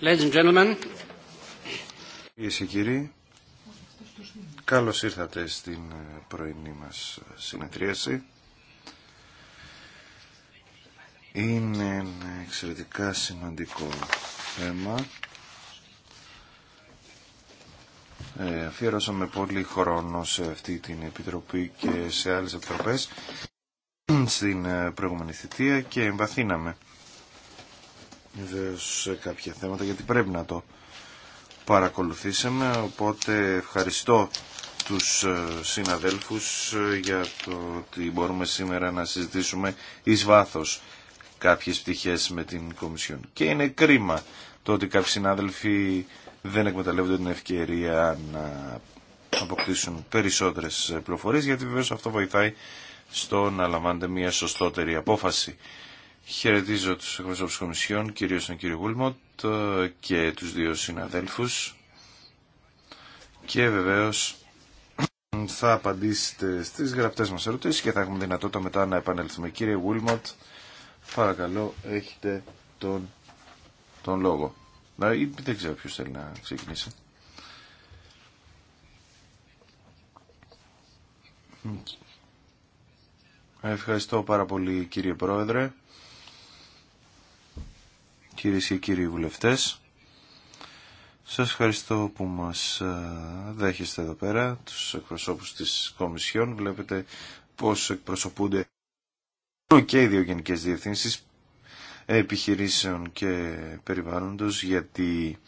Ladies and gentlemen. Κυρίες και κύριοι, καλώς ήρθατε στην ε, πρωινή μας συνεδρίαση. Είναι ένα εξαιρετικά σημαντικό θέμα. Ε, αφιερώσαμε πολύ χρόνο σε αυτή την επιτροπή και σε άλλες επιτροπές στην ε, προηγούμενη θητεία και εμπαθύναμε βεβαίως σε κάποια θέματα γιατί πρέπει να το παρακολουθήσαμε οπότε ευχαριστώ τους ε, συναδέλφους ε, για το ότι μπορούμε σήμερα να συζητήσουμε εις βάθος κάποιες πτυχές με την Κομισιόν. Και είναι κρίμα το ότι κάποιοι συνάδελφοι δεν εκμεταλλεύονται την ευκαιρία να αποκτήσουν περισσότερες πληροφορίες γιατί βεβαίως αυτό βοηθάει στο να λαμβάνετε μια σωστότερη απόφαση. Χαιρετίζω τους εκπροσώπους Κομισιόν, κυρίως τον κύριο Γούλμοντ ε, και τους δύο συναδέλφους και βεβαίως θα απαντήσετε στις γραπτές μας ερωτήσεις και θα έχουμε δυνατότητα μετά να επανέλθουμε. Κύριε Γούλμοντ, παρακαλώ έχετε τον, τον λόγο. Να, δεν ξέρω ποιος θέλει να ξεκινήσει. Ευχαριστώ πάρα πολύ κύριε Πρόεδρε κυρίες και κύριοι βουλευτές. Σας ευχαριστώ που μας ε, δέχεστε εδώ πέρα, τους εκπροσώπους της Κομισιόν. Βλέπετε πώς εκπροσωπούνται και οι δύο γενικές διευθύνσεις επιχειρήσεων και περιβάλλοντος, γιατί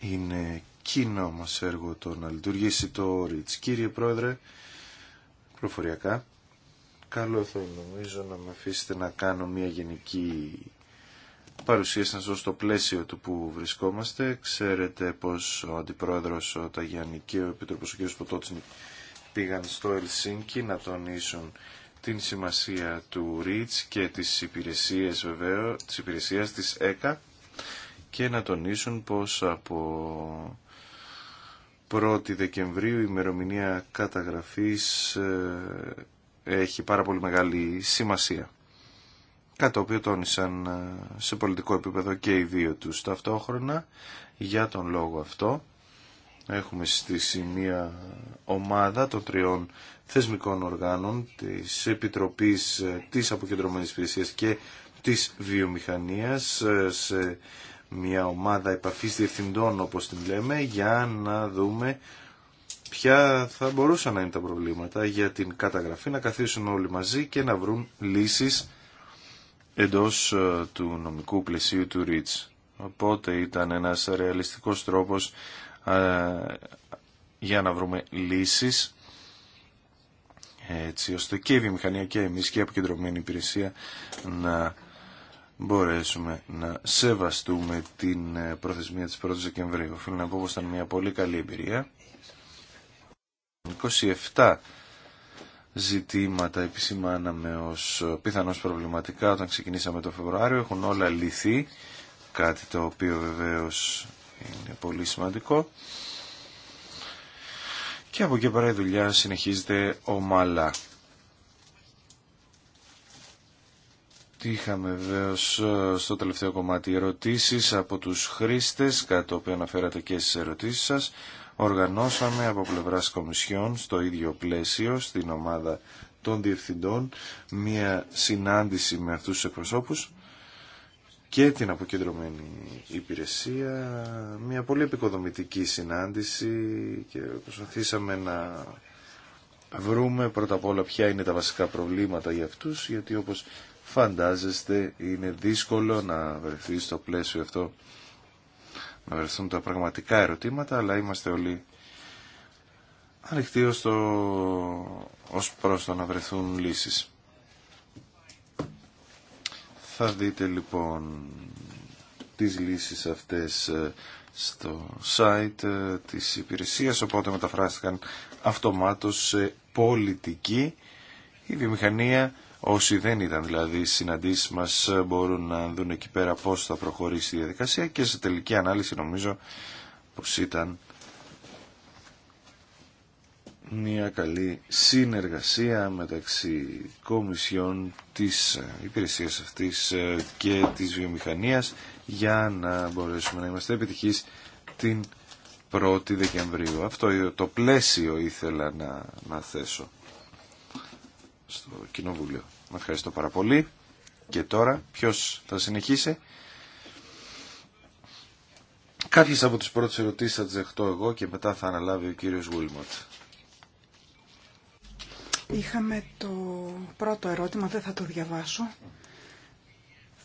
είναι κοινό μας έργο το να λειτουργήσει το ΡΙΤΣ. Κύριε Πρόεδρε, προφοριακά, καλό θα νομίζω να με αφήσετε να κάνω μια γενική παρουσίασαν σας στο πλαίσιο του που βρισκόμαστε. Ξέρετε πως ο Αντιπρόεδρος ο Ταγιάννη και ο Επίτροπος ο κ. πήγαν στο Ελσίνκι να τονίσουν την σημασία του ΡΙΤΣ και της υπηρεσίας βεβαίω, της υπηρεσίας της ΕΚΑ και να τονίσουν πως από 1η Δεκεμβρίου η ημερομηνία καταγραφής ε, έχει πάρα πολύ μεγάλη σημασία κατά το οποίο τόνισαν ε, σε πολιτικό επίπεδο και οι δύο τους ταυτόχρονα. Για τον λόγο αυτό έχουμε στη μία ομάδα των τριών θεσμικών οργάνων της Επιτροπής ε, της Αποκεντρωμένης Υπηρεσίας και της Βιομηχανίας ε, σε μια ομάδα επαφής διευθυντών όπως την λέμε για να δούμε ποια θα μπορούσαν να είναι τα προβλήματα για την καταγραφή, να καθίσουν όλοι μαζί και να βρουν λύσεις εντός ε, του νομικού πλαισίου του ΡΙΤΣ. Οπότε ήταν ένας ρεαλιστικός τρόπος ε, για να βρούμε λύσεις έτσι ώστε και η βιομηχανία και εμείς και η αποκεντρωμένη υπηρεσία να μπορέσουμε να σεβαστούμε την ε, προθεσμία της 1ης Δεκεμβρίου. Οφείλω να πω πως ήταν μια πολύ καλή εμπειρία. 27 ζητήματα επισημάναμε ως πιθανώς προβληματικά όταν ξεκινήσαμε το Φεβρουάριο έχουν όλα λυθεί, κάτι το οποίο βεβαίως είναι πολύ σημαντικό. Και από εκεί πέρα η δουλειά συνεχίζεται ομαλά. Είχαμε βεβαίω ε, στο τελευταίο κομμάτι ερωτήσεις από τους χρήστες, κάτι το οποίο αναφέρατε και στις ερωτήσεις σας οργανώσαμε από πλευράς Κομισιόν στο ίδιο πλαίσιο στην ομάδα των διευθυντών μία συνάντηση με αυτούς τους εκπροσώπους και την αποκεντρωμένη υπηρεσία, μια πολύ επικοδομητική συνάντηση και προσπαθήσαμε να βρούμε πρώτα απ' όλα ποια είναι τα βασικά προβλήματα για αυτούς, γιατί όπως φαντάζεστε είναι δύσκολο να βρεθεί στο πλαίσιο αυτό να βρεθούν τα πραγματικά ερωτήματα, αλλά είμαστε όλοι ανοιχτοί ως, το, προς το να βρεθούν λύσεις. Θα δείτε λοιπόν τις λύσεις αυτές ε, στο site ε, της υπηρεσίας, οπότε μεταφράστηκαν αυτομάτως σε πολιτική. Η βιομηχανία Όσοι δεν ήταν δηλαδή συναντήσεις μας μπορούν να δουν εκεί πέρα πώς θα προχωρήσει η διαδικασία και σε τελική ανάλυση νομίζω πως ήταν μια καλή συνεργασία μεταξύ κομισιών της υπηρεσίας αυτής και της βιομηχανίας για να μπορέσουμε να είμαστε επιτυχείς την 1η Δεκεμβρίου. Αυτό το πλαίσιο ήθελα να, να θέσω στο Κοινοβούλιο. Ευχαριστώ πάρα πολύ. Και τώρα ποιο θα συνεχίσει. Κάποιε από τι πρώτε ερωτήσεις θα τι δεχτώ εγώ και μετά θα αναλάβει ο κύριος Γουίλμοντ. Είχαμε το πρώτο ερώτημα, δεν θα το διαβάσω.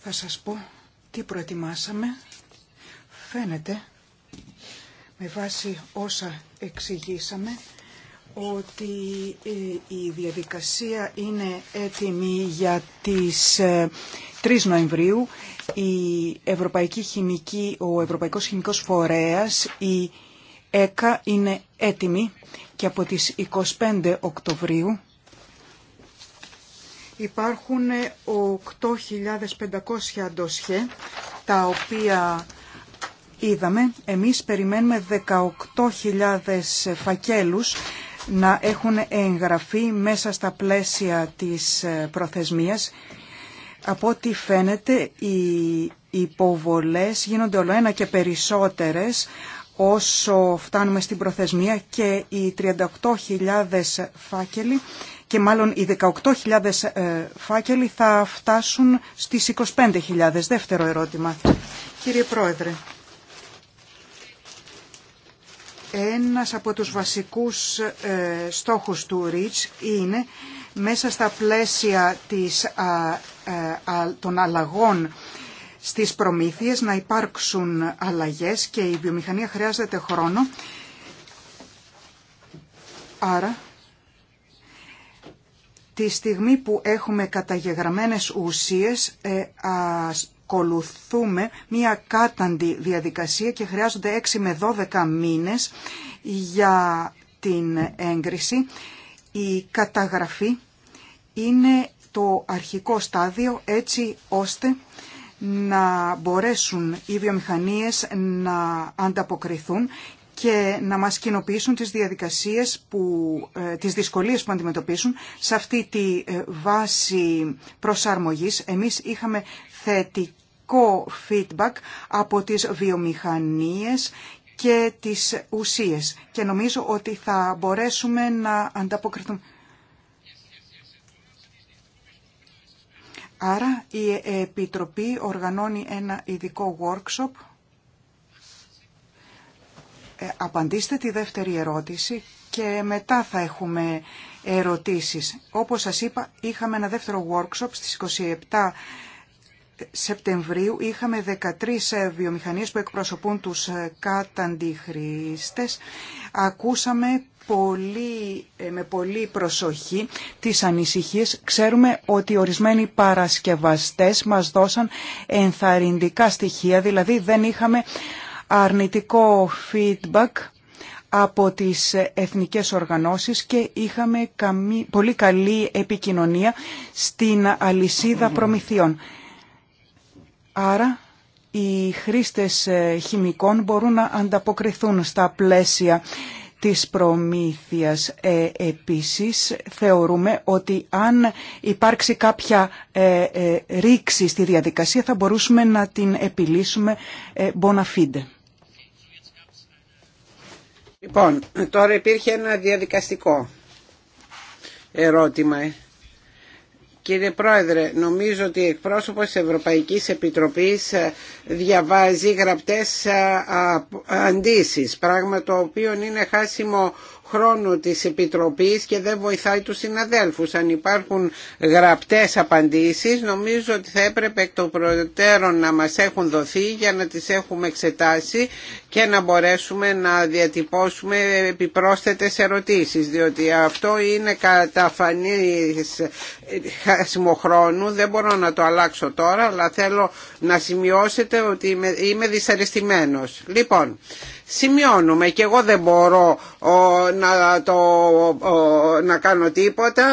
Θα σας πω τι προετοιμάσαμε. Φαίνεται, με βάση όσα εξηγήσαμε, ότι ε, η διαδικασία είναι έτοιμη για τις 3 ε, Νοεμβρίου. Η Ευρωπαϊκή Χημική, ο Ευρωπαϊκός Χημικός Φορέας, η ΕΚΑ είναι έτοιμη και από τις 25 Οκτωβρίου υπάρχουν 8.500 ντοσχέ τα οποία είδαμε. Εμείς περιμένουμε 18.000 φακέλους να έχουν εγγραφεί μέσα στα πλαίσια της ε, προθεσμίας. Από ό,τι φαίνεται οι υποβολές γίνονται όλο ένα και περισσότερες όσο φτάνουμε στην προθεσμία και οι 38.000 φάκελοι και μάλλον οι 18.000 ε, φάκελοι θα φτάσουν στις 25.000. Δεύτερο ερώτημα. Κύριε Πρόεδρε, ένας από τους βασικούς ε, στόχους του REACH είναι μέσα στα πλαίσια της, ε, των αλλαγών στις προμήθειες να υπάρξουν αλλαγές και η βιομηχανία χρειάζεται χρόνο. Άρα, τη στιγμή που έχουμε καταγεγραμμένες ουσίες, ε, ακολουθούμε μια κάταντη διαδικασία και χρειάζονται 6 με 12 μήνες για την έγκριση. Η καταγραφή είναι το αρχικό στάδιο έτσι ώστε να μπορέσουν οι βιομηχανίες να ανταποκριθούν και να μας κοινοποιήσουν τις διαδικασίες, που, ε, τις δυσκολίες που αντιμετωπίσουν. Σε αυτή τη ε, βάση προσαρμογής εμείς είχαμε θετικό feedback από τις βιομηχανίες και τις ουσίες. Και νομίζω ότι θα μπορέσουμε να ανταποκριθούμε. Άρα η Επιτροπή οργανώνει ένα ειδικό workshop. Ε, απαντήστε τη δεύτερη ερώτηση και μετά θα έχουμε ερωτήσεις. Όπως σας είπα, είχαμε ένα δεύτερο workshop στις 27 Σεπτεμβρίου είχαμε 13 ε, βιομηχανίες που εκπροσωπούν τους ε, καταντιχρήστες. Ακούσαμε πολύ, ε, με πολύ προσοχή τις ανησυχίες. Ξέρουμε ότι ορισμένοι παρασκευαστές μας δώσαν ενθαρρυντικά στοιχεία, δηλαδή δεν είχαμε αρνητικό feedback από τις εθνικές οργανώσεις και είχαμε πολύ καλή επικοινωνία στην αλυσίδα προμηθειών. Άρα οι χρήστες ε, χημικών μπορούν να ανταποκριθούν στα πλαίσια της προμήθειας. Ε, επίσης θεωρούμε ότι αν υπάρξει κάποια ε, ε ρήξη στη διαδικασία θα μπορούσαμε να την επιλύσουμε bona fide. Λοιπόν, τώρα υπήρχε ένα διαδικαστικό ερώτημα Κύριε Πρόεδρε, νομίζω ότι η εκπρόσωπος της Ευρωπαϊκής Επιτροπής ε, διαβάζει γραπτές ε, αντίσεις, πράγμα το οποίο είναι χάσιμο χρόνο της Επιτροπής και δεν βοηθάει τους συναδέλφους. Αν υπάρχουν γραπτές απαντήσεις νομίζω ότι θα έπρεπε εκ των προτέρων να μας έχουν δοθεί για να τις έχουμε εξετάσει και να μπορέσουμε να διατυπώσουμε επιπρόσθετες ερωτήσεις διότι αυτό είναι καταφανής χρόνου. δεν μπορώ να το αλλάξω τώρα αλλά θέλω να σημειώσετε ότι είμαι, είμαι δυσαρεστημένος λοιπόν σημειώνουμε και εγώ δεν μπορώ να, το, να κάνω τίποτα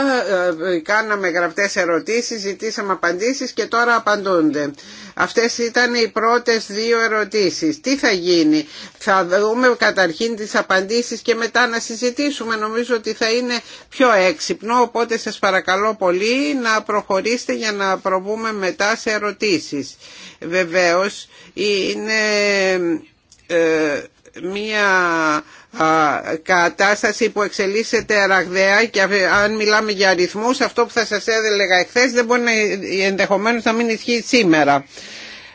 ε, κάναμε γραπτές ερωτήσεις ζητήσαμε απαντήσεις και τώρα απαντούνται Αυτές ήταν οι πρώτες δύο ερωτήσεις. Τι θα γίνει. Θα δούμε καταρχήν τις απαντήσεις και μετά να συζητήσουμε. Νομίζω ότι θα είναι πιο έξυπνο, οπότε σας παρακαλώ πολύ να προχωρήσετε για να προβούμε μετά σε ερωτήσεις. Βεβαίως είναι ε, μία κατάσταση που εξελίσσεται ραγδαία και αν μιλάμε για αριθμούς αυτό που θα σας έλεγα εχθές δεν μπορεί να, ενδεχομένως να μην ισχύει σήμερα.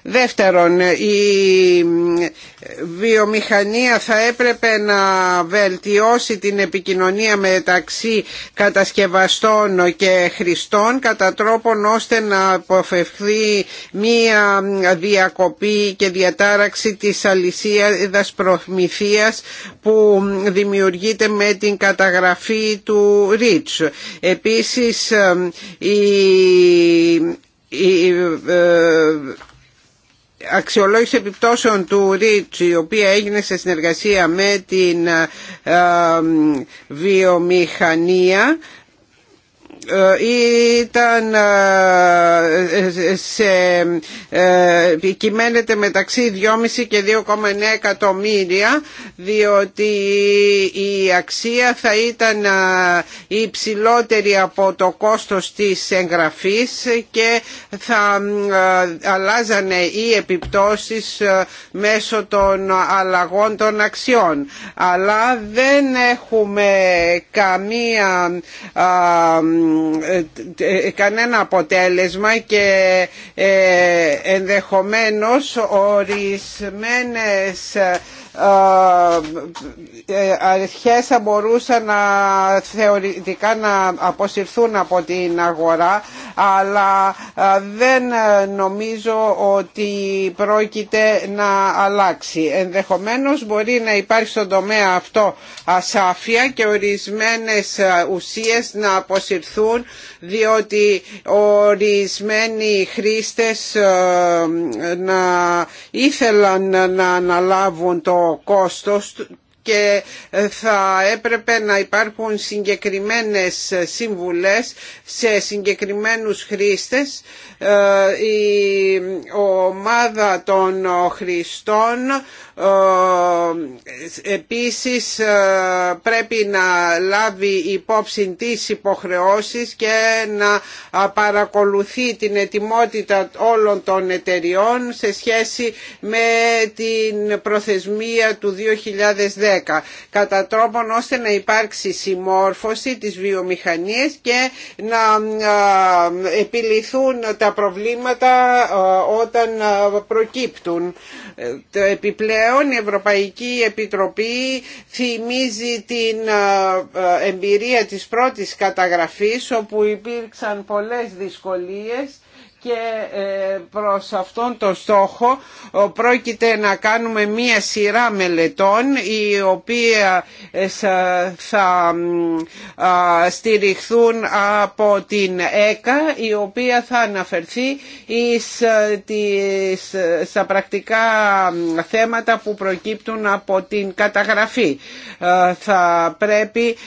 Δεύτερον, η βιομηχανία θα έπρεπε να βελτιώσει την επικοινωνία μεταξύ κατασκευαστών και χρηστών κατά τρόπον ώστε να αποφευχθεί μία διακοπή και διατάραξη της αλυσίδας προμηθείας που δημιουργείται με την καταγραφή του Ρίτσου. Επίσης, η, ε, αξιολόγηση επιπτώσεων του ΡΙΤΣ η οποία έγινε σε συνεργασία με την ε, βιομηχανία ήταν ε, ε, σε, ε, κυμαίνεται μεταξύ 2,5 και 2,9 εκατομμύρια διότι η αξία θα ήταν υψηλότερη από το κόστος της εγγραφής και θα αλλάζανε οι επιπτώσεις μέσω των αλλαγών των αξιών. Αλλά δεν έχουμε καμία ε, ε, κανένα αποτέλεσμα και ε, ενδεχομένως ορισμένες ε, ε, αρχές θα μπορούσαν να, θεωρητικά να αποσυρθούν από την αγορά αλλά ε, δεν νομίζω ότι πρόκειται να αλλάξει. Ενδεχομένως μπορεί να υπάρχει στον τομέα αυτό ασάφεια και ορισμένες ουσίες να αποσυρθούν διότι ορισμένοι χρήστες να ήθελαν να αναλάβουν το κόστος και θα έπρεπε να υπάρχουν συγκεκριμένες σύμβουλες σε συγκεκριμένους χρήστες. Ε, η ομάδα των χρηστών ε, επίσης ε, πρέπει να λάβει υπόψη τις υποχρεώσεις και να παρακολουθεί την ετοιμότητα όλων των εταιριών σε σχέση με την προθεσμία του 2010 κατά τρόπον ώστε να υπάρξει συμμόρφωση της βιομηχανίας και να ε, επιληθούν τα προβλήματα όταν προκύπτουν. Το επιπλέον η Ευρωπαϊκή Επιτροπή θυμίζει την ε, ε, εμπειρία της πρώτης καταγραφής όπου υπήρξαν πολλές δυσκολίες και ε, προς αυτόν τον στόχο πρόκειται να κάνουμε μία σειρά μελετών η οποία ε, θα στηριχθούν από την ΕΚΑ η οποία θα αναφερθεί ε, στα πρακτικά θέματα που προκύπτουν από την καταγραφή. Θα πρέπει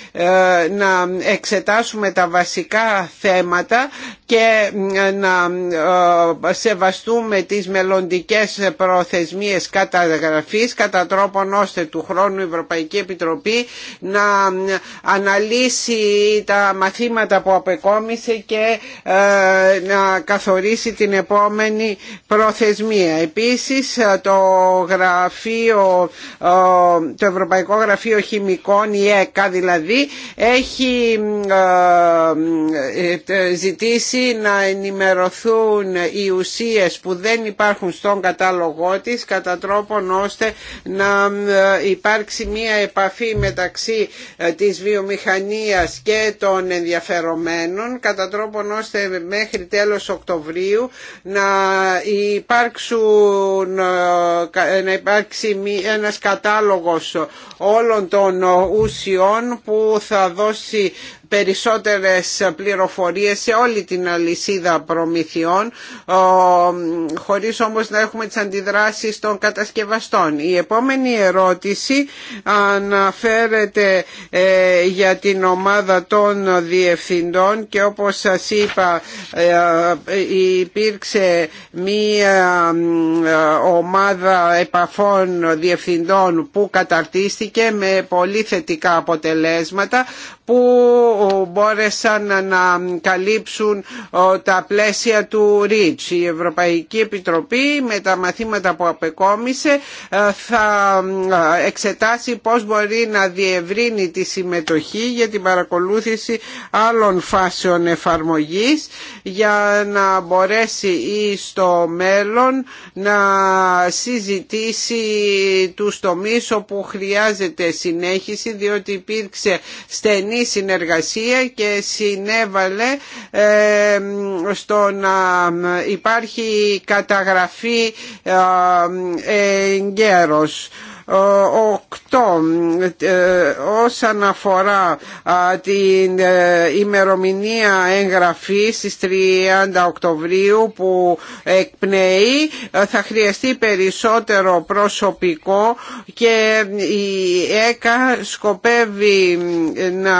να εξετάσουμε τα βασικά θέματα και να ε, ε, σεβαστούμε τις μελλοντικές προθεσμίες καταγραφής κατά τρόπον ώστε του χρόνου η Ευρωπαϊκή Επιτροπή να ε, αναλύσει τα μαθήματα που απεκόμισε και να καθορίσει την επόμενη προθεσμία. Επίσης το, γραφείο, το Ευρωπαϊκό Γραφείο Χημικών, η ΕΚΑ δηλαδή, έχει ζητήσει να ενημερωθούν οι ουσίες που δεν υπάρχουν στον κατάλογό της κατά τρόπον ώστε να ε, υπάρξει μία επαφή μεταξύ ε, της βιομηχανίας και των ενδιαφερομένων κατά τρόπον ώστε μέχρι τέλος Οκτωβρίου να, υπάρξουν, ε, να υπάρξει ένας κατάλογος όλων των ουσιών που θα δώσει περισσότερες πληροφορίες σε όλη την αλυσίδα προμηθειών χωρίς όμως να έχουμε τις αντιδράσεις των κατασκευαστών. Η επόμενη ερώτηση αναφέρεται ε, για την ομάδα των διευθυντών και όπως σας είπα ε, υπήρξε μία ε, ομάδα επαφών διευθυντών που καταρτίστηκε με πολύ θετικά αποτελέσματα που μπόρεσαν να καλύψουν τα πλαίσια του REACH. Η Ευρωπαϊκή Επιτροπή με τα μαθήματα που απεκόμισε ε, θα ε, εξετάσει πώς μπορεί να διευρύνει τη συμμετοχή για την παρακολούθηση άλλων φάσεων εφαρμογής για να μπορέσει ή στο μέλλον να συζητήσει τους τομείς όπου χρειάζεται συνέχιση διότι υπήρξε στενή συνεργασία και συνέβαλε ε, στο να υπάρχει καταγραφή ε, γέρος. 8 ε, όσον αφορά την ε, ημερομηνία εγγραφή στις 30 Οκτωβρίου που εκπνέει ε, θα χρειαστεί περισσότερο προσωπικό και η ΕΚΑ σκοπεύει να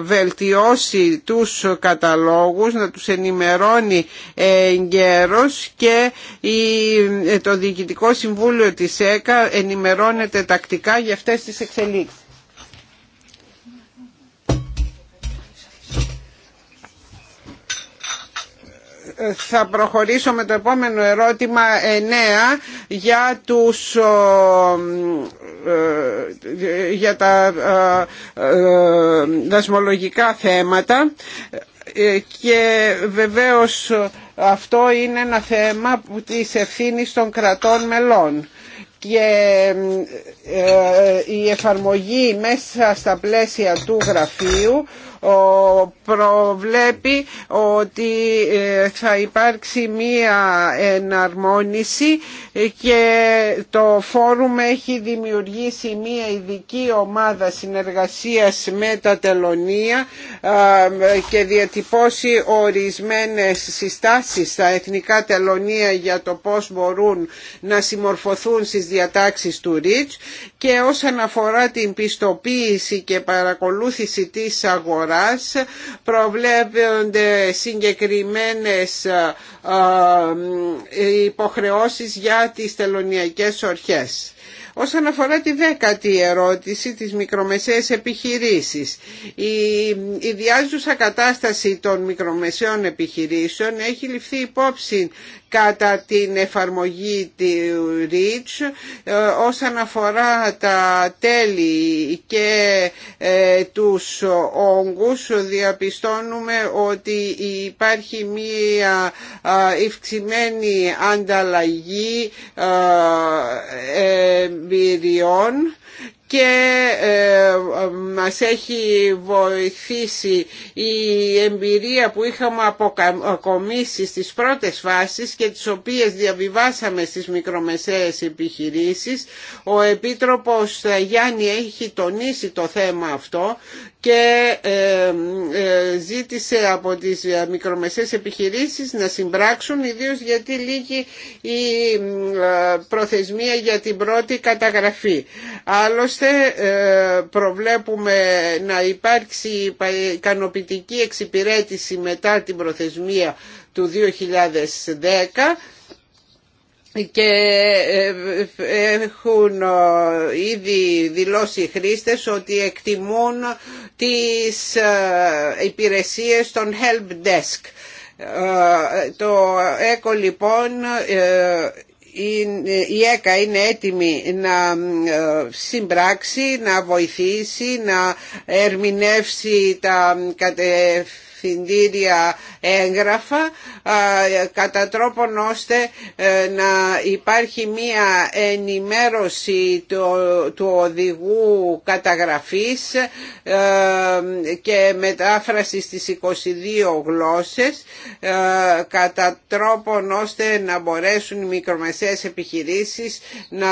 βελτιώσει τους καταλόγους, να τους ενημερώνει εγκαίρως και το Διοικητικό Συμβούλιο της ΕΚΑ ενημερώνετε τακτικά για αυτές τις εξελίξεις. θα προχωρήσω με το επόμενο ερώτημα 9 για, τους, ε, για τα ε, ε, δασμολογικά θέματα και βεβαίως αυτό είναι ένα θέμα της ευθύνης των κρατών μελών και ε, ε, η εφαρμογή μέσα στα πλαίσια του γραφείου προβλέπει ότι ε, θα υπάρξει μία εναρμόνιση και το φόρουμ έχει δημιουργήσει μία ειδική ομάδα συνεργασίας με τα τελωνία και διατυπώσει ορισμένες συστάσεις στα εθνικά τελωνία για το πώς μπορούν να συμμορφωθούν στις διατάξεις του ΡΙΤΣ και όσον αφορά την πιστοποίηση και παρακολούθηση της αγοράς προβλέπονται συγκεκριμένες υποχρεώσεις για τις τελωνιακές ορχές. Όσον αφορά τη δέκατη ερώτηση της μικρομεσαίας επιχειρήσεις, η, η διάζουσα κατάσταση των μικρομεσαίων επιχειρήσεων έχει ληφθεί υπόψη κατά την εφαρμογή του REACH ε, όσον αφορά τα τέλη και ε, τους όγκους διαπιστώνουμε ότι υπάρχει μία ευξημένη ανταλλαγή εμπειριών και ε, μας έχει βοηθήσει η εμπειρία που είχαμε αποκομίσει στις πρώτες φάσεις και τις οποίες διαβιβάσαμε στις μικρομεσαίες επιχειρήσεις. Ο Επίτροπος Γιάννη έχει τονίσει το θέμα αυτό και ε, ε, ζήτησε από τις ε, μικρομεσαίες επιχειρήσεις να συμπράξουν ιδίως γιατί λύγει η προθεσμία για την πρώτη καταγραφή. Άλλωστε προβλέπουμε να υπάρξει ικανοποιητική εξυπηρέτηση μετά την προθεσμία του 2010 και έχουν ήδη δηλώσει οι χρήστες ότι εκτιμούν τις ε, υπηρεσίες των Help Desk. Ε, το ΕΚΟ λοιπόν ε, η ΕΚΑ είναι έτοιμη να συμπράξει, να βοηθήσει, να ερμηνεύσει τα κατευθύνσεις έγγραφα κατά τρόπον ώστε ε, να υπάρχει μία ενημέρωση του οδηγού καταγραφής ε, και μετάφραση στις 22 γλώσσες ε, κατά τρόπον ώστε να μπορέσουν οι μικρομεσαίες επιχειρήσεις να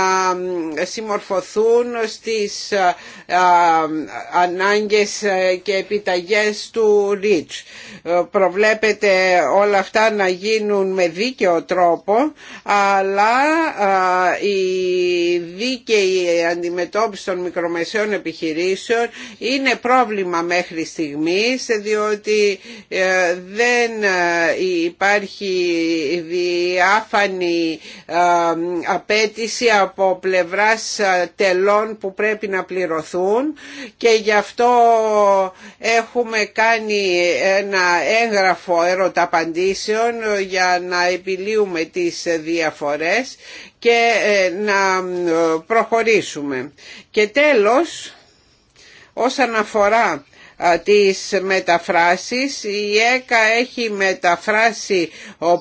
συμμορφωθούν στις ανάγκες και επιταγές του ΡΙΤΣ. Ε, προβλέπεται όλα αυτά να γίνουν με δίκαιο τρόπο, αλλά η δίκαιη αντιμετώπιση των μικρομεσαίων επιχειρήσεων είναι πρόβλημα μέχρι στιγμής, διότι ε, δεν ε, υπάρχει διάφανη απέτηση από πλευράς τελών που πρέπει να πληρωθούν και γι' αυτό έχουμε κάνει ένα έγγραφο ερωταπαντήσεων για να επιλύουμε τις διαφορές και ε, να ε, προχωρήσουμε. Και τέλος, όσον αφορά τις μεταφράσεις. Η ΕΚΑ έχει μεταφράσει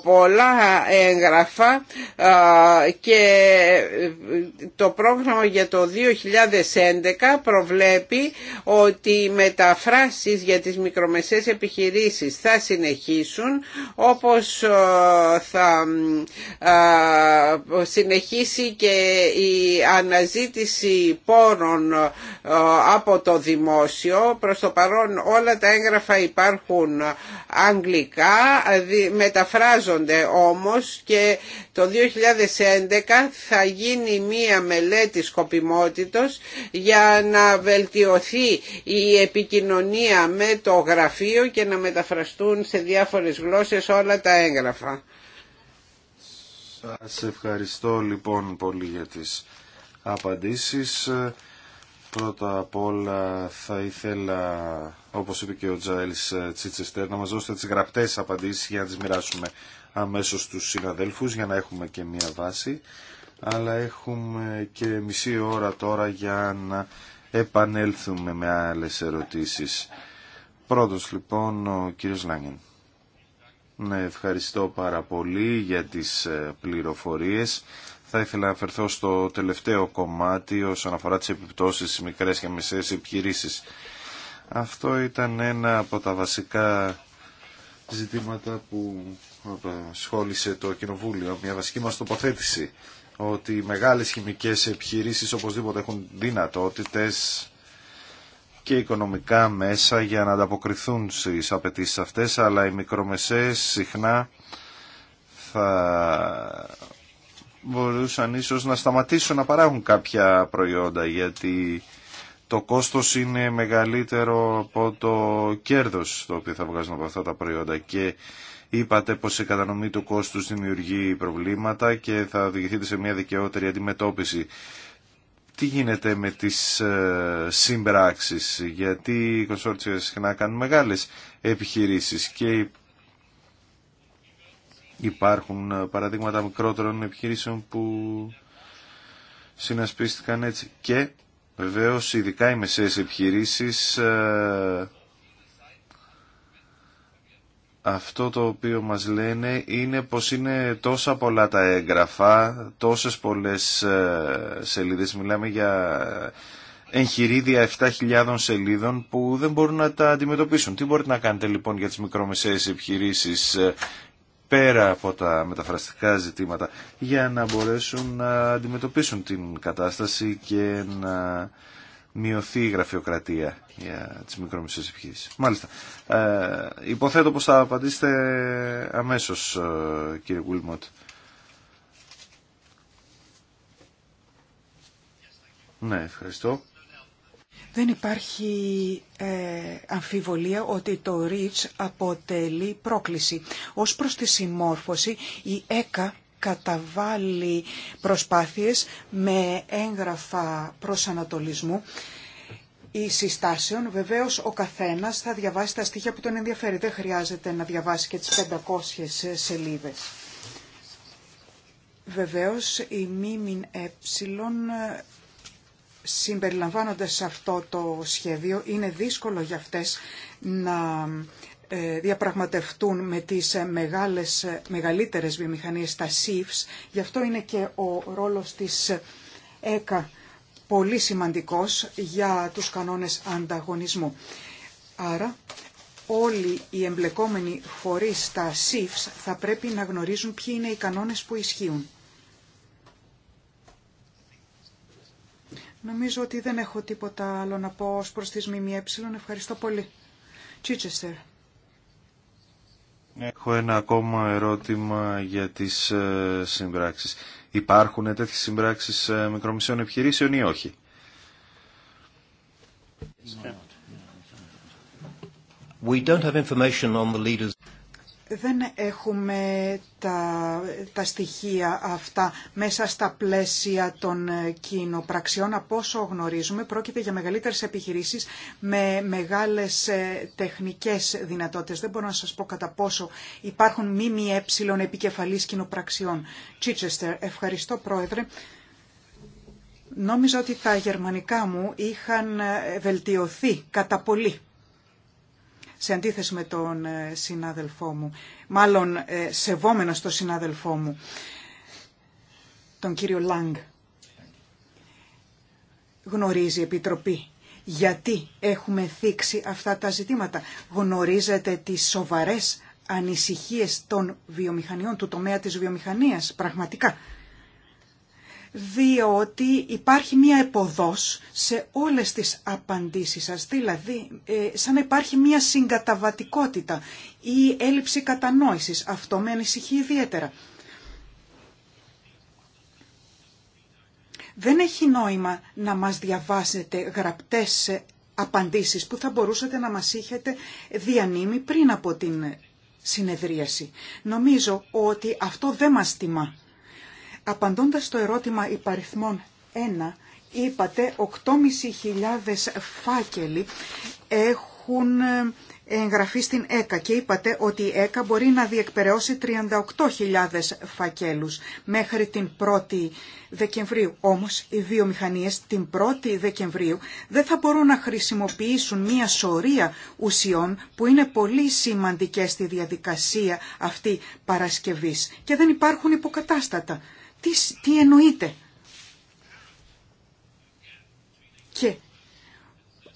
πολλά έγγραφα και το πρόγραμμα για το 2011 προβλέπει ότι οι μεταφράσεις για τις μικρομεσαίες επιχειρήσεις θα συνεχίσουν όπως θα συνεχίσει και η αναζήτηση πόρων από το δημόσιο προς το παρόν όλα τα έγγραφα υπάρχουν αγγλικά, μεταφράζονται όμως και το 2011 θα γίνει μία μελέτη σκοπιμότητος για να βελτιωθεί η επικοινωνία με το γραφείο και να μεταφραστούν σε διάφορες γλώσσες όλα τα έγγραφα. Σας ευχαριστώ λοιπόν πολύ για τις απαντήσεις. Πρώτα απ' όλα θα ήθελα, όπως είπε και ο Τζαέλς ε, Τσίτσεστερ, να μας δώσετε τις γραπτές απαντήσεις για να τις μοιράσουμε αμέσως στους συναδέλφους για να έχουμε και μία βάση. Αλλά έχουμε και μισή ώρα τώρα για να επανέλθουμε με άλλες ερωτήσεις. Πρώτος λοιπόν ο κύριος Λάγκεν. Ναι, ευχαριστώ πάρα πολύ για τις ε, πληροφορίες. Θα ήθελα να αφαιρθώ στο τελευταίο κομμάτι όσον αφορά τις επιπτώσεις στις μικρές και μισές επιχειρήσεις. Αυτό ήταν ένα από τα βασικά ζητήματα που σχόλησε το Κοινοβούλιο, μια βασική μας τοποθέτηση, ότι οι μεγάλες χημικές επιχειρήσεις οπωσδήποτε έχουν δυνατότητες και οικονομικά μέσα για να ανταποκριθούν στις απαιτήσει αυτές, αλλά οι μικρομεσαίες συχνά θα μπορούσαν ίσως να σταματήσουν να παράγουν κάποια προϊόντα γιατί το κόστος είναι μεγαλύτερο από το κέρδος το οποίο θα βγάζουν από αυτά τα προϊόντα και είπατε πως η κατανομή του κόστους δημιουργεί προβλήματα και θα οδηγηθείτε σε μια δικαιότερη αντιμετώπιση. Τι γίνεται με τις ε, συμπράξεις, γιατί οι κονσόρτσια συχνά κάνουν μεγάλες επιχειρήσεις και υπάρχουν ε, παραδείγματα μικρότερων επιχειρήσεων που συνασπίστηκαν έτσι. Και βεβαίως ειδικά οι μεσαίες επιχειρήσεις ε, αυτό το οποίο μας λένε είναι πως είναι τόσα πολλά τα έγγραφα, τόσες πολλές ε, σελίδες, μιλάμε για εγχειρίδια 7.000 σελίδων που δεν μπορούν να τα αντιμετωπίσουν. Τι μπορείτε να κάνετε λοιπόν για τις μικρομεσαίες επιχειρήσεις πέρα από τα μεταφραστικά ζητήματα για να μπορέσουν να αντιμετωπίσουν την κατάσταση και να μειωθεί η γραφειοκρατία για τις μικρομεσαίες επιχείρησεις. Μάλιστα. Ε, υποθέτω πως θα απαντήσετε αμέσως ε, κύριε Γουλμότ. Ναι, ευχαριστώ. Δεν υπάρχει ε, αμφιβολία ότι το REACH αποτελεί πρόκληση. Ως προς τη συμμόρφωση, η ΕΚΑ καταβάλει προσπάθειες με έγγραφα προσανατολισμού ή συστάσεων. Βεβαίως ο καθένας θα διαβάσει τα στοιχεία που τον ενδιαφέρει. Δεν χρειάζεται να διαβάσει και τις 500 σελίδες. Βεβαίως η ΜΜΕ συμπεριλαμβάνονται σε αυτό το σχέδιο. Είναι δύσκολο για αυτές να ε, διαπραγματευτούν με τις ε, μεγάλες, ε, μεγαλύτερες βιομηχανίες, τα SIFs. Γι' αυτό είναι και ο ρόλος της ΕΚΑ πολύ σημαντικός για τους κανόνες ανταγωνισμού. Άρα όλοι οι εμπλεκόμενοι φορείς στα SIFs θα πρέπει να γνωρίζουν ποιοι είναι οι κανόνες που ισχύουν. Νομίζω ότι δεν έχω τίποτα άλλο να πω ως προς τις ΜΜΕ. Ευχαριστώ πολύ. Τσίτσεστερ. Έχω ένα ακόμα ερώτημα για τις ε, συμπράξεις. Υπάρχουν τέτοιες συμπράξεις ε, μικρομεσαίων επιχειρήσεων ή όχι. We don't have information on the leaders δεν έχουμε τα, τα στοιχεία αυτά μέσα στα πλαίσια των ε, κοινοπραξιών. Από όσο γνωρίζουμε, πρόκειται για μεγαλύτερες επιχειρήσεις με μεγάλες ε, τεχνικές δυνατότητες. Δεν μπορώ να σας πω κατά πόσο υπάρχουν μήμοι έψιλων ε, επικεφαλής κοινοπραξιών. Τσίτσεστερ, ευχαριστώ πρόεδρε. Νόμιζα ότι τα γερμανικά μου είχαν βελτιωθεί κατά πολύ σε αντίθεση με τον ε, συνάδελφό μου, μάλλον ε, σεβόμενο στο συνάδελφό μου, τον κύριο Λάγκ. Γνωρίζει η Επιτροπή γιατί έχουμε θίξει αυτά τα ζητήματα. Γνωρίζετε τις σοβαρές ανησυχίες των βιομηχανιών, του τομέα της βιομηχανίας, πραγματικά διότι υπάρχει μία εποδός σε όλες τις απαντήσεις σας, δηλαδή ε, σαν να υπάρχει μία συγκαταβατικότητα ή έλλειψη κατανόησης. Αυτό με ανησυχεί ιδιαίτερα. Δεν έχει νόημα να μας διαβάσετε γραπτές απαντήσεις που θα μπορούσατε να μας είχετε διανύμει πριν από την συνεδρίαση. Νομίζω ότι αυτό δεν μας τιμά Απαντώντας στο ερώτημα υπαριθμών 1, είπατε 8.500 φάκελοι έχουν ε, εγγραφεί στην ΕΚΑ και είπατε ότι η ΕΚΑ μπορεί να διεκπαιρεώσει 38.000 φακέλους μέχρι την 1η Δεκεμβρίου. Όμως οι βιομηχανίες την 1η Δεκεμβρίου δεν θα μπορούν να χρησιμοποιήσουν μία σωρία ουσιών που είναι πολύ σημαντικές στη διαδικασία αυτή παρασκευής και δεν υπάρχουν υποκατάστατα τι, τι εννοείται. Και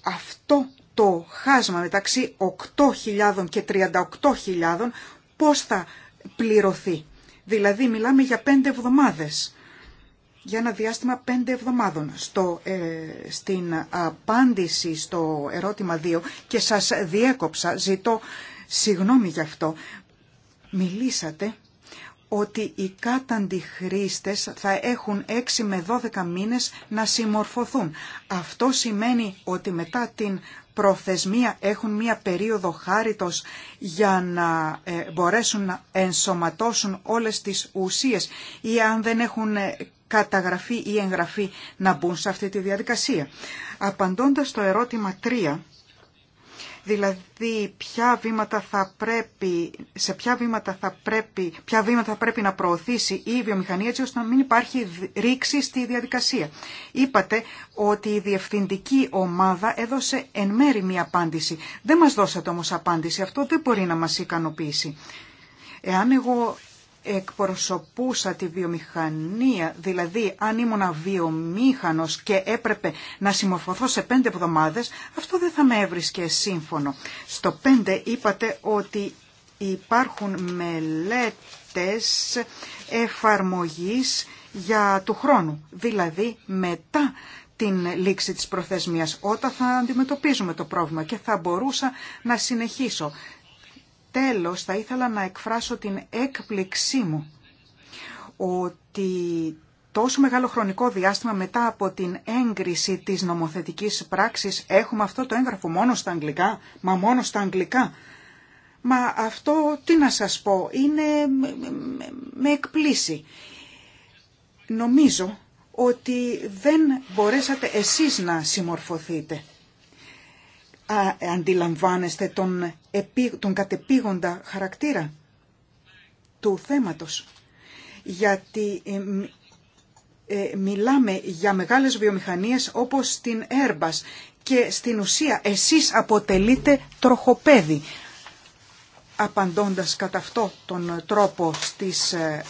αυτό το χάσμα μεταξύ 8.000 και 38.000 πώς θα πληρωθεί. Δηλαδή μιλάμε για 5 εβδομάδες για ένα διάστημα πέντε εβδομάδων. Στο, ε, στην απάντηση στο ερώτημα 2 και σας διέκοψα, ζητώ συγγνώμη γι' αυτό, μιλήσατε ότι οι κάταντι χρήστε θα έχουν 6 με 12 μήνες να συμμορφωθούν. Αυτό σημαίνει ότι μετά την προθεσμία έχουν μία περίοδο χάριτος για να ε, μπορέσουν να ενσωματώσουν όλες τις ουσίες ή αν δεν έχουν ε, καταγραφεί ή εγγραφεί να μπουν σε αυτή τη διαδικασία. Απαντώντας στο ερώτημα 3 δηλαδή ποια βήματα θα πρέπει, σε ποια βήματα θα πρέπει, ποια βήματα θα πρέπει να προωθήσει η βιομηχανία έτσι ώστε να μην υπάρχει ρήξη στη διαδικασία. Είπατε ότι η διευθυντική ομάδα έδωσε εν μέρη μία απάντηση. Δεν μας δώσατε όμως απάντηση. Αυτό δεν μπορεί να μας ικανοποιήσει. Εάν εγώ εκπροσωπούσα τη βιομηχανία, δηλαδή αν ήμουν βιομήχανος και έπρεπε να συμμορφωθώ σε πέντε εβδομάδες, αυτό δεν θα με έβρισκε σύμφωνο. Στο πέντε είπατε ότι υπάρχουν μελέτες εφαρμογής για του χρόνου, δηλαδή μετά την λήξη της προθεσμίας, όταν θα αντιμετωπίζουμε το πρόβλημα και θα μπορούσα να συνεχίσω τέλος θα ήθελα να εκφράσω την έκπληξή μου ότι τόσο μεγάλο χρονικό διάστημα μετά από την έγκριση της νομοθετικής πράξης έχουμε αυτό το έγγραφο μόνο στα αγγλικά, μα μόνο στα αγγλικά. Μα αυτό τι να σας πω, είναι με εκπλήσει. Νομίζω ότι δεν μπορέσατε εσείς να συμμορφωθείτε αντιλαμβάνεστε τον, επί, τον κατεπήγοντα χαρακτήρα του θέματος. Γιατί ε, ε, μιλάμε για μεγάλες βιομηχανίες όπως την Airbus και στην ουσία εσείς αποτελείτε τροχοπέδι απαντώντας κατά αυτό τον τρόπο στις ε,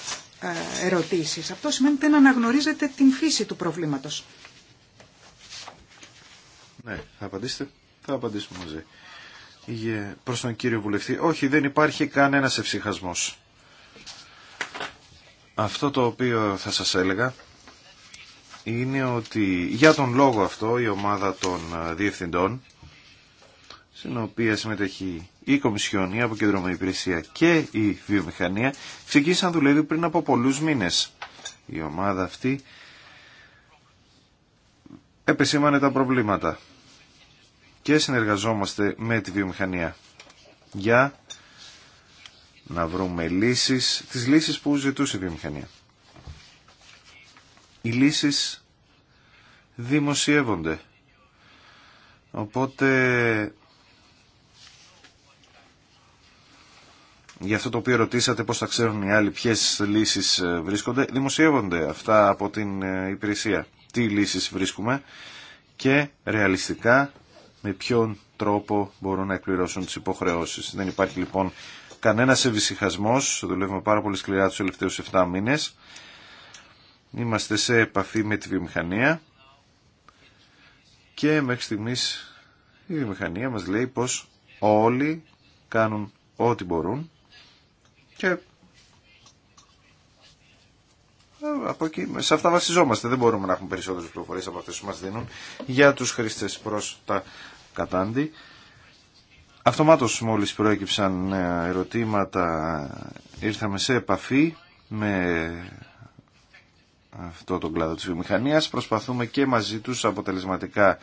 ερωτήσεις. Αυτό σημαίνει ότι δεν αναγνωρίζετε την φύση του προβλήματος. Ναι, θα απαντήσετε θα απαντήσουμε μαζί. προς τον κύριο βουλευτή. Όχι, δεν υπάρχει κανένας ευσυχασμό. Αυτό το οποίο θα σα έλεγα είναι ότι για τον λόγο αυτό η ομάδα των ε, διευθυντών στην οποία συμμετέχει η Κομισιόν, η Αποκεντρωμένη Υπηρεσία και η Βιομηχανία ξεκίνησαν δουλεύει πριν από πολλούς μήνες. Η ομάδα αυτή επεσήμανε τα προβλήματα και συνεργαζόμαστε με τη βιομηχανία για να βρούμε λύσεις, τις λύσεις που ζητούσε η βιομηχανία. Οι λύσεις δημοσιεύονται. Οπότε για αυτό το οποίο ρωτήσατε πώς θα ξέρουν οι άλλοι ποιες λύσεις ε, βρίσκονται, δημοσιεύονται αυτά από την ε, υπηρεσία. Τι λύσεις βρίσκουμε και ρεαλιστικά με ποιον τρόπο μπορούν να εκπληρώσουν τις υποχρεώσεις. Δεν υπάρχει λοιπόν κανένας ευησυχασμός, δουλεύουμε πάρα πολύ σκληρά τους τελευταίους 7 μήνες. Είμαστε σε επαφή με τη βιομηχανία και μέχρι στιγμής η βιομηχανία μας λέει πως όλοι κάνουν ό,τι μπορούν και από εκεί, σε αυτά βασιζόμαστε. Δεν μπορούμε να έχουμε περισσότερε πληροφορίε από αυτέ που μας δίνουν για τους χρήστε προς τα κατάντη. Αυτομάτως μόλι προέκυψαν ε, ερωτήματα ήρθαμε σε επαφή με αυτό το κλάδο τη βιομηχανία. Προσπαθούμε και μαζί τους αποτελεσματικά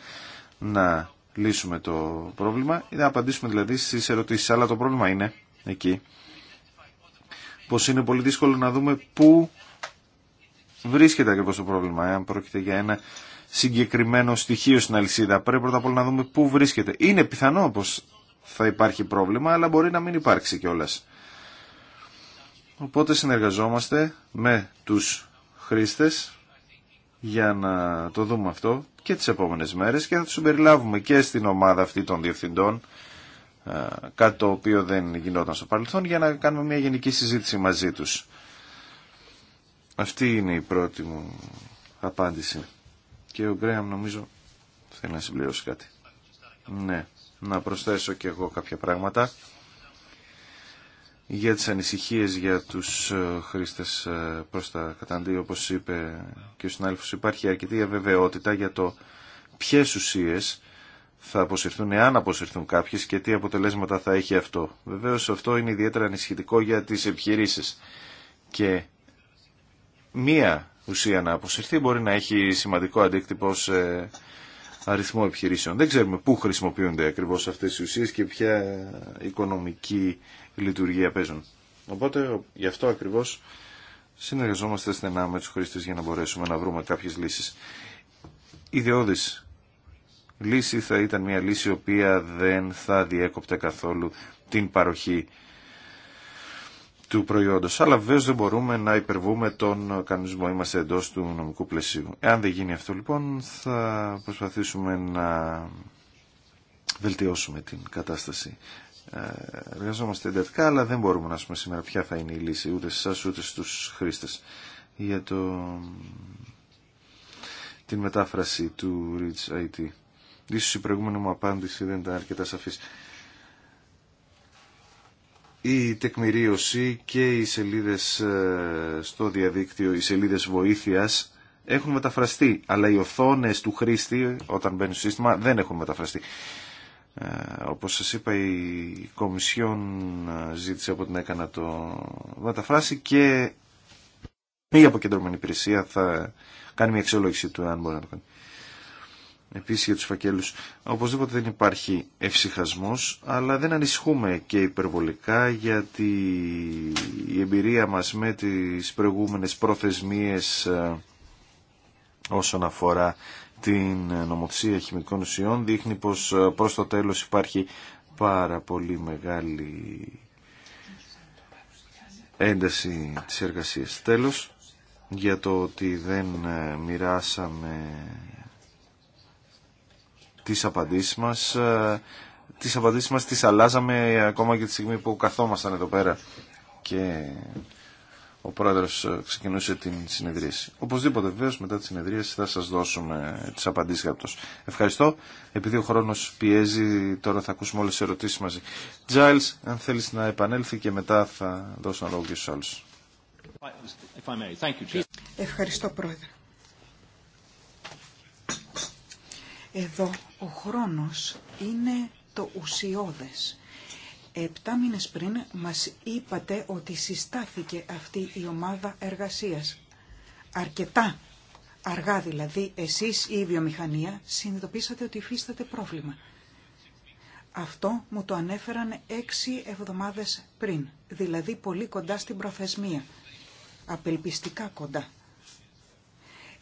να λύσουμε το πρόβλημα ή να απαντήσουμε δηλαδή στις ερωτήσεις. Αλλά το πρόβλημα είναι εκεί πως είναι πολύ δύσκολο να δούμε πού βρίσκεται ακριβώ το πρόβλημα. Εάν πρόκειται για ένα συγκεκριμένο στοιχείο στην αλυσίδα, πρέπει πρώτα απ' όλα να δούμε πού βρίσκεται. Είναι πιθανό πω θα υπάρχει πρόβλημα, αλλά μπορεί να μην υπάρξει κιόλα. Οπότε συνεργαζόμαστε με τους χρήστες για να το δούμε αυτό και τις επόμενες μέρες και θα τους συμπεριλάβουμε και στην ομάδα αυτή των διευθυντών ε, κάτι το οποίο δεν γινόταν στο παρελθόν για να κάνουμε μια γενική συζήτηση μαζί τους. Αυτή είναι η πρώτη μου απάντηση. Και ο Γκρέαμ νομίζω θέλει να συμπληρώσει κάτι. Ναι, να προσθέσω και εγώ κάποια πράγματα για τις ανησυχίες για τους ε, χρήστες ε, προς τα καταντή, όπως είπε και ο συνάδελφος, υπάρχει αρκετή αβεβαιότητα για το ποιες ουσίες θα αποσυρθούν, εάν αποσυρθούν κάποιες και τι αποτελέσματα θα έχει αυτό. Βεβαίως αυτό είναι ιδιαίτερα ανησυχητικό για τις επιχειρήσεις και μία ουσία να αποσυρθεί μπορεί να έχει σημαντικό αντίκτυπο σε αριθμό επιχειρήσεων. Δεν ξέρουμε πού χρησιμοποιούνται ακριβώς αυτές οι ουσίες και ποια οικονομική λειτουργία παίζουν. Οπότε γι' αυτό ακριβώς συνεργαζόμαστε στενά με τους χρήστες για να μπορέσουμε να βρούμε κάποιες λύσεις. Ιδεώδης λύση θα ήταν μια λύση η οποία δεν θα διέκοπτε καθόλου την παροχή του προϊόντος. Αλλά βέβαια δεν μπορούμε να υπερβούμε τον κανονισμό. Είμαστε εντός του νομικού πλαισίου. Εάν δεν γίνει αυτό λοιπόν θα προσπαθήσουμε να βελτιώσουμε την κατάσταση. Ε, εργαζόμαστε εντατικά αλλά δεν μπορούμε να πούμε σήμερα ποια θα είναι η λύση ούτε σε εσάς ούτε στους χρήστες. Για το... την μετάφραση του Reach IT. Ίσως η προηγούμενη μου απάντηση δεν ήταν αρκετά σαφής η τεκμηρίωση και οι σελίδες ε, στο διαδίκτυο, οι σελίδες βοήθειας έχουν μεταφραστεί, αλλά οι οθόνες του χρήστη όταν μπαίνει στο σύστημα δεν έχουν μεταφραστεί. Ε, όπως σας είπα η Κομισιόν ε, ζήτησε από την έκανα το μεταφράσει και η αποκεντρωμένη υπηρεσία θα κάνει μια αξιολόγηση του αν μπορεί να το κάνει. Επίση για του φακέλου. Οπωσδήποτε δεν υπάρχει ευσυχασμό, αλλά δεν ανησυχούμε και υπερβολικά γιατί η εμπειρία μας με τις προηγούμενες προθεσμίε ε, όσον αφορά την νομοθεσία χημικών ουσιών δείχνει πως ε, προς το τέλος υπάρχει πάρα πολύ μεγάλη ένταση της εργασίας. Τέλος, για το ότι δεν ε, μοιράσαμε τις απαντήσεις μας. Ε, τις απαντήσεις μας τις αλλάζαμε ακόμα και τη στιγμή που καθόμασταν εδώ πέρα και ο πρόεδρος ξεκινούσε την συνεδρίαση. Οπωσδήποτε βεβαίω μετά τη συνεδρίαση θα σας δώσουμε τις απαντήσεις γραπτός. Ευχαριστώ. Επειδή ο χρόνος πιέζει τώρα θα ακούσουμε όλες τις ερωτήσεις μαζί. Τζάιλς, αν θέλεις να επανέλθει και μετά θα δώσω λόγο και στους άλλους. Ευχαριστώ πρόεδρε. Εδώ ο χρόνος είναι το ουσιώδες. Επτά μήνες πριν μας είπατε ότι συστάθηκε αυτή η ομάδα εργασίας. Αρκετά αργά δηλαδή εσείς ή η βιομηχανία συνειδητοποίησατε ότι υφίσταται πρόβλημα. Αυτό μου το ανέφεραν έξι εβδομάδες πριν, δηλαδή πολύ κοντά στην προθεσμία. Απελπιστικά κοντά.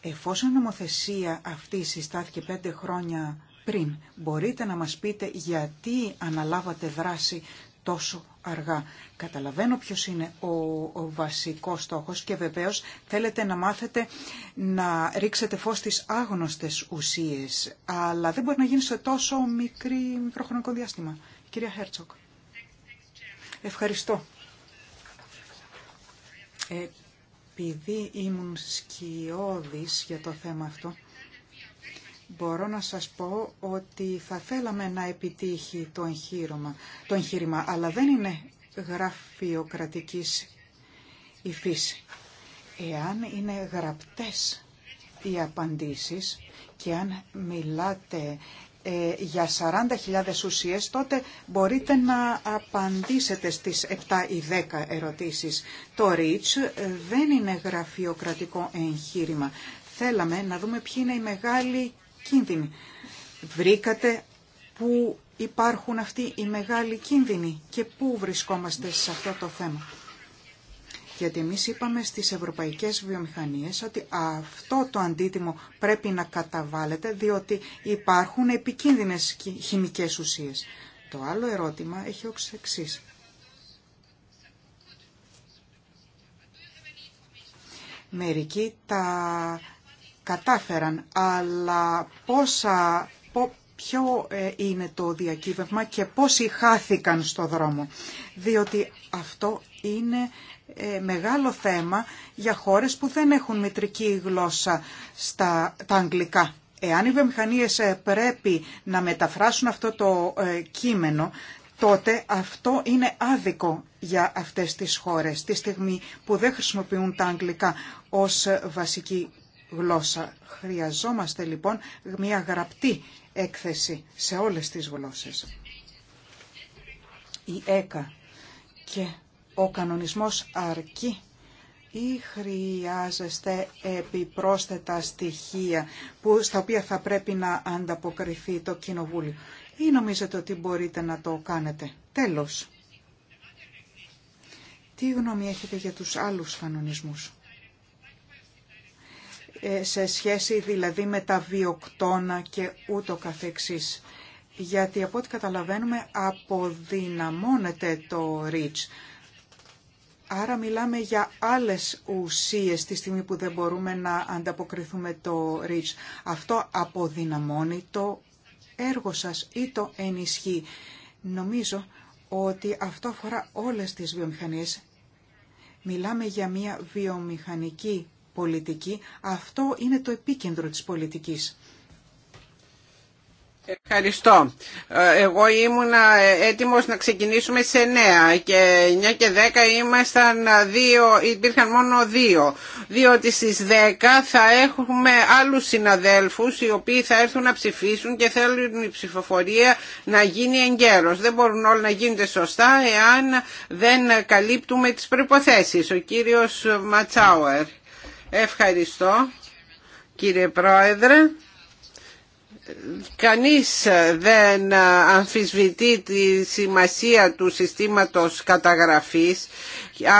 Εφόσον η νομοθεσία αυτή συστάθηκε πέντε χρόνια πριν, μπορείτε να μας πείτε γιατί αναλάβατε δράση τόσο αργά. Καταλαβαίνω ποιος είναι ο, ο βασικός στόχος και βεβαίως θέλετε να μάθετε να ρίξετε φως στις άγνωστες ουσίες, αλλά δεν μπορεί να γίνει σε τόσο μικρή, μικρό χρονικό διάστημα. Κυρία Χέρτσοκ. Ευχαριστώ. Ε, επειδή ήμουν σκιώδης για το θέμα αυτό, μπορώ να σας πω ότι θα θέλαμε να επιτύχει το εγχείρημα, το εγχείρημα αλλά δεν είναι γραφειοκρατικής υφής. Εάν είναι γραπτές οι απαντήσεις και αν μιλάτε ε, για 40.000 ουσίες, τότε μπορείτε να απαντήσετε στις 7 ή 10 ερωτήσεις. Το REACH ε, δεν είναι γραφειοκρατικό εγχείρημα. Θέλαμε να δούμε ποιοι είναι οι μεγάλοι κίνδυνοι. Βρήκατε που υπάρχουν αυτοί οι μεγάλοι κίνδυνοι και πού βρισκόμαστε σε αυτό το θέμα. Γιατί εμείς είπαμε στις ευρωπαϊκές βιομηχανίες ότι αυτό το αντίτιμο πρέπει να καταβάλλεται διότι υπάρχουν επικίνδυνες χημικές ουσίες. Το άλλο ερώτημα έχει ως εξή. Μερικοί τα κατάφεραν, αλλά πόσα, ποιο ε, είναι το διακύβευμα και πόσοι χάθηκαν στο δρόμο. Διότι αυτό είναι ε, μεγάλο θέμα για χώρες που δεν έχουν μητρική γλώσσα στα τα αγγλικά. Εάν οι βιομηχανίες ε, πρέπει να μεταφράσουν αυτό το ε, κείμενο, τότε αυτό είναι άδικο για αυτές τις χώρες, τη στιγμή που δεν χρησιμοποιούν τα αγγλικά ως βασική γλώσσα. Χρειαζόμαστε λοιπόν μια γραπτή έκθεση σε όλες τις γλώσσες. Η ΕΚΑ ο κανονισμός αρκεί ή χρειάζεστε επιπρόσθετα στοιχεία που, στα οποία θα πρέπει να ανταποκριθεί το Κοινοβούλιο ή νομίζετε ότι μπορείτε να το κάνετε. Τέλος, τι γνώμη έχετε για τους άλλους κανονισμούς. Ε, σε σχέση δηλαδή με τα βιοκτώνα και ούτω καθεξής. Γιατί από ό,τι καταλαβαίνουμε αποδυναμώνεται το ΡΙΤΣ Άρα μιλάμε για άλλες ουσίες τη στιγμή που δεν μπορούμε να ανταποκριθούμε το REACH. Αυτό αποδυναμώνει το έργο σας ή το ενισχύει. Νομίζω ότι αυτό αφορά όλες τις βιομηχανίες. Μιλάμε για μια βιομηχανική πολιτική. Αυτό είναι το επίκεντρο της πολιτικής. Ευχαριστώ. Ε, εγώ ήμουν ε, έτοιμος να ξεκινήσουμε σε 9 και 9 και 10 ήμασταν δύο, υπήρχαν μόνο δύο. Διότι στις 10 θα έχουμε άλλους συναδέλφους οι οποίοι θα έρθουν να ψηφίσουν και θέλουν η ψηφοφορία να γίνει εγκαίρως. Δεν μπορούν όλα να γίνονται σωστά εάν δεν καλύπτουμε τις προϋποθέσεις. Ο κύριος Ματσάουερ. Ευχαριστώ κύριε Πρόεδρε. Κανείς δεν αμφισβητεί τη σημασία του συστήματος καταγραφής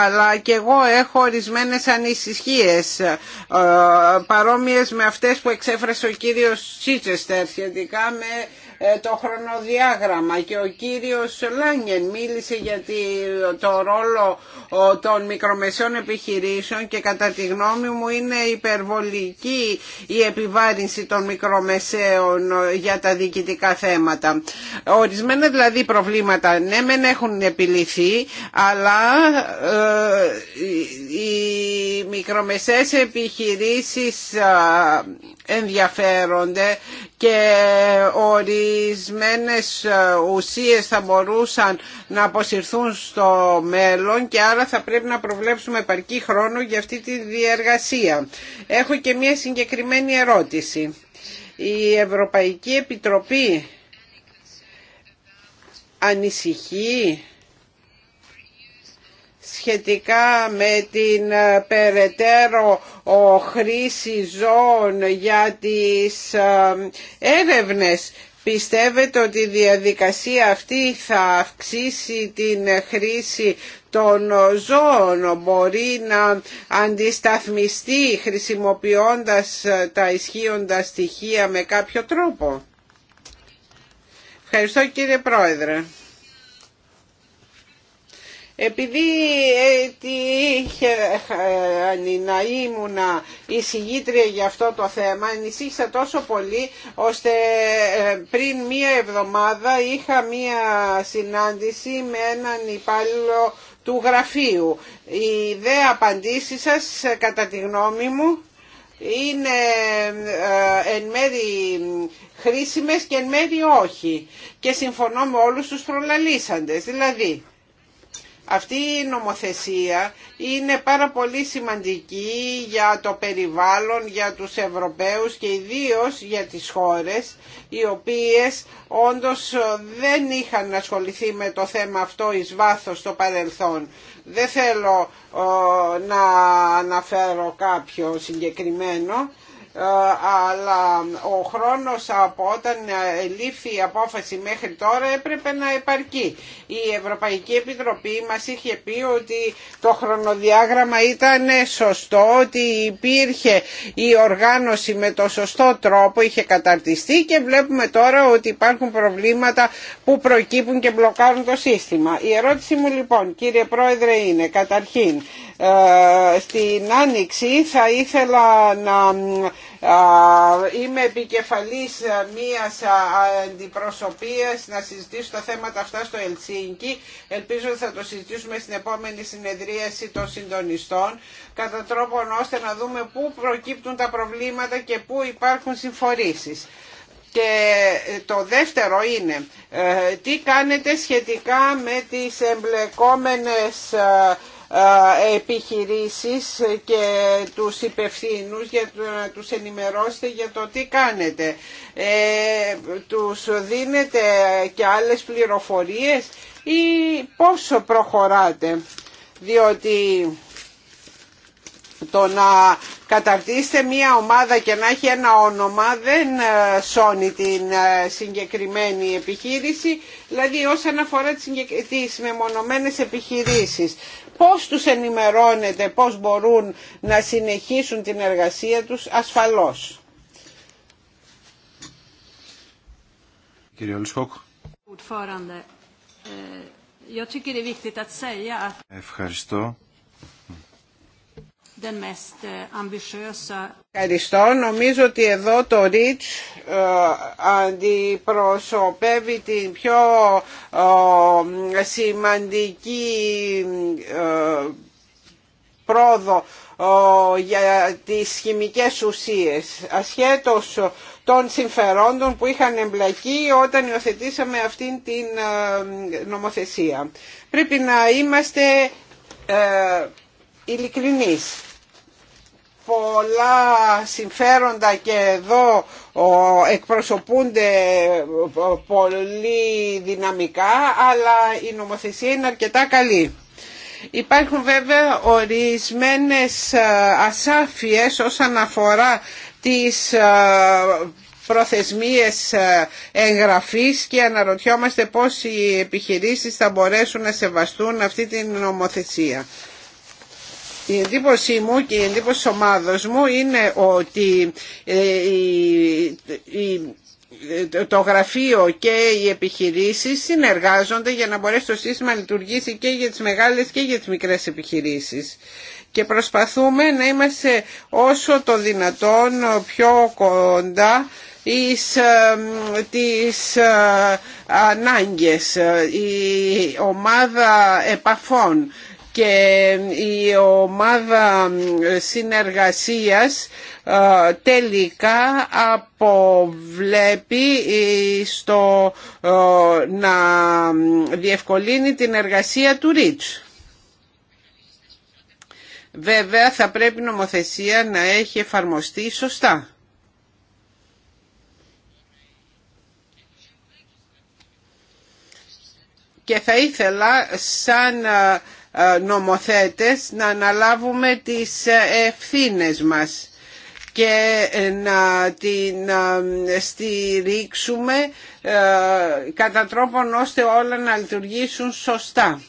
αλλά και εγώ έχω ορισμένες ανησυχίες ε, παρόμοιες με αυτές που εξέφρασε ο κύριος Σίτσεστερ σχετικά με ε, το χρονοδιάγραμμα και ο κύριος Λάγγεν μίλησε για το ρόλο των μικρομεσαίων επιχειρήσεων και κατά τη γνώμη μου είναι υπερβολική η επιβάρυνση των μικρομεσαίων ε, για τα διοικητικά θέματα. Ορισμένα δηλαδή προβλήματα ναι μεν έχουν επιληθεί αλλά ε, οι μικρομεσαίες επιχειρήσεις ενδιαφέρονται και ορισμένες ε, ουσίες θα μπορούσαν να αποσυρθούν στο μέλλον και άρα θα πρέπει να προβλέψουμε επαρκή χρόνο για αυτή τη διεργασία. Έχω και μια συγκεκριμένη ερώτηση. Η Ευρωπαϊκή Επιτροπή ανησυχεί σχετικά με την ε, περαιτέρω χρήση ζώων για τις ε, έρευνες. Πιστεύετε ότι η διαδικασία αυτή θα αυξήσει την χρήση των ζώων μπορεί να αντισταθμιστεί χρησιμοποιώντας ε, τα ισχύοντα στοιχεία με κάποιο τρόπο. Ευχαριστώ κύριε Πρόεδρε. Επειδή ε, είχε να η εισηγήτρια για αυτό το θέμα, ανησύχησα τόσο πολύ, ώστε ε, πριν μία εβδομάδα είχα μία συνάντηση με έναν υπάλληλο του γραφείου. Οι δε απαντήσεις σας, ε, κατά τη γνώμη μου, είναι εν μέρη χρήσιμες και εν μέρη όχι. Και συμφωνώ με όλους τους προλαλήσαντες. Δηλαδή, αυτή η νομοθεσία είναι πάρα πολύ σημαντική για το περιβάλλον, για τους Ευρωπαίους και ιδίως για τις χώρες οι οποίες όντως δεν είχαν ασχοληθεί με το θέμα αυτό εις βάθος στο παρελθόν. Δεν θέλω ε, να αναφέρω κάποιο συγκεκριμένο ε, αλλά ο χρόνος από όταν ε, λήφθη η απόφαση μέχρι τώρα έπρεπε να επαρκεί. Η Ευρωπαϊκή Επιτροπή μας είχε πει ότι το χρονοδιάγραμμα ήταν ε, σωστό, ότι υπήρχε η οργάνωση με το σωστό τρόπο, είχε καταρτιστεί και βλέπουμε τώρα ότι υπάρχουν προβλήματα που προκύπτουν και μπλοκάρουν το σύστημα. Η ερώτηση μου λοιπόν κύριε Πρόεδρε είναι καταρχήν ε, στην Άνοιξη θα ήθελα να ε, είμαι επικεφαλής μίας ε, αντιπροσωπείας να συζητήσω τα θέματα αυτά στο Ελσίνκι. Ελπίζω ότι θα το συζητήσουμε στην επόμενη συνεδρίαση των συντονιστών κατά τρόπον ώστε να δούμε πού προκύπτουν τα προβλήματα και πού υπάρχουν συμφορήσεις. Και το δεύτερο είναι τι κάνετε σχετικά με τις εμπλεκόμενες ε, επιχειρήσεις και τους υπευθύνους για να τους ενημερώσετε για το τι κάνετε. Ε, τους δίνετε και άλλες πληροφορίες ή πόσο προχωράτε. Διότι το να καταρτήσετε μία ομάδα και να έχει ένα όνομα δεν ε, σώνει την ε, συγκεκριμένη επιχείρηση, δηλαδή όσον αφορά τις μεμονωμένες επιχειρήσεις πώς τους ενημερώνετε, πώς μπορούν να συνεχίσουν την εργασία τους ασφαλώς. Κύριε Λισκόκ. Eh, Ευχαριστώ. Eh, Ευχαριστώ. Νομίζω ότι εδώ το REACH ε, αντιπροσωπεύει την πιο ε, σημαντική ε, πρόοδο για τις χημικές ουσίες ασχέτως των συμφερόντων που είχαν εμπλακεί όταν υιοθετήσαμε αυτήν την νομοθεσία. Πρέπει να είμαστε ειλικρινείς πολλά συμφέροντα και εδώ εκπροσωπούνται πολύ δυναμικά αλλά η νομοθεσία είναι αρκετά καλή. Υπάρχουν βέβαια ορισμένες ε, ασάφειες όσον αφορά τις ε, προθεσμίες ε, εγγραφής και αναρωτιόμαστε πώς οι επιχειρήσεις θα μπορέσουν να σεβαστούν αυτή την νομοθεσία. Η εντύπωσή μου και η εντύπωση της ομάδος μου είναι ότι ε, η ε, το γραφείο και οι επιχειρήσεις συνεργάζονται για να μπορέσει το σύστημα να λειτουργήσει και για τις μεγάλες και για τις μικρές επιχειρήσεις. Και προσπαθούμε να είμαστε όσο το δυνατόν πιο κοντά εις ε, τις ανάγκες, η ομάδα επαφών και η ομάδα ε, συνεργασίας ε, τελικά αποβλέπει ε, στο να διευκολύνει την εργασία του Ρίτς. Βέβαια θα πρέπει η νομοθεσία να έχει εφαρμοστεί σωστά. Και θα ήθελα σαν ε, νομοθέτες να αναλάβουμε τις ε, ευθύνες μας και ε, να την στηρίξουμε κατά τρόπον ώστε όλα να λειτουργήσουν σωστά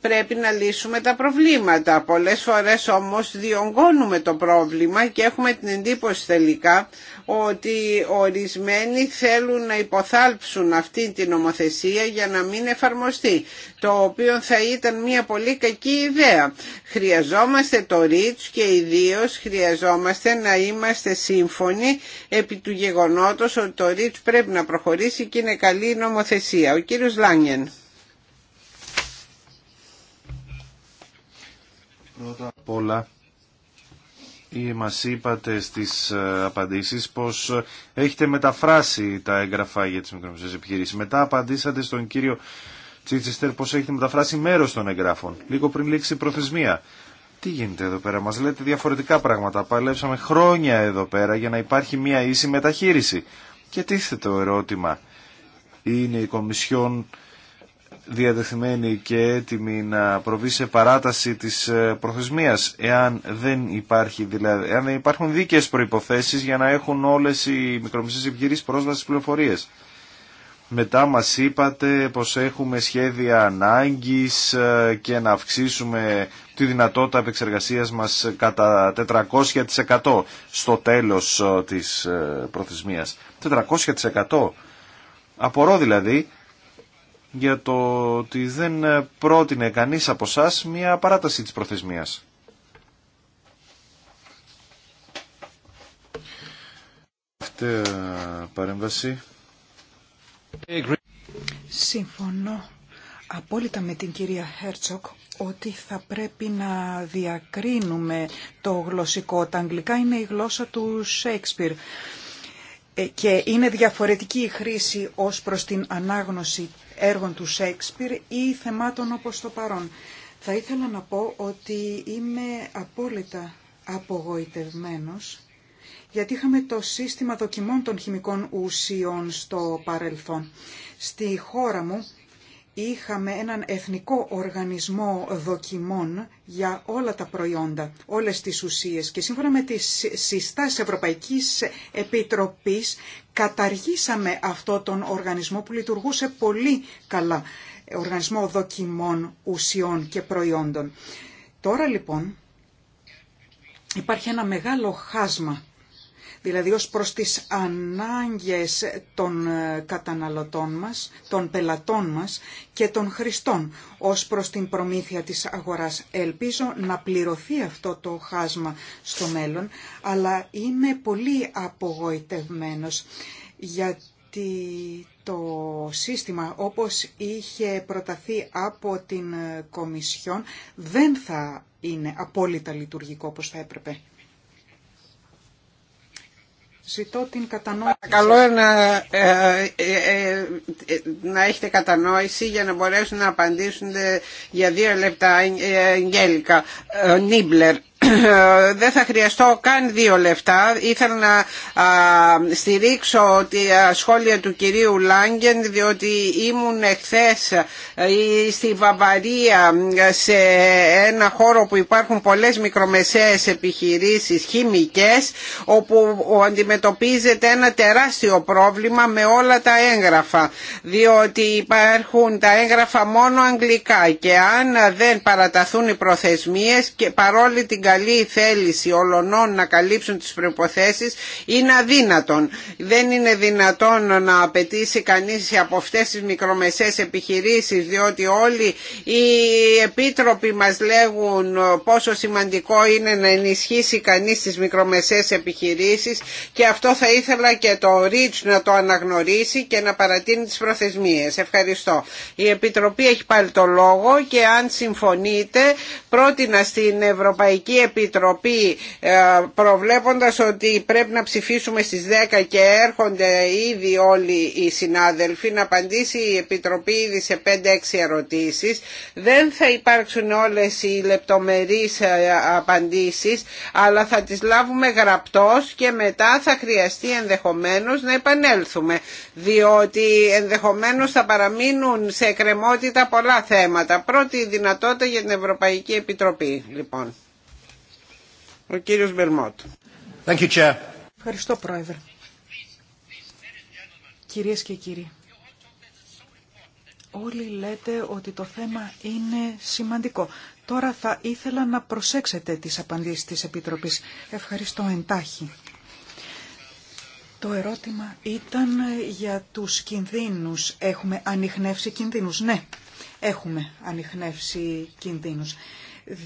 πρέπει να λύσουμε τα προβλήματα. Πολλές φορές όμως διονγκώνουμε το πρόβλημα και έχουμε την εντύπωση τελικά ότι ορισμένοι θέλουν να υποθάλψουν αυτή την νομοθεσία για να μην εφαρμοστεί, το οποίο θα ήταν μια πολύ κακή ιδέα. Χρειαζόμαστε το ρίτς και ιδίω χρειαζόμαστε να είμαστε σύμφωνοι επί του γεγονότος ότι το ρίτς πρέπει να προχωρήσει και είναι καλή νομοθεσία. Ο κύριος Λάνιεν. Πρώτα απ' όλα, μας είπατε στις ε, απαντήσεις πως έχετε μεταφράσει τα έγγραφα για τις μικρομεσαίες επιχειρήσεις. Μετά απαντήσατε στον κύριο Τσίτσιστερ πως έχετε μεταφράσει μέρος των εγγράφων, λίγο πριν λήξει η προθεσμία. Τι γίνεται εδώ πέρα, μας λέτε διαφορετικά πράγματα. Παλέψαμε χρόνια εδώ πέρα για να υπάρχει μια ίση μεταχείριση. Και τίθεται το ερώτημα, είναι η Κομισιόν διατεθειμένη και έτοιμη να προβεί σε παράταση της ε, προθεσμίας εάν δεν, υπάρχει, δηλαδή, εάν δεν υπάρχουν δίκαιες προϋποθέσεις για να έχουν όλες οι μικρομεσαίες επιχειρήσεις πρόσβαση στις πληροφορίες. Μετά μας είπατε πως έχουμε σχέδια ανάγκης ε, και να αυξήσουμε τη δυνατότητα επεξεργασίας μας κατά 400% στο τέλος ε, της προθεσμίας. 400%! Απορώ δηλαδή για το ότι δεν πρότεινε κανείς από εσά μια παράταση της προθεσμίας. Αυτή παρέμβαση. Συμφωνώ απόλυτα με την κυρία Χέρτσοκ ότι θα πρέπει να διακρίνουμε το γλωσσικό. Τα αγγλικά είναι η γλώσσα του Σέξπιρ ε, και είναι διαφορετική η χρήση ως προς την ανάγνωση έργων του Σέξπιρ ή θεμάτων όπως το παρόν. Θα ήθελα να πω ότι είμαι απόλυτα απογοητευμένος γιατί είχαμε το σύστημα δοκιμών των χημικών ουσιών στο παρελθόν. Στη χώρα μου είχαμε έναν εθνικό οργανισμό δοκιμών για όλα τα προϊόντα, όλες τις ουσίες και σύμφωνα με τις συστάσεις Ευρωπαϊκής Επιτροπής καταργήσαμε αυτό τον οργανισμό που λειτουργούσε πολύ καλά, οργανισμό δοκιμών ουσιών και προϊόντων. Τώρα λοιπόν υπάρχει ένα μεγάλο χάσμα δηλαδή ως προς τις ανάγκες των ε, καταναλωτών μας, των πελατών μας και των χρηστών, ως προς την προμήθεια της αγοράς. Ελπίζω να πληρωθεί αυτό το χάσμα στο μέλλον, αλλά είμαι πολύ απογοητευμένος γιατί το σύστημα όπως είχε προταθεί από την ε, Κομισιόν δεν θα είναι απόλυτα λειτουργικό όπως θα έπρεπε. Ζητώ την κατανόηση. να, ε, ε, ε, να έχετε κατανόηση για να μπορέσουν να απαντήσουν για δύο λεπτά. Αγγέλικα Νίμπλερ, δεν θα χρειαστώ καν δύο λεφτά. Ήθελα να στηρίξω τη σχόλια του κυρίου Λάγκεν διότι ήμουν εχθές ε, στη Βαβαρία ε, σε ένα χώρο που υπάρχουν πολλές μικρομεσαίες επιχειρήσεις χημικές όπου αντιμετωπίζεται ένα τεράστιο πρόβλημα με όλα τα έγγραφα διότι υπάρχουν τα έγγραφα μόνο αγγλικά και αν δεν παραταθούν οι προθεσμίες και παρόλη την καλή θέληση όλων να καλύψουν τις προϋποθέσεις είναι αδύνατον. Δεν είναι δυνατόν να απαιτήσει κανείς από αυτές τις μικρομεσαίες επιχειρήσεις διότι όλοι οι επίτροποι μας λέγουν πόσο σημαντικό είναι να ενισχύσει κανείς τις μικρομεσαίες επιχειρήσεις και αυτό θα ήθελα και το ΡΙΤΣ να το αναγνωρίσει και να παρατείνει τις προθεσμίες. Ευχαριστώ. Η Επιτροπή έχει πάλι το λόγο και αν συμφωνείτε πρότεινα στην Ευρωπαϊκή Επιτροπή ε, προβλέποντας ότι πρέπει να ψηφίσουμε στις 10 και έρχονται ήδη όλοι οι συνάδελφοι να απαντήσει η Επιτροπή ήδη σε 5-6 ερωτήσεις. Δεν θα υπάρξουν όλες οι λεπτομερείς ε, απαντήσεις αλλά θα τις λάβουμε γραπτός και μετά θα χρειαστεί ενδεχομένως να επανέλθουμε διότι ενδεχομένως θα παραμείνουν σε εκκρεμότητα πολλά θέματα. Πρώτη δυνατότητα για την Ευρωπαϊκή Επιτροπή λοιπόν. Ο κύριος Μπερμότ. Ευχαριστώ, Πρόεδρε. Κυρίες και κύριοι, όλοι λέτε ότι το θέμα είναι σημαντικό. Τώρα θα ήθελα να προσέξετε τις απαντήσεις της Επιτροπής. Ευχαριστώ εντάχει. Το ερώτημα ήταν για τους κινδύνους. Έχουμε ανιχνεύσει κινδύνους. Ναι, έχουμε ανιχνεύσει κινδύνους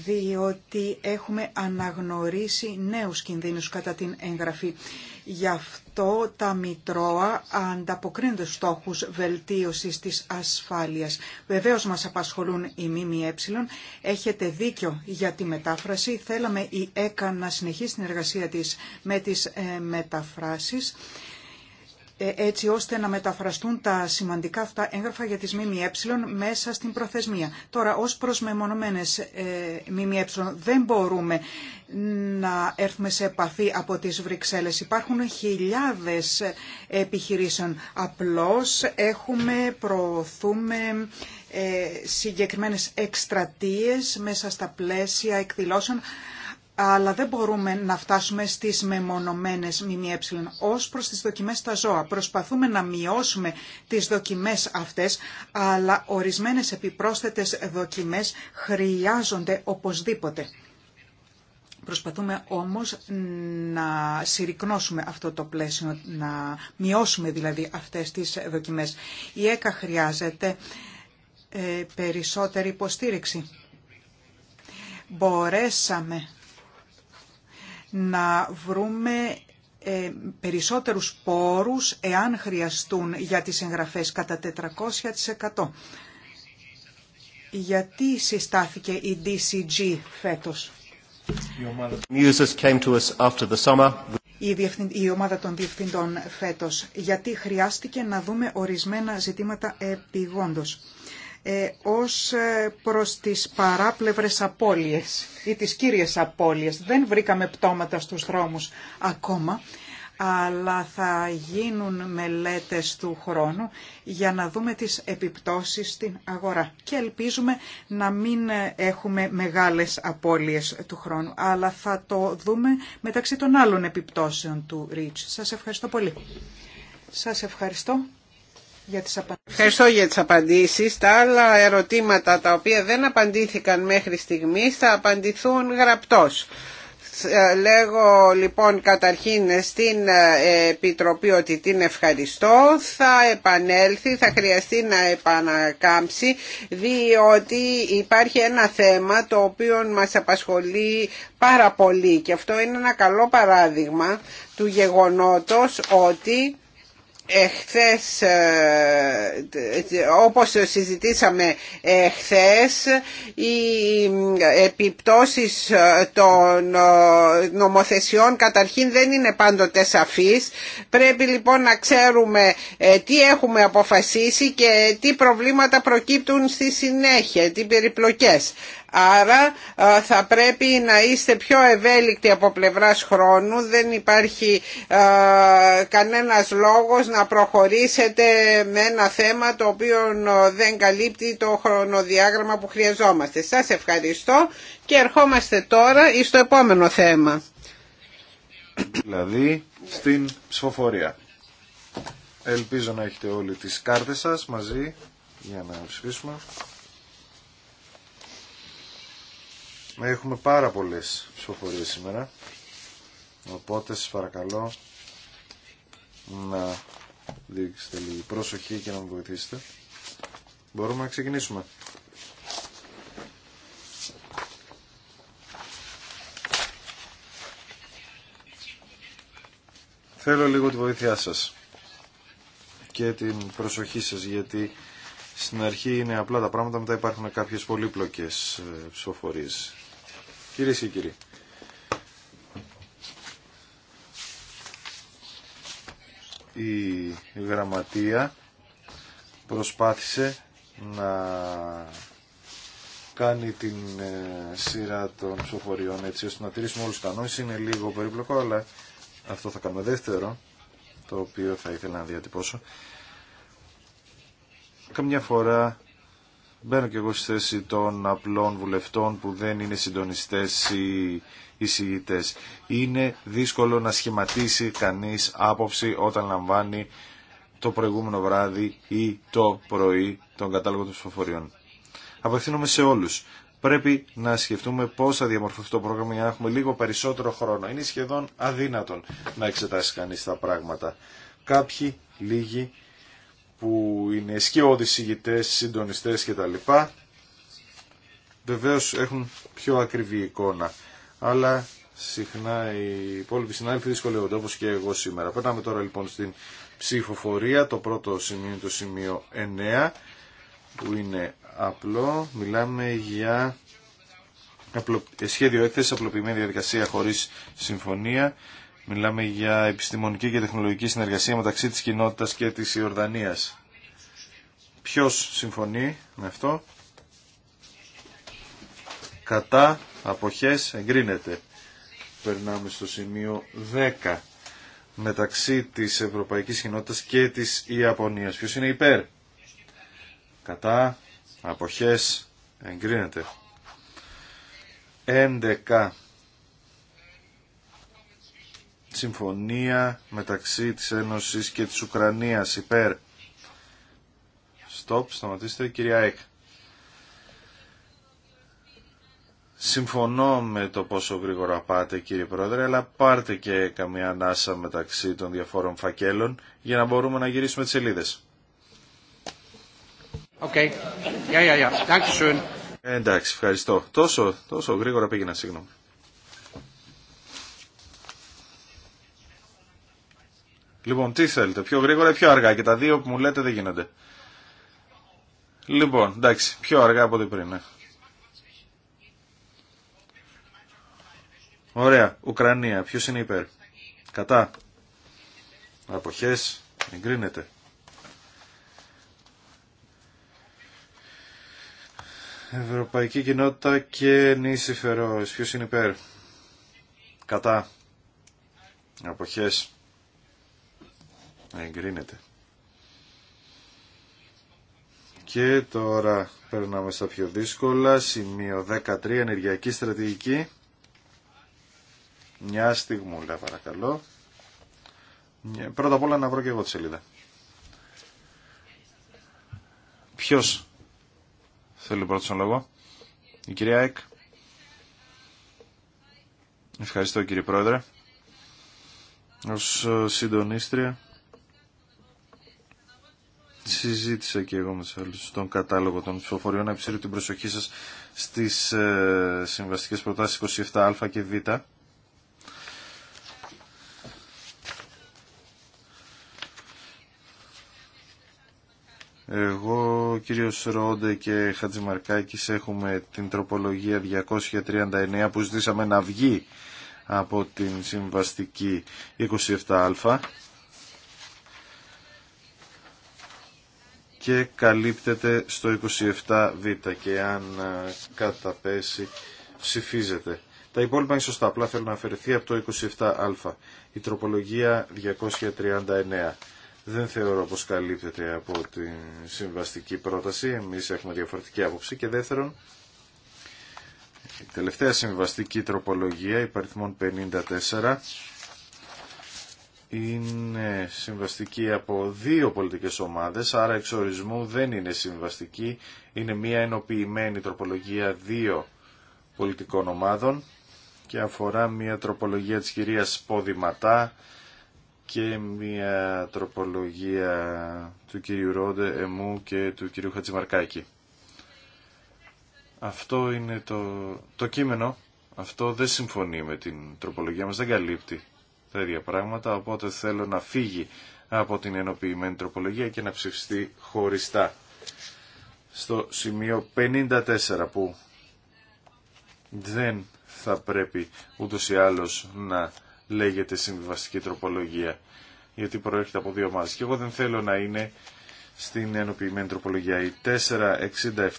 διότι έχουμε αναγνωρίσει νέους κινδύνους κατά την εγγραφή. Γι' αυτό τα Μητρώα ανταποκρίνονται στόχους βελτίωσης της ασφάλειας. Βεβαίως μας απασχολούν οι ΜΜΕ. Έχετε δίκιο για τη μετάφραση. Θέλαμε η ΕΚΑ να συνεχίσει την εργασία της με τις ε, μεταφράσεις ε, έτσι ώστε να μεταφραστούν τα σημαντικά αυτά έγγραφα για τις ΜΜΕ μέσα στην προθεσμία. Τώρα, ως προς μεμονωμένες ε, ΜΜΕ δεν μπορούμε να έρθουμε σε επαφή από τις Βρυξέλλες. Υπάρχουν χιλιάδες επιχειρήσεων. Απλώς έχουμε, προωθούμε ε, συγκεκριμένες εκστρατείες μέσα στα πλαίσια εκδηλώσεων αλλά δεν μπορούμε να φτάσουμε στις μεμονωμένες ΜΜΕ ως προς τις δοκιμές στα ζώα. Προσπαθούμε να μειώσουμε τις δοκιμές αυτές, αλλά ορισμένες επιπρόσθετες δοκιμές χρειάζονται οπωσδήποτε. Προσπαθούμε όμως να συρρυκνώσουμε αυτό το πλαίσιο, να μειώσουμε δηλαδή αυτές τις δοκιμές. Η ΕΚΑ χρειάζεται ε, περισσότερη υποστήριξη. Μπορέσαμε να βρούμε ε, περισσότερους πόρους εάν χρειαστούν για τις εγγραφές κατά 400%. Γιατί συστάθηκε η DCG φέτος. Η ομάδα, η ομάδα των διευθυντών φέτος. Γιατί χρειάστηκε να δούμε ορισμένα ζητήματα επιγόντως. Ε, ως ε, προς τις παράπλευρες απώλειες ή τις κύριες απώλειες. Δεν βρήκαμε πτώματα στους δρόμους ακόμα, αλλά θα γίνουν μελέτες του χρόνου για να δούμε τις επιπτώσεις στην αγορά. Και ελπίζουμε να μην ε, έχουμε μεγάλες απώλειες του χρόνου, αλλά θα το δούμε μεταξύ των άλλων επιπτώσεων του Ριτς. Σας ευχαριστώ πολύ. Σας ευχαριστώ για τις απαντήσεις. Ευχαριστώ για τις απαντήσεις. Τα άλλα ερωτήματα τα οποία δεν απαντήθηκαν μέχρι στιγμής θα απαντηθούν γραπτός. Ε, λέγω λοιπόν καταρχήν στην ε, Επιτροπή ότι την ευχαριστώ, θα επανέλθει, θα χρειαστεί να επανακάμψει διότι υπάρχει ένα θέμα το οποίο μας απασχολεί πάρα πολύ και αυτό είναι ένα καλό παράδειγμα του γεγονότος ότι εχθές ε, όπως συζητήσαμε εχθές οι ε, επιπτώσεις ε, των νομοθεσιών καταρχήν δεν είναι πάντοτε σαφείς πρέπει λοιπόν να ξέρουμε τι έχουμε αποφασίσει και τι προβλήματα προκύπτουν στη συνέχεια, τι περιπλοκές Άρα θα πρέπει να είστε πιο ευέλικτοι από πλευράς χρόνου. Δεν υπάρχει κανένας λόγος να προχωρήσετε με ένα θέμα το οποίο δεν καλύπτει το χρονοδιάγραμμα που χρειαζόμαστε. Σας ευχαριστώ και ερχόμαστε τώρα στο επόμενο θέμα. Δηλαδή στην ψηφοφορία. Ελπίζω να έχετε όλοι τις κάρτες σας μαζί για να ψηφίσουμε. Έχουμε πάρα πολλές ψηφοφορίες σήμερα, οπότε σας παρακαλώ να δείξετε λίγη προσοχή και να με βοηθήσετε. Μπορούμε να ξεκινήσουμε. Θέλω λίγο τη βοήθειά σας και την προσοχή σας γιατί στην αρχή είναι απλά τα πράγματα, μετά υπάρχουν κάποιες πολύπλοκες ε, ψηφοφορίες. Κυρίε και κύριοι, η γραμματεία προσπάθησε να κάνει την ε, σειρά των ψηφοφοριών έτσι ώστε να τηρήσουμε όλους του Είναι λίγο περίπλοκο, αλλά αυτό θα κάνουμε δεύτερο, το οποίο θα ήθελα να διατυπώσω. Καμιά φορά Μπαίνω και εγώ στη θέση των απλών βουλευτών που δεν είναι συντονιστές ή εισηγητές. Είναι δύσκολο να σχηματίσει κανείς άποψη όταν λαμβάνει το προηγούμενο βράδυ ή το πρωί τον κατάλογο των ψηφοφοριών. Απευθύνομαι σε όλους. Πρέπει να σκεφτούμε πώ θα διαμορφωθεί το πρόγραμμα για να έχουμε λίγο περισσότερο χρόνο. Είναι σχεδόν αδύνατον να εξετάσει κανεί τα πράγματα. Κάποιοι, λίγοι, που είναι σκιώδεις ηγητές, συντονιστές κτλ. βεβαίως έχουν πιο ακριβή εικόνα. Αλλά συχνά οι υπόλοιποι συνάδελφοι δυσκολεύονται όπως και εγώ σήμερα. Περνάμε τώρα λοιπόν στην ψηφοφορία. Το πρώτο σημείο είναι το σημείο 9 που είναι απλό. Μιλάμε για σχέδιο έκθεση απλοποιημένη διαδικασία χωρίς συμφωνία Μιλάμε για επιστημονική και τεχνολογική συνεργασία μεταξύ της κοινότητας και της Ιορδανίας. Ποιος συμφωνεί με αυτό. Κατά αποχές εγκρίνεται. Περνάμε στο σημείο 10 μεταξύ της Ευρωπαϊκής Κοινότητας και της Ιαπωνίας. Ποιος είναι υπέρ. Κατά αποχές εγκρίνεται. 11 συμφωνία μεταξύ της Ένωσης και της Ουκρανίας υπέρ. Στοπ, σταματήστε κυρία Εκ. Συμφωνώ με το πόσο γρήγορα πάτε κύριε Πρόεδρε, αλλά πάρτε και καμία ανάσα μεταξύ των διαφόρων φακέλων για να μπορούμε να γυρίσουμε τις σελίδες. Okay. Yeah, yeah, yeah. Ε, εντάξει, ευχαριστώ. Τόσο, τόσο γρήγορα πήγαινα, συγγνώμη. Λοιπόν, τι θέλετε, πιο γρήγορα ή πιο αργά και τα δύο που μου λέτε δεν γίνονται. Λοιπόν, εντάξει, πιο αργά από ό,τι πριν. Ναι. Ωραία, Ουκρανία, ποιο είναι υπέρ. Κατά. Αποχέ. εγκρίνεται. Ευρωπαϊκή κοινότητα και νήσι Ποιο Ποιος είναι υπέρ. Κατά. Αποχές εγκρίνεται. Και τώρα περνάμε στα πιο δύσκολα. Σημείο 13, ενεργειακή στρατηγική. Μια στιγμούλα παρακαλώ. Πρώτα απ' όλα να βρω και εγώ τη σελίδα. Ποιος θέλει πρώτος τον λόγο. Η κυρία Εκ. Ευχαριστώ κύριε Πρόεδρε. Ως συντονίστρια συζήτησα και εγώ με του άλλου στον κατάλογο των ψηφοφοριών να την προσοχή σας στις ε, συμβαστικές προτάσεις 27α και β. Εγώ, κύριος Ρόντε και Χατζημαρκάκης έχουμε την τροπολογία 239 που ζητήσαμε να βγει από την συμβαστική 27α και καλύπτεται στο 27β και αν ε, καταπέσει ψηφίζεται. Τα υπόλοιπα είναι σωστά, απλά θέλω να αφαιρεθεί από το 27α. Η τροπολογία 239 δεν θεωρώ πως καλύπτεται από τη συμβαστική πρόταση. Εμείς έχουμε διαφορετική άποψη. Και δεύτερον, η τελευταία συμβαστική τροπολογία, υπαριθμών 54, είναι συμβαστική από δύο πολιτικές ομάδες, άρα ορισμού δεν είναι συμβαστική, είναι μια ενοποιημένη τροπολογία δύο πολιτικών ομάδων και αφορά μια τροπολογία της κυρίας Ποδηματά και μια τροπολογία του κυρίου Ρόντε, εμού και του κυρίου Χατζημαρκάκη. Αυτό είναι το, το κείμενο. Αυτό δεν συμφωνεί με την τροπολογία μας, δεν καλύπτει τα ίδια πράγματα, οπότε θέλω να φύγει από την ενοποιημένη τροπολογία και να ψηφιστεί χωριστά. Στο σημείο 54 που δεν θα πρέπει ούτως ή άλλως να λέγεται συμβιβαστική τροπολογία, γιατί προέρχεται από δύο ομάδες. Και εγώ δεν θέλω να είναι στην ενοποιημένη τροπολογία. Η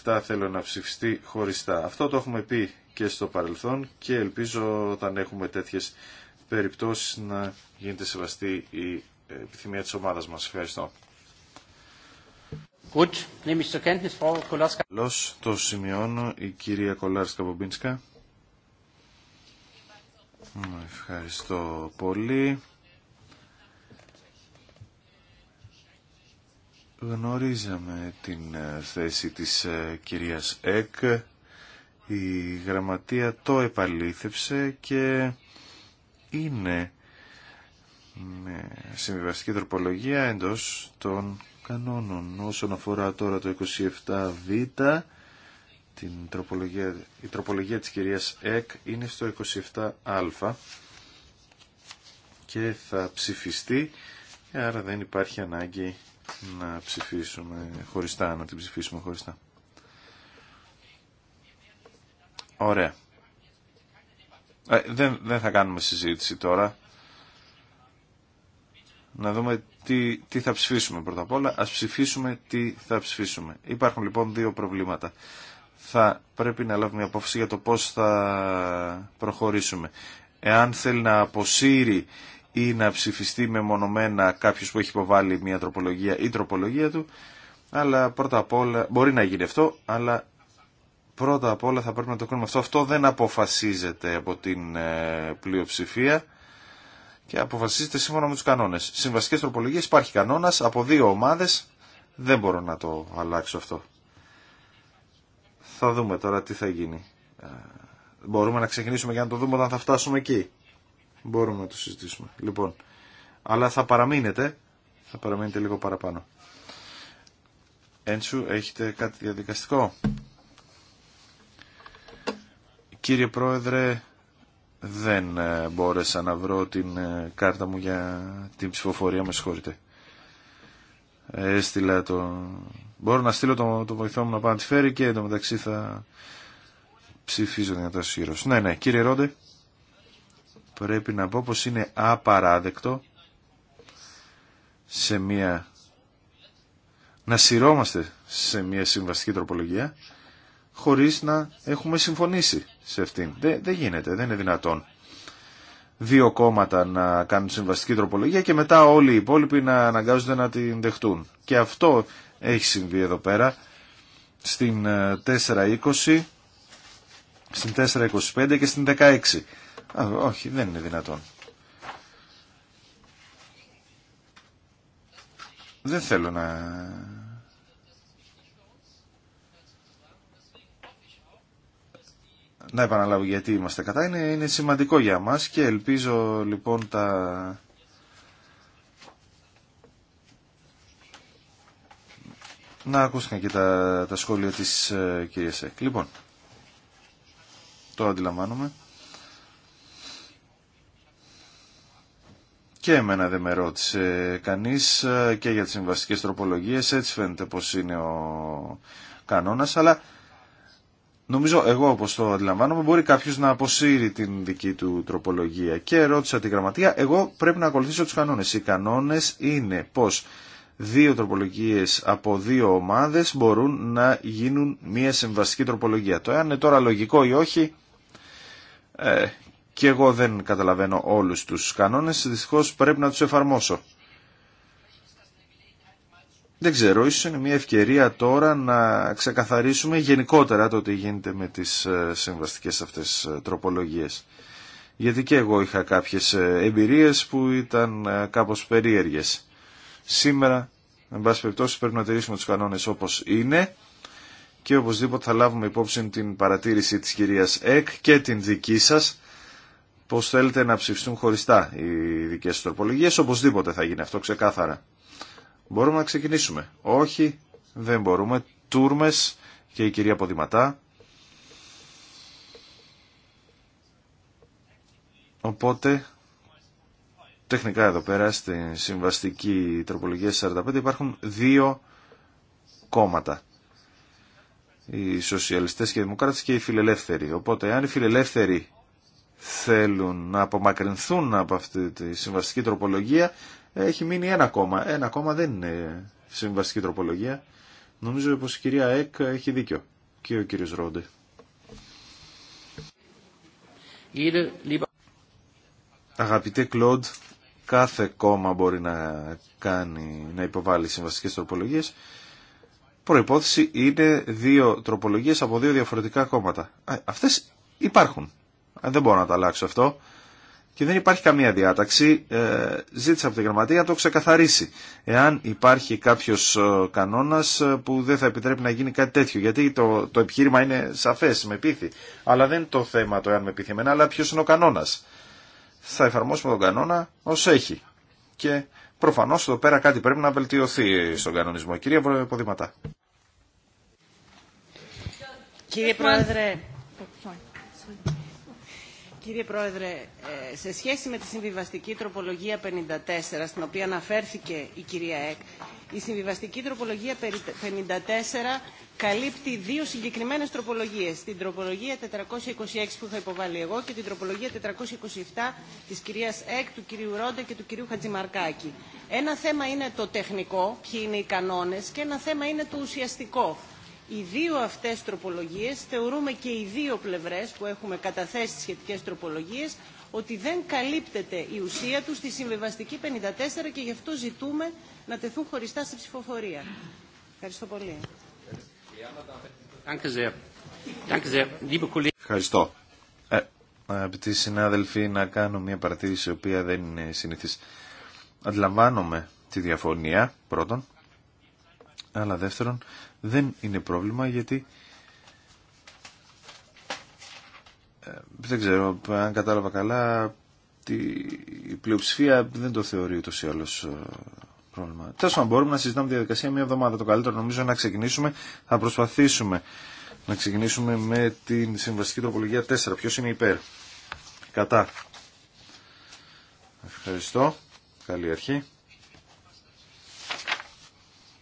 467 θέλω να ψηφιστεί χωριστά. Αυτό το έχουμε πει και στο παρελθόν και ελπίζω όταν έχουμε τέτοιες περιπτώσεις να γίνεται σεβαστή η ε, επιθυμία της ομάδας μας. Ευχαριστώ. Gut, το σημειώνω, η κυρία Κολάρσκα Μπομπίνσκα. Ναι, ευχαριστώ πολύ. Γνωρίζαμε την ε, θέση της ε, κυρίας Εκ. Η γραμματεία το επαλήθευσε και είναι με συμβιβαστική τροπολογία εντός των κανόνων. Όσον αφορά τώρα το 27β, την τροπολογία, η τροπολογία της κυρίας ΕΚ είναι στο 27α και θα ψηφιστεί, άρα δεν υπάρχει ανάγκη να ψηφίσουμε χωριστά, να την ψηφίσουμε χωριστά. Ωραία. Ε, δεν, δεν θα κάνουμε συζήτηση τώρα. Να δούμε τι, τι θα ψηφίσουμε πρώτα απ' όλα. Ας ψηφίσουμε τι θα ψηφίσουμε. Υπάρχουν λοιπόν δύο προβλήματα. Θα πρέπει να λάβουμε μια απόφαση για το πώς θα προχωρήσουμε. Εάν θέλει να αποσύρει ή να ψηφιστεί μεμονωμένα κάποιος που έχει υποβάλει μια τροπολογία ή τροπολογία του, αλλά πρώτα απ' όλα μπορεί να γίνει αυτό, αλλά πρώτα απ' όλα θα πρέπει να το κάνουμε αυτό. Αυτό δεν αποφασίζεται από την ε, πλειοψηφία και αποφασίζεται σύμφωνα με τους κανόνες. Συμβασικές τροπολογίες υπάρχει κανόνας από δύο ομάδες. Δεν μπορώ να το αλλάξω αυτό. Θα δούμε τώρα τι θα γίνει. Ε, μπορούμε να ξεκινήσουμε για να το δούμε όταν θα φτάσουμε εκεί. Μπορούμε να το συζητήσουμε. Λοιπόν, αλλά θα παραμείνετε, θα παραμείνετε λίγο παραπάνω. Έντσου, έχετε κάτι διαδικαστικό. Κύριε Πρόεδρε, δεν ε, μπόρεσα να βρω την ε, κάρτα μου για την ψηφοφορία, με συγχωρείτε. Έστειλα το... Μπορώ να στείλω τον το βοηθό μου να πάω να τη φέρει και εντωμεταξύ θα ψηφίζω δυνατά στους Ναι, ναι, κύριε Ρόντε, πρέπει να πω πως είναι απαράδεκτο σε μία... να σειρώμαστε σε μία συμβαστική τροπολογία χωρίς να έχουμε συμφωνήσει σε αυτήν. Δεν, γίνεται, δεν είναι δυνατόν δύο κόμματα να κάνουν συμβαστική τροπολογία και μετά όλοι οι υπόλοιποι να αναγκάζονται να την δεχτούν. Και αυτό έχει συμβεί εδώ πέρα στην 4.20, ε, στην 4.25 και στην 16. Α, όχι, δεν είναι δυνατόν. Δεν θέλω να να επαναλάβω γιατί είμαστε κατά, είναι, είναι σημαντικό για μας και ελπίζω λοιπόν τα... Να ακούστηκαν και τα, τα σχόλια της ε, κυρίας Εκ. Λοιπόν, το αντιλαμβάνομαι. Και εμένα δεν με ρώτησε κανείς ε, και για τις συμβαστικές τροπολογίες, έτσι φαίνεται πως είναι ο κανόνας, αλλά Νομίζω εγώ όπως το αντιλαμβάνομαι μπορεί κάποιος να αποσύρει την δική του τροπολογία και ρώτησα την γραμματεία εγώ πρέπει να ακολουθήσω τους κανόνες. Οι κανόνες είναι πως δύο τροπολογίες από δύο ομάδες μπορούν να γίνουν μια συμβαστική τροπολογία. Το εάν είναι τώρα λογικό ή όχι ε, και εγώ δεν καταλαβαίνω όλους τους κανόνες δυστυχώς πρέπει να τους εφαρμόσω. Δεν ξέρω, ίσως είναι μια ευκαιρία τώρα να ξεκαθαρίσουμε γενικότερα το τι γίνεται με τις ε, συμβαστικές αυτές ε, τροπολογίες. Γιατί και εγώ είχα κάποιες ε, εμπειρίες που ήταν κάπως περίεργες. Σήμερα, με πάση περιπτώσει, πρέπει να τηρήσουμε τους κανόνες όπως είναι και οπωσδήποτε θα λάβουμε υπόψη την παρατήρηση της κυρίας ΕΚ και την δική σας πως θέλετε να ψηφιστούν χωριστά οι δικές τροπολογίες. Οπωσδήποτε θα γίνει αυτό ξεκάθαρα. Μπορούμε να ξεκινήσουμε. Όχι, δεν μπορούμε. Τούρμες και η κυρία Ποδηματά. Οπότε, τεχνικά εδώ πέρα, στη συμβαστική τροπολογία 45 υπάρχουν δύο κόμματα. Οι σοσιαλιστές και οι δημοκράτες και οι φιλελεύθεροι. Οπότε, αν οι φιλελεύθεροι θέλουν να απομακρυνθούν από αυτή τη συμβαστική τροπολογία, έχει μείνει ένα κόμμα. Ένα κόμμα δεν είναι συμβαστική τροπολογία. Νομίζω πως η κυρία Εκ έχει δίκιο και ο κύριος Ρόντε. Αγαπητέ Κλοντ, κάθε κόμμα μπορεί να κάνει, να υποβάλει συμβαστικές τροπολογίες. Προϋπόθεση είναι δύο τροπολογίες από δύο διαφορετικά κόμματα. Α, αυτές υπάρχουν. δεν μπορώ να τα αλλάξω αυτό και δεν υπάρχει καμία διάταξη. Ε, Ζήτησα από την Γραμματεία να το ξεκαθαρίσει. Εάν υπάρχει κάποιος ε, κανόνας ε, που δεν θα επιτρέπει να γίνει κάτι τέτοιο. Γιατί το, το επιχείρημα είναι σαφές, με πείθει. Αλλά δεν είναι το θέμα το εάν με πείθει εμένα, αλλά ποιος είναι ο κανόνας. Θα εφαρμόσουμε τον κανόνα ως έχει. Και προφανώς εδώ πέρα κάτι πρέπει να βελτιωθεί στον κανονισμό. Κυρία Ποδηματά. Κύριε Πρόεδρε, κύριε Πρόεδρε, ε, σε σχέση με τη συμβιβαστική τροπολογία 54, στην οποία αναφέρθηκε η κυρία Εκ, η συμβιβαστική τροπολογία 54 καλύπτει δύο συγκεκριμένες τροπολογίες. Την τροπολογία 426 που θα υποβάλει εγώ και την τροπολογία 427 της κυρίας Εκ, του κυρίου Ρόντα και του κυρίου Χατζημαρκάκη. Ένα θέμα είναι το τεχνικό, ποιοι είναι οι κανόνες, και ένα θέμα είναι το ουσιαστικό οι δύο αυτές τροπολογίες θεωρούμε και οι δύο πλευρές που έχουμε καταθέσει σχετικές τροπολογίες ότι δεν καλύπτεται η ουσία του στη συμβεβαστική 54 και γι' αυτό ζητούμε να τεθούν χωριστά σε ψηφοφορία. Ευχαριστώ πολύ. Ευχαριστώ. Ε, αγαπητοί συνάδελφοι, να κάνω μια παρατήρηση η οποία δεν είναι συνήθις. Αντιλαμβάνομαι τη διαφωνία πρώτον αλλά δεύτερον δεν είναι πρόβλημα γιατί ε, δεν ξέρω αν κατάλαβα καλά η πλειοψηφία δεν το θεωρεί ούτως ή άλλως ε, πρόβλημα. Τέλος πάντων, μπορούμε να συζητάμε τη διαδικασία μία εβδομάδα. Το καλύτερο νομίζω να ξεκινήσουμε. Θα προσπαθήσουμε να ξεκινήσουμε με την συμβαστική τροπολογία 4. Ποιο είναι υπέρ. Κατά. Ευχαριστώ. Καλή αρχή.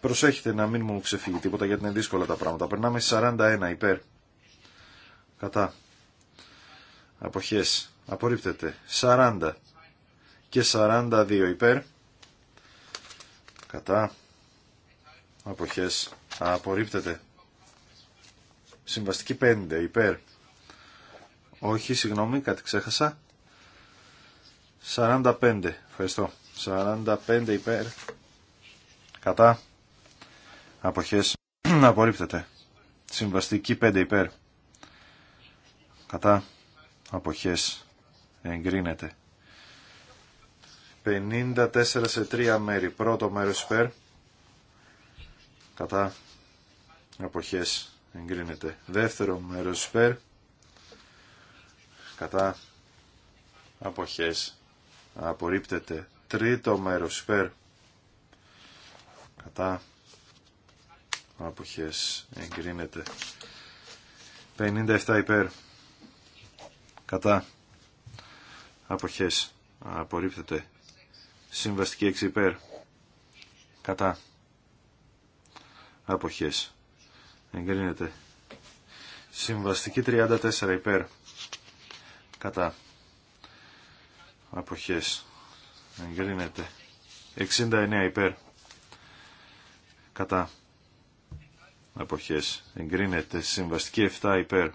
Προσέχετε να μην μου ξεφύγει τίποτα γιατί είναι δύσκολα τα πράγματα. Περνάμε 41 υπέρ. Κατά. Αποχές. Απορρίπτεται. 40 και 42 υπέρ. Κατά. Αποχές. Απορρίπτεται. Συμβαστική 5 υπέρ. Όχι, συγγνώμη, κάτι ξέχασα. 45. Ευχαριστώ. 45 υπέρ. Κατά αποχές απορρίπτεται. Συμβαστική 5 υπέρ. Κατά αποχές εγκρίνεται. 54 σε 3 μέρη. Πρώτο μέρος υπέρ. Κατά αποχές εγκρίνεται. Δεύτερο μέρος υπέρ. Κατά αποχές απορρίπτεται. Τρίτο μέρος υπέρ. Κατά αποχές εγκρίνεται 57 υπέρ κατά αποχές απορρίπτεται συμβαστική 6 υπέρ κατά αποχές εγκρίνεται συμβαστική 34 υπέρ κατά αποχές εγκρίνεται 69 υπέρ κατά αποχές εγκρίνεται συμβαστική 7 υπέρ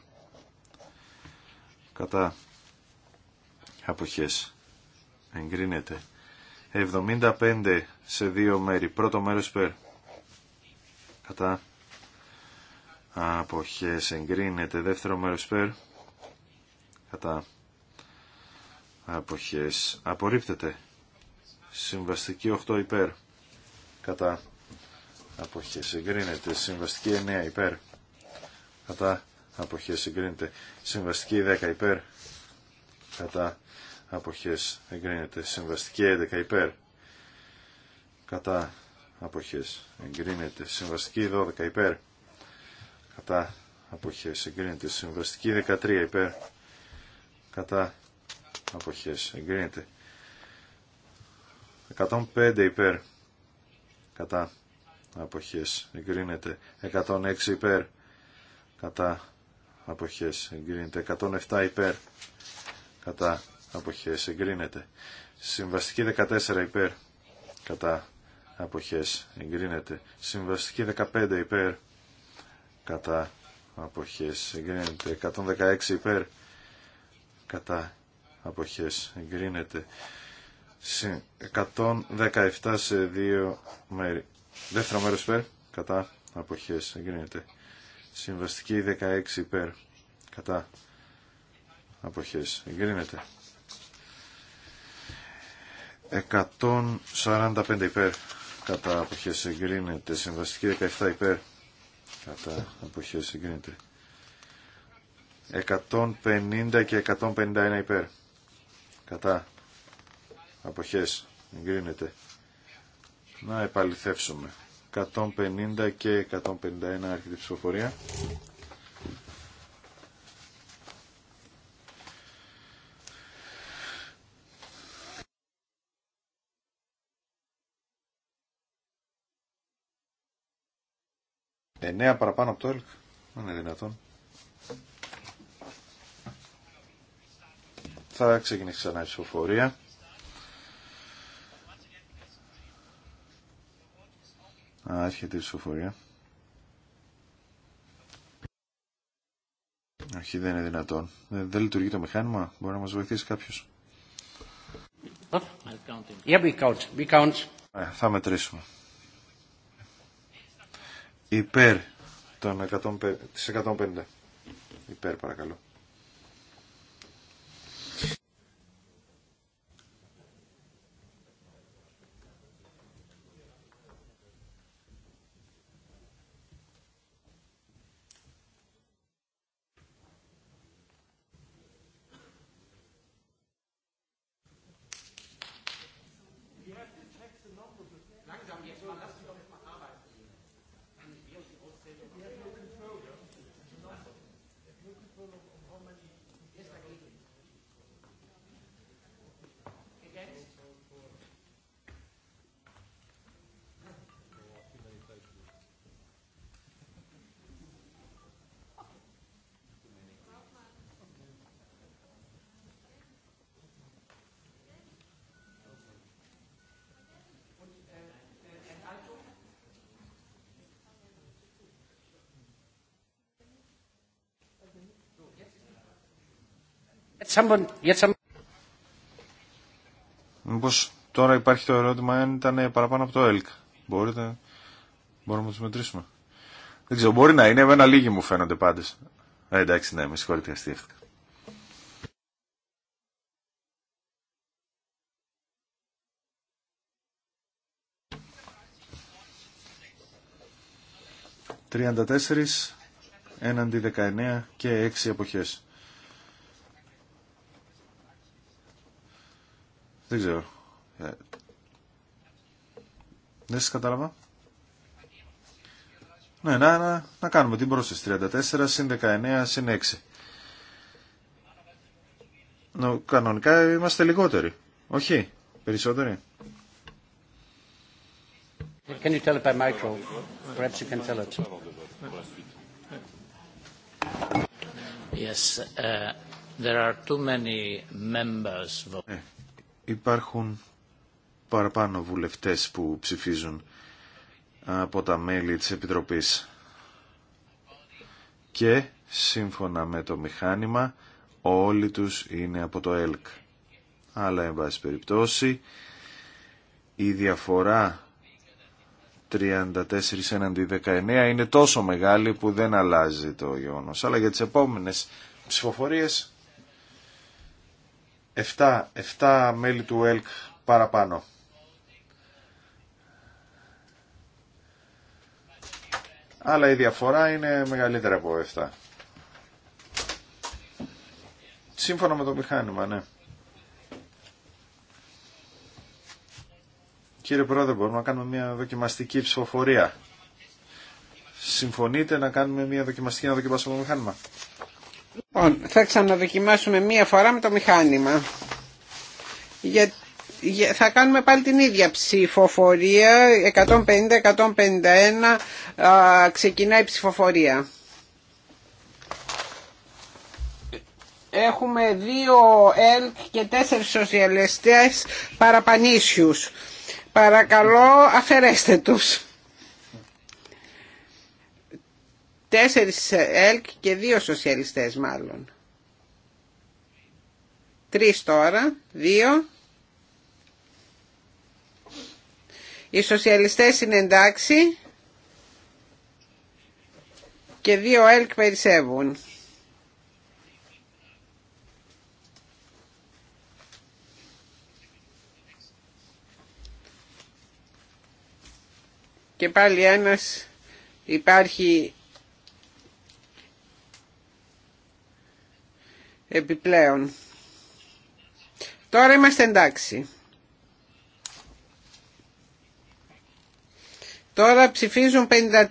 κατά αποχές εγκρίνεται 75 σε δύο μέρη πρώτο μέρος υπέρ κατά αποχές εγκρίνεται δεύτερο μέρος υπέρ κατά αποχές απορρίπτεται συμβαστική 8 υπέρ κατά αποχές συγκρίνεται. Συμβαστική 9 υπέρ κατά αποχές εγκρίνεται. Συμβαστική 10 υπέρ κατά αποχές εγκρίνεται. Συμβαστική 11 υπέρ κατά αποχές εγκρίνεται. Συμβαστική 12 υπέρ κατά αποχές εγκρίνεται. Συμβαστική 13 υπέρ κατά αποχές εγκρίνεται. 105 υπέρ κατά αποχές εγκρίνεται 106 υπέρ κατά αποχές εγκρίνεται 107 υπέρ κατά αποχές εγκρίνεται συμβαστική 14 υπέρ κατά αποχές εγκρίνεται συμβαστική 15 υπέρ κατά αποχές εγκρίνεται 116 υπέρ κατά αποχές εγκρίνεται 117 σε δύο μέρη Δεύτερο μέρο υπέρ, κατά Αποχέ, εγκρίνεται. Συμβαστική 16 υπέρ, κατά Αποχέ, εγκρίνεται. 145 υπέρ, κατά Αποχέ, εγκρίνεται. Συμβαστική 17 υπέρ, κατά Αποχέ, εγκρίνεται. 150 και 151 υπέρ. Κατά. Αποχέ, Εγκρίνεται να επαληθεύσουμε. 150 και 151 η ψηφοφορία. Εννέα παραπάνω από το ΕΛΚ. Δεν είναι δυνατόν. Θα ξεκινήσει ξανά η ψηφοφορία. Άρχεται η ψηφοφορία. Όχι, δεν είναι δυνατόν. Ε, δεν, λειτουργεί το μηχάνημα. Μπορεί να μας βοηθήσει κάποιος. Yeah, we count. We count. Ε, θα μετρήσουμε. Υπέρ των 150. Υπέρ παρακαλώ. Μήπως τώρα υπάρχει το ερώτημα αν ήταν παραπάνω από το ΕΛΚ. Μπορείτε, μπορούμε να του μετρήσουμε. Δεν ξέρω, μπορεί να είναι, εμένα λίγοι μου φαίνονται πάντως. Ε, εντάξει, ναι, με συγχωρείτε, αστείευτηκα. Τριάντα έναντι 19 και 6 εποχές. Δεν ξέρω. Ε, δεν σας κατάλαβα. Ναι, να, να, να κάνουμε την πρόσθεση. 34 συν 19 συν 6. Νο, κανονικά είμαστε λιγότεροι. Όχι, περισσότεροι. Can you tell it by micro? Perhaps you can tell it. Yes, uh, there are too many members. Eh υπάρχουν παραπάνω βουλευτές που ψηφίζουν από τα μέλη της Επιτροπής. Και, σύμφωνα με το μηχάνημα, όλοι τους είναι από το ΕΛΚ. Αλλά, εν πάση περιπτώσει, η διαφορά 34 έναντι 19 είναι τόσο μεγάλη που δεν αλλάζει το γεγονός. Αλλά για τις επόμενες ψηφοφορίες 7, 7 μέλη του ΕΛΚ παραπάνω. Αλλά η διαφορά είναι μεγαλύτερη από 7. Σύμφωνα με το μηχάνημα, ναι. Κύριε Πρόεδρε, μπορούμε να κάνουμε μια δοκιμαστική ψηφοφορία. Συμφωνείτε να κάνουμε μια δοκιμαστική να δοκιμάσουμε το μηχάνημα. Λοιπόν, θα ξαναδοκιμάσουμε μία φορά με το μηχάνημα. Για, θα κάνουμε πάλι την ίδια ψηφοφορία. 150-151 ξεκινάει η ψηφοφορία. Έχουμε δύο ΕΛΚ και τέσσερις σοσιαλιστές παραπανήσιους. Παρακαλώ αφαιρέστε τους. Τέσσερις ΕΛΚ και δύο σοσιαλιστές μάλλον. Τρεις τώρα, δύο. Οι σοσιαλιστές είναι εντάξει και δύο ΕΛΚ περισσεύουν. Και πάλι ένας υπάρχει επιπλέον. Τώρα είμαστε εντάξει. Τώρα ψηφίζουν 53.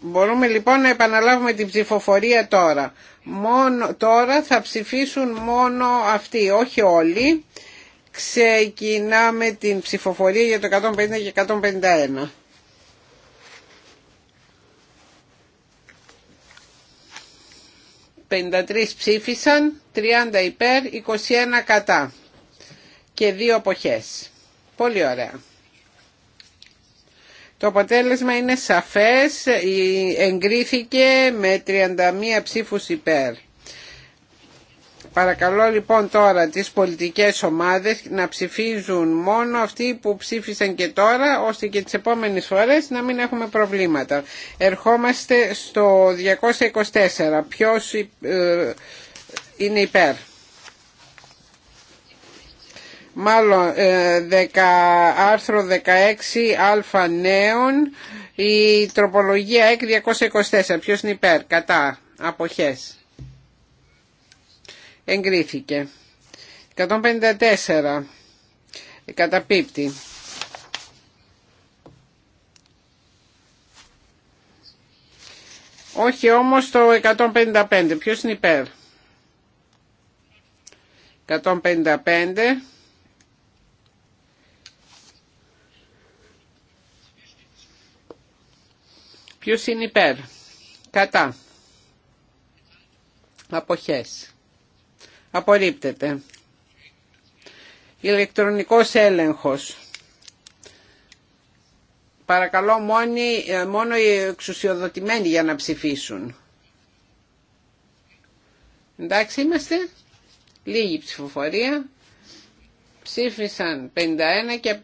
Μπορούμε λοιπόν να επαναλάβουμε την ψηφοφορία τώρα. Μόνο, τώρα θα ψηφίσουν μόνο αυτοί, όχι όλοι. Ξεκινάμε την ψηφοφορία για το 150 και 151. 53 ψήφισαν, 30 υπέρ, 21 κατά και δύο αποχές. Πολύ ωραία. Το αποτέλεσμα είναι σαφές, εγκρίθηκε με 31 ψήφους υπέρ. Παρακαλώ λοιπόν τώρα τις πολιτικές ομάδες να ψηφίζουν μόνο αυτοί που ψήφισαν και τώρα ώστε και τις επόμενες φορές να μην έχουμε προβλήματα. Ερχόμαστε στο 224. Ποιος ε, είναι υπέρ. Μάλλον ε, άρθρο 16α νέων η τροπολογία ΕΚ 224. Ποιος είναι υπέρ. Κατά. Αποχές εγκρίθηκε. 154 καταπίπτει. Όχι όμως το 155. Ποιος είναι υπέρ. 155. Ποιος είναι υπέρ. Κατά. Αποχές. Απορρίπτεται. Ηλεκτρονικός έλεγχος. Παρακαλώ μόνοι, ε, μόνο οι εξουσιοδοτημένοι για να ψηφίσουν. Εντάξει είμαστε. Λίγη ψηφοφορία. Ψήφισαν 51 και,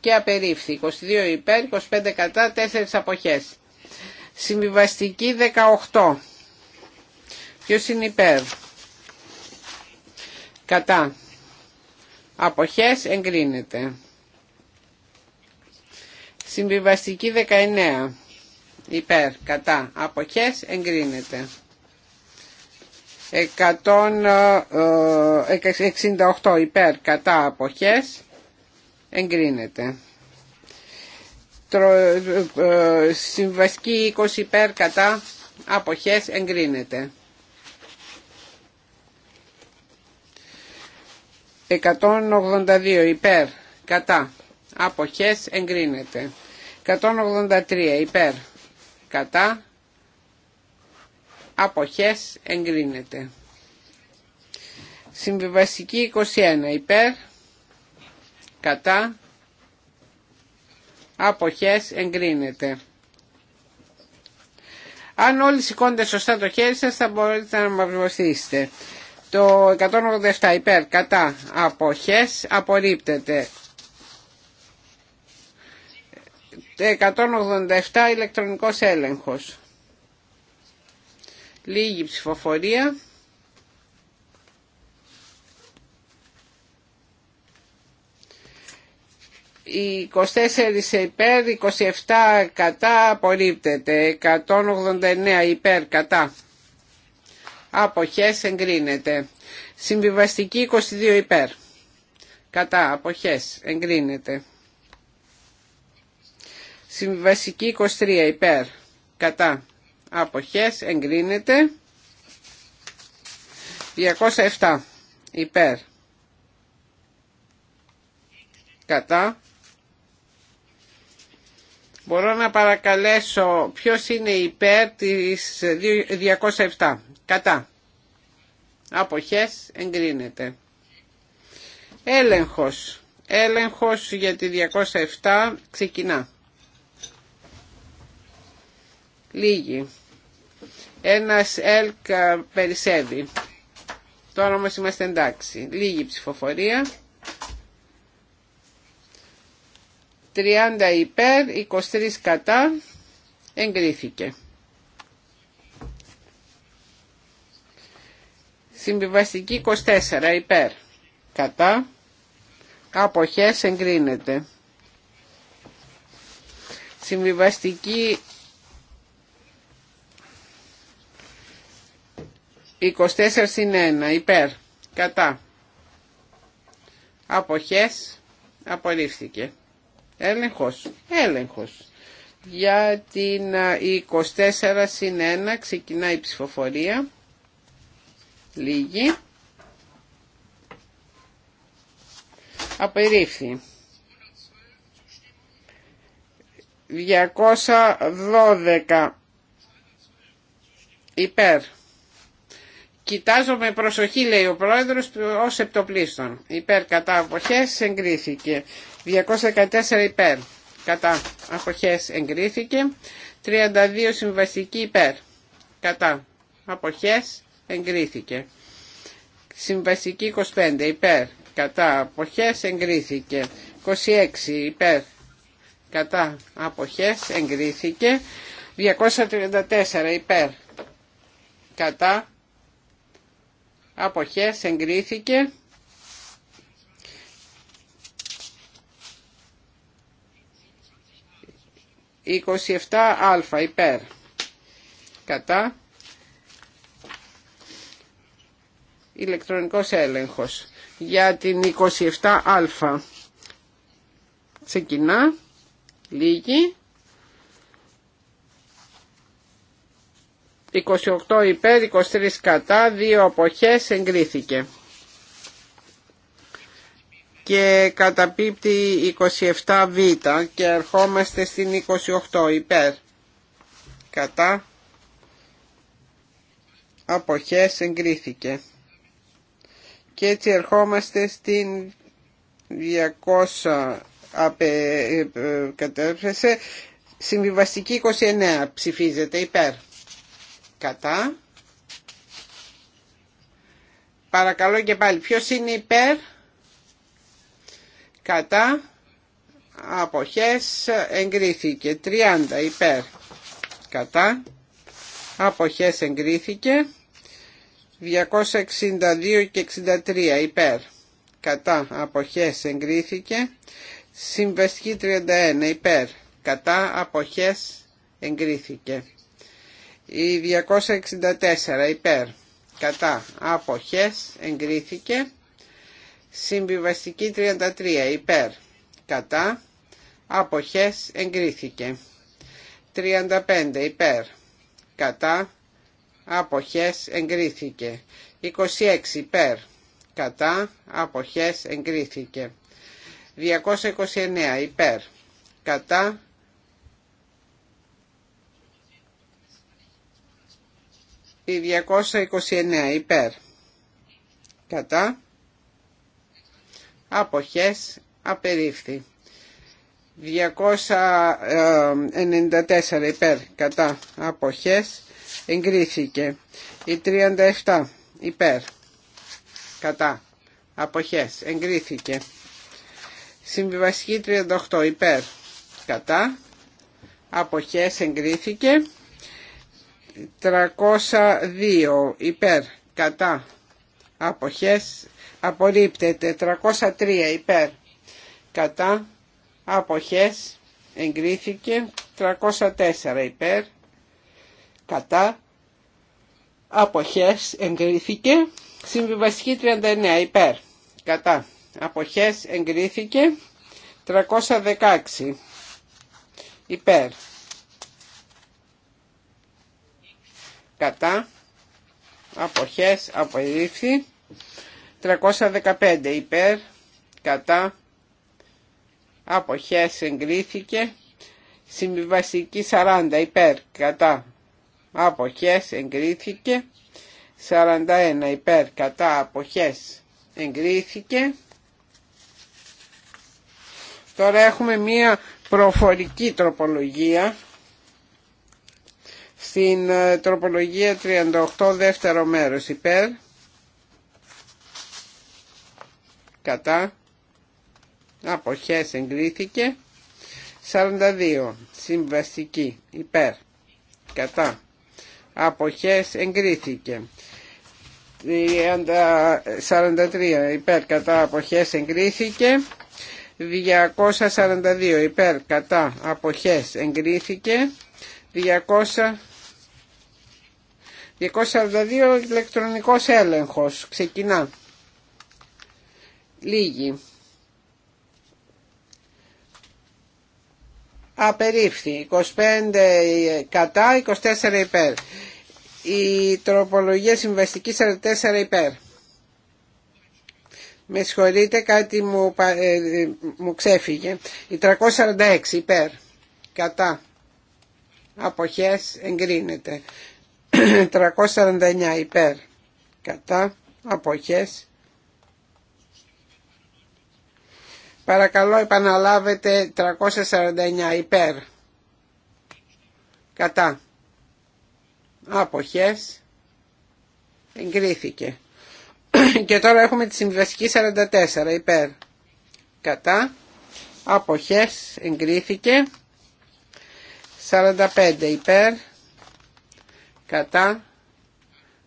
και απερίφθη. 22 υπέρ, 25 κατά, 4 αποχές. Συμβιβαστική 18. Ποιος είναι υπέρ κατά αποχές εγκρίνεται συμβιβαστική 19 υπέρ κατά αποχές εγκρίνεται 168 ε, ε, υπέρ κατά αποχές εγκρίνεται ε, συμβαστική 20 υπέρ κατά αποχές εγκρίνεται 182 υπέρ κατά αποχές εγκρίνεται 183 υπέρ κατά αποχές εγκρίνεται συμβιβαστική 21 υπέρ κατά αποχές εγκρίνεται αν όλοι σηκώνετε σωστά το χέρι σας θα μπορείτε να μας το 187 υπέρ κατά αποχές απορρίπτεται. 187 ηλεκτρονικός έλεγχος. Λίγη ψηφοφορία. Οι 24 υπέρ, 27 κατά απορρίπτεται. 189 υπέρ κατά αποχές εγκρίνεται. Συμβιβαστική 22 υπέρ. Κατά αποχές εγκρίνεται. Συμβιβαστική 23 υπέρ. Κατά αποχές εγκρίνεται. 207 υπέρ. Κατά Μπορώ να παρακαλέσω ποιος είναι υπέρ της 207. Κατά. Αποχές εγκρίνεται. Έλεγχος. Έλεγχος για τη 207 ξεκινά. Λίγη. Ένας ΕΛΚ ε, περισσεύει. Τώρα όμως είμαστε εντάξει. Λίγη ψηφοφορία. 30 υπέρ, 23 κατά, εγκρίθηκε. Συμβιβαστική 24 υπέρ, κατά, αποχές εγκρίνεται. Συμβιβαστική 24 συν 1 υπέρ, κατά, αποχές απορρίφθηκε. Έλεγχος. Έλεγχος. Για την 24 συν 1 ξεκινάει η ψηφοφορία. Λίγη. Απερίφθη. 212 υπέρ. Κοιτάζω με προσοχή λέει ο πρόεδρος ως επτοπλίστων. Υπέρ κατά αποχές εγκρίθηκε. 214 υπέρ. Κατά. Αποχές εγκρίθηκε. 32 συμβαστική υπέρ. Κατά. Αποχές εγκρίθηκε. Συμβαστική 25 υπέρ. Κατά. Αποχές εγκρίθηκε. 26 υπέρ. Κατά. Αποχές εγκρίθηκε. 234 υπέρ. Κατά. Αποχές εγκρίθηκε. 27α υπέρ κατά ηλεκτρονικός έλεγχος για την 27α ξεκινά λίγη 28 υπέρ 23 κατά 2 αποχές εγκρίθηκε και καταπίπτει 27β και ερχόμαστε στην 28 υπέρ κατά αποχές εγκρίθηκε και έτσι ερχόμαστε στην 200 απε, ε, ε, συμβιβαστική 29 ψηφίζεται υπέρ κατά παρακαλώ και πάλι ποιος είναι υπέρ κατά αποχές εγκρίθηκε 30 υπέρ κατά αποχές εγκρίθηκε 262 και 63 υπέρ κατά αποχές εγκρίθηκε συμβεστική 31 υπέρ κατά αποχές εγκρίθηκε η 264 υπέρ κατά αποχές εγκρίθηκε Συμβιβαστική 33 υπέρ κατά αποχές εγκρίθηκε. 35 υπέρ κατά αποχές εγκρίθηκε. 26 υπέρ κατά αποχές εγκρίθηκε. 229 υπέρ κατά η 229 υπέρ κατά αποχές απερίφθη. 294 υπέρ κατά αποχές εγκρίθηκε. Η 37 υπέρ κατά αποχές εγκρίθηκε. Συμβιβασική 38 υπέρ κατά αποχές εγκρίθηκε. 302 υπέρ κατά αποχές απορρίπτεται 303 υπέρ κατά αποχές εγκρίθηκε 304 υπέρ κατά αποχές εγκρίθηκε συμβιβαστική 39 υπέρ κατά αποχές εγκρίθηκε 316 υπέρ κατά αποχές απορρίφθη 315 υπέρ κατά αποχές εγκρίθηκε συμβιβαστική 40 υπέρ κατά αποχές εγκρίθηκε 41 υπέρ κατά αποχές εγκρίθηκε τώρα έχουμε μία προφορική τροπολογία στην ε, τροπολογία 38 δεύτερο μέρος υπέρ κατά αποχές εγκρίθηκε 42 συμβαστική υπέρ κατά αποχές εγκρίθηκε 43 υπέρ κατά αποχές εγκρίθηκε 242 υπέρ κατά αποχές εγκρίθηκε 200 242 ηλεκτρονικός έλεγχος ξεκινά Λίγοι. Απερίφθη. 25 κατά, 24 υπέρ. Η τροπολογία συμβαστική 44 υπέρ. Με συγχωρείτε, κάτι μου, ε, μου ξέφυγε. Η 346 υπέρ. Κατά. Αποχές εγκρίνεται. 349 υπέρ. Κατά. Αποχές Παρακαλώ επαναλάβετε 349 υπέρ. Κατά. Αποχές. Εγκρίθηκε. Και τώρα έχουμε τη συμβαστική 44 υπέρ. Κατά. Αποχές. Εγκρίθηκε. 45 υπέρ. Κατά.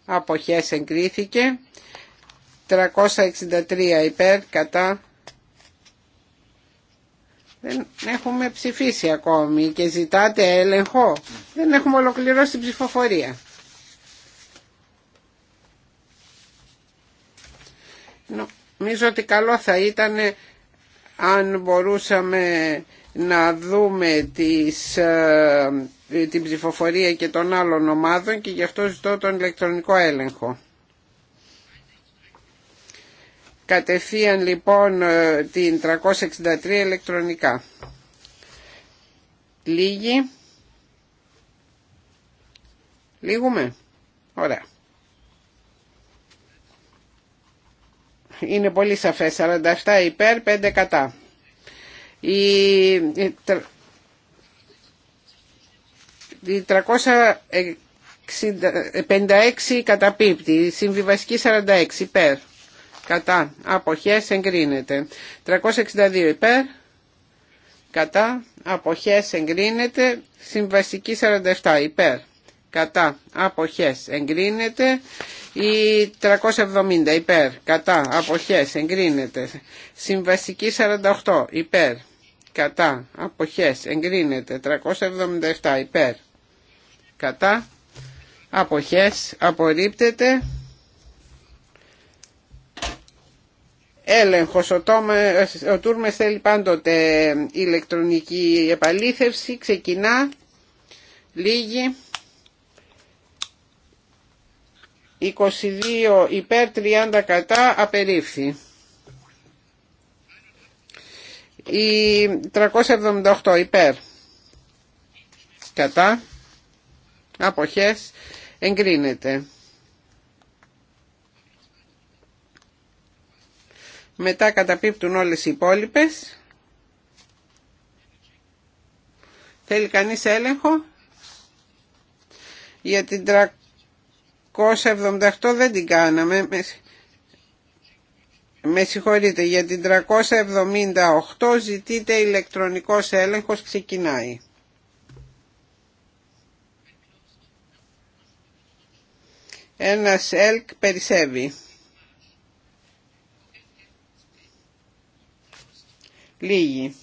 Αποχές εγκρίθηκε. 363 υπέρ. Κατά δεν έχουμε ψηφίσει ακόμη και ζητάτε έλεγχο. Δεν έχουμε ολοκληρώσει την ψηφοφορία. Νομίζω ότι καλό θα ήταν αν μπορούσαμε να δούμε τις, ε, την ψηφοφορία και των άλλων ομάδων και γι' αυτό ζητώ τον ηλεκτρονικό έλεγχο. Κατευθείαν λοιπόν ε, την 363 ηλεκτρονικά. Λίγη. Λίγουμε. Ωραία. Είναι πολύ σαφές. 47 υπέρ, 5 κατά. Η 356 καταπίπτει. συμβιβασική 46 υπέρ κατά αποχές εγκρίνεται 362 υπέρ κατά αποχές εγκρίνεται συμβαστική 47 υπέρ κατά αποχές εγκρίνεται ή 370 υπέρ κατά αποχές εγκρίνεται συμβαστική 48 υπέρ κατά αποχές εγκρίνεται 377 υπέρ κατά αποχές απορρίπτεται έλεγχος. Ο, ο θέλει πάντοτε ηλεκτρονική επαλήθευση. Ξεκινά, λίγη. 22 υπέρ 30 κατά απερίφθη. Η 378 υπέρ κατά αποχές εγκρίνεται. μετά καταπίπτουν όλες οι υπόλοιπες. Θέλει κανείς έλεγχο. Για την 378 δεν την κάναμε. Με συγχωρείτε, για την 378 ζητείτε ηλεκτρονικός έλεγχος, ξεκινάει. Ένας ΕΛΚ περισσεύει. Λίγοι.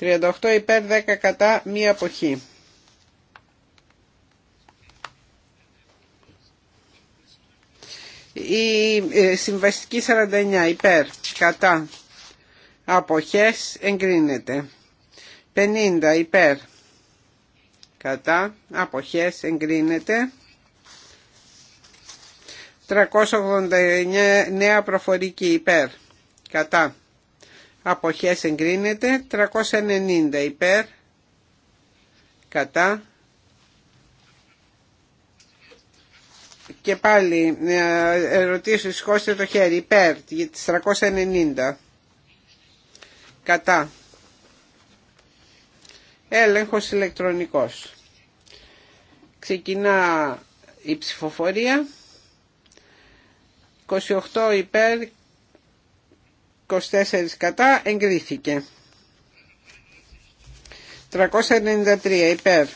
38 υπέρ 10 κατά μία αποχή. Η ε, συμβαστική 49 υπέρ κατά αποχές εγκρίνεται. 50 υπέρ κατά αποχές εγκρίνεται. 389 νέα προφορική υπέρ κατά αποχές εγκρίνεται 390 υπέρ κατά και πάλι ε, ερωτήσεις σηκώστε το χέρι υπέρ για τις 390 κατά έλεγχος ηλεκτρονικός ξεκινά η ψηφοφορία 28 υπέρ 24 κατά εγκρίθηκε. 393 υπέρ.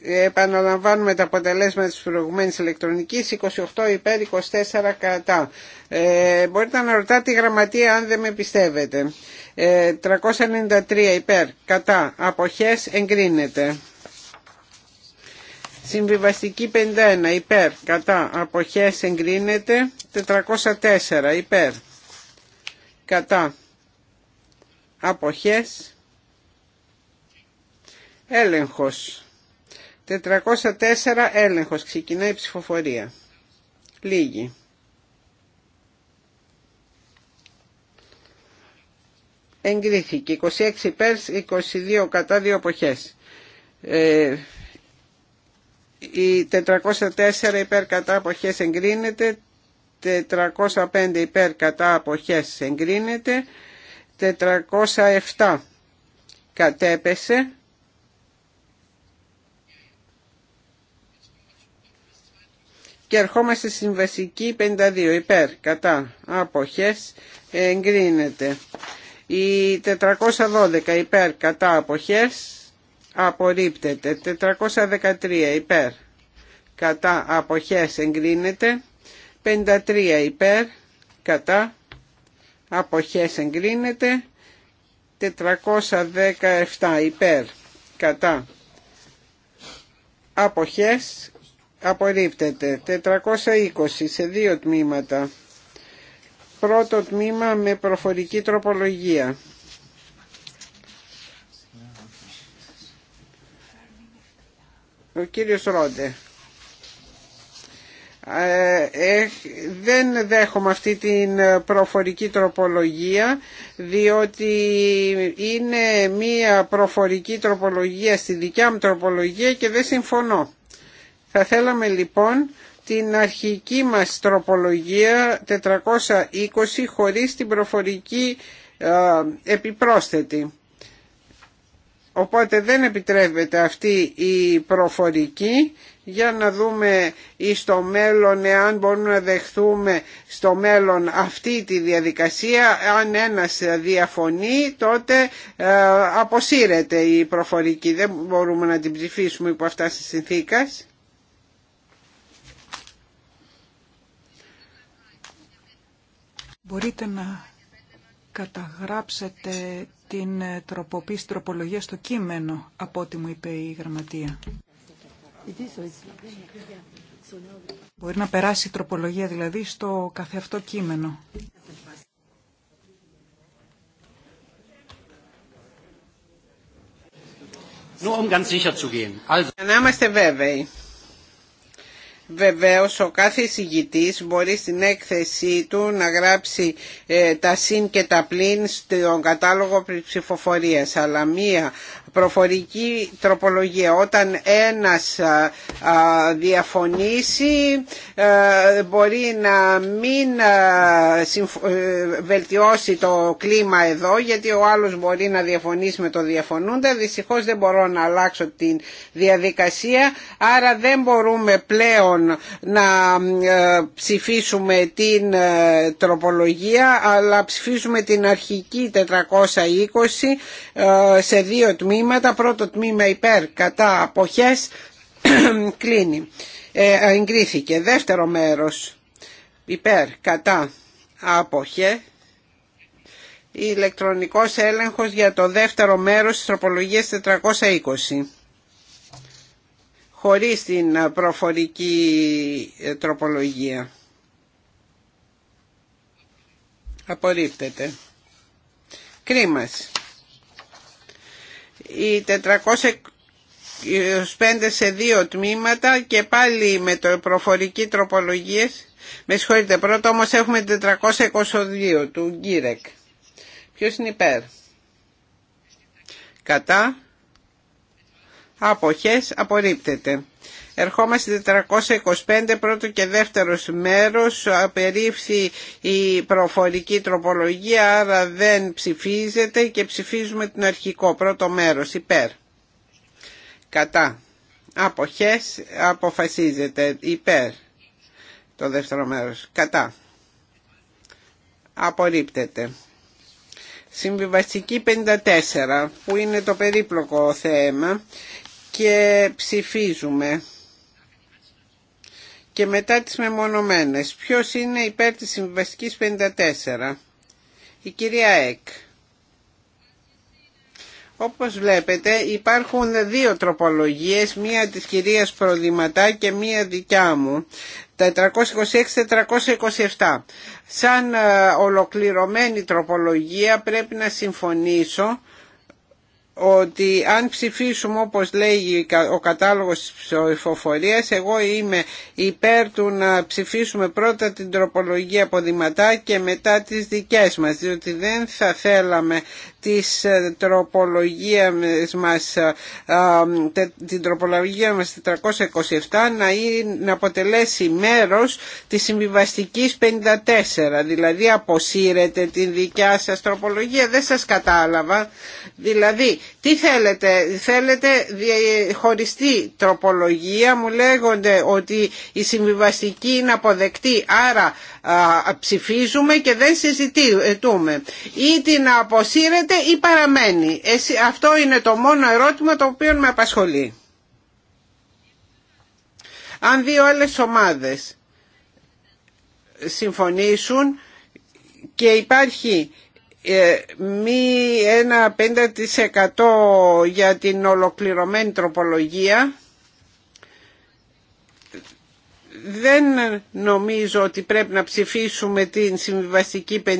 Επαναλαμβάνουμε τα αποτελέσματα της προηγουμένης ηλεκτρονικής 28 υπέρ 24 κατά. Ε, μπορείτε να ρωτάτε τη γραμματεία αν δεν με πιστεύετε. Ε, 393 υπέρ κατά αποχές εγκρίνεται. Συμβιβαστική 51 υπέρ. Κατά αποχές εγκρίνεται 404 υπέρ. Κατά αποχές έλεγχος. 404 έλεγχος. Ξεκινάει η ψηφοφορία. Λίγη. Εγκρίθηκε 26 υπέρ, 22 κατά δύο αποχές. Ε, η 404 υπέρ κατά αποχές εγκρίνεται, 405 υπέρ κατά αποχές εγκρίνεται, 407 κατέπεσε. Και ερχόμαστε στην βασική 52 υπέρ κατά αποχές εγκρίνεται. Η 412 υπέρ κατά αποχές απορρίπτεται 413 υπέρ κατά αποχές εγκρίνεται 53 υπέρ κατά αποχές εγκρίνεται 417 υπέρ κατά αποχές απορρίπτεται 420 σε δύο τμήματα πρώτο τμήμα με προφορική τροπολογία Ο κύριος Ρόντε. Ε, ε, δεν δέχομαι αυτή την προφορική τροπολογία διότι είναι μία προφορική τροπολογία στη δικιά μου τροπολογία και δεν συμφωνώ. Θα θέλαμε λοιπόν την αρχική μας τροπολογία 420 χωρίς την προφορική ε, επιπρόσθετη. Οπότε δεν επιτρέπεται αυτή η προφορική για να δούμε το μέλλον εάν μπορούμε να δεχθούμε στο μέλλον αυτή τη διαδικασία. Αν ένας διαφωνεί τότε ε, αποσύρεται η προφορική. Δεν μπορούμε να την ψηφίσουμε υπό αυτά στις συνθήκες. Μπορείτε να καταγράψετε την ε, τροποποίηση τροπολογία στο κείμενο, από ό,τι μου είπε η Γραμματεία. Μπορεί να περάσει η τροπολογία δηλαδή στο καθεαυτό κείμενο. Um να είμαστε βέβαιοι. Βεβαίως ο κάθε εισηγητής μπορεί στην έκθεσή του να γράψει ε, τα συν και τα πλήν στον κατάλογο ψηφοφορίας. Αλλά μία προφορική τροπολογία όταν ένας διαφωνήσει ε, μπορεί να μην ε, βελτιώσει το κλίμα εδώ γιατί ο άλλος μπορεί να διαφωνήσει με το διαφωνούντα. Δυστυχώς δεν μπορώ να αλλάξω την διαδικασία άρα δεν μπορούμε πλέον Λοιπόν να ε, ψηφίσουμε την ε, τροπολογία αλλά ψηφίσουμε την αρχική 420 ε, σε δύο τμήματα. Πρώτο τμήμα υπέρ κατά αποχές κλείνει. εγκρίθηκε. Δεύτερο μέρος υπέρ κατά αποχέ ηλεκτρονικός έλεγχος για το δεύτερο μέρος της τροπολογίας 420 χωρίς την προφορική ε, τροπολογία. Απορρίπτεται. Κρίμας. Οι 425 σε δύο τμήματα και πάλι με το προφορική τροπολογίες. Με συγχωρείτε, πρώτα όμως έχουμε 422 του Γκίρεκ. Ποιος είναι υπέρ. Κατά αποχές απορρίπτεται. Ερχόμαστε 425 πρώτο και δεύτερο μέρος, απερίφθη η προφορική τροπολογία, άρα δεν ψηφίζεται και ψηφίζουμε την αρχικό πρώτο μέρος, υπέρ. Κατά. Αποχές αποφασίζεται, υπέρ. Το δεύτερο μέρος, κατά. Απορρίπτεται. Συμβιβαστική 54 που είναι το περίπλοκο θέμα και ψηφίζουμε. Και μετά τις μεμονωμένες. Ποιος είναι υπέρ της συμβαστικής 54. Η κυρία Εκ. Όπως βλέπετε υπάρχουν δύο τροπολογίες, μία της κυρίας Προδηματά και μία δικιά μου, 426-427. Σαν ε, ολοκληρωμένη τροπολογία πρέπει να συμφωνήσω ότι αν ψηφίσουμε όπως λέει ο κατάλογος της ψηφοφορίας εγώ είμαι υπέρ του να ψηφίσουμε πρώτα την τροπολογία αποδηματά και μετά τις δικές μας διότι δεν θα θέλαμε της ε, τροπολογίας μας, ε, ε, την τροπολογία μας 427 να, είναι, να αποτελέσει μέρος της συμβιβαστικής 54. Δηλαδή αποσύρετε την δικιά σας τροπολογία, δεν σας κατάλαβα. Δηλαδή, τι θέλετε, θέλετε χωριστή τροπολογία, μου λέγονται ότι η συμβιβαστική είναι αποδεκτή, άρα ψηφίζουμε και δεν συζητούμε. Ή την αποσύρεται ή παραμένει. Αυτό είναι το μόνο ερώτημα το οποίο με απασχολεί. Αν δύο άλλες ομάδες συμφωνήσουν και υπάρχει ε, μη ένα 50% για την ολοκληρωμένη τροπολογία δεν νομίζω ότι πρέπει να ψηφίσουμε την συμβιβαστική 54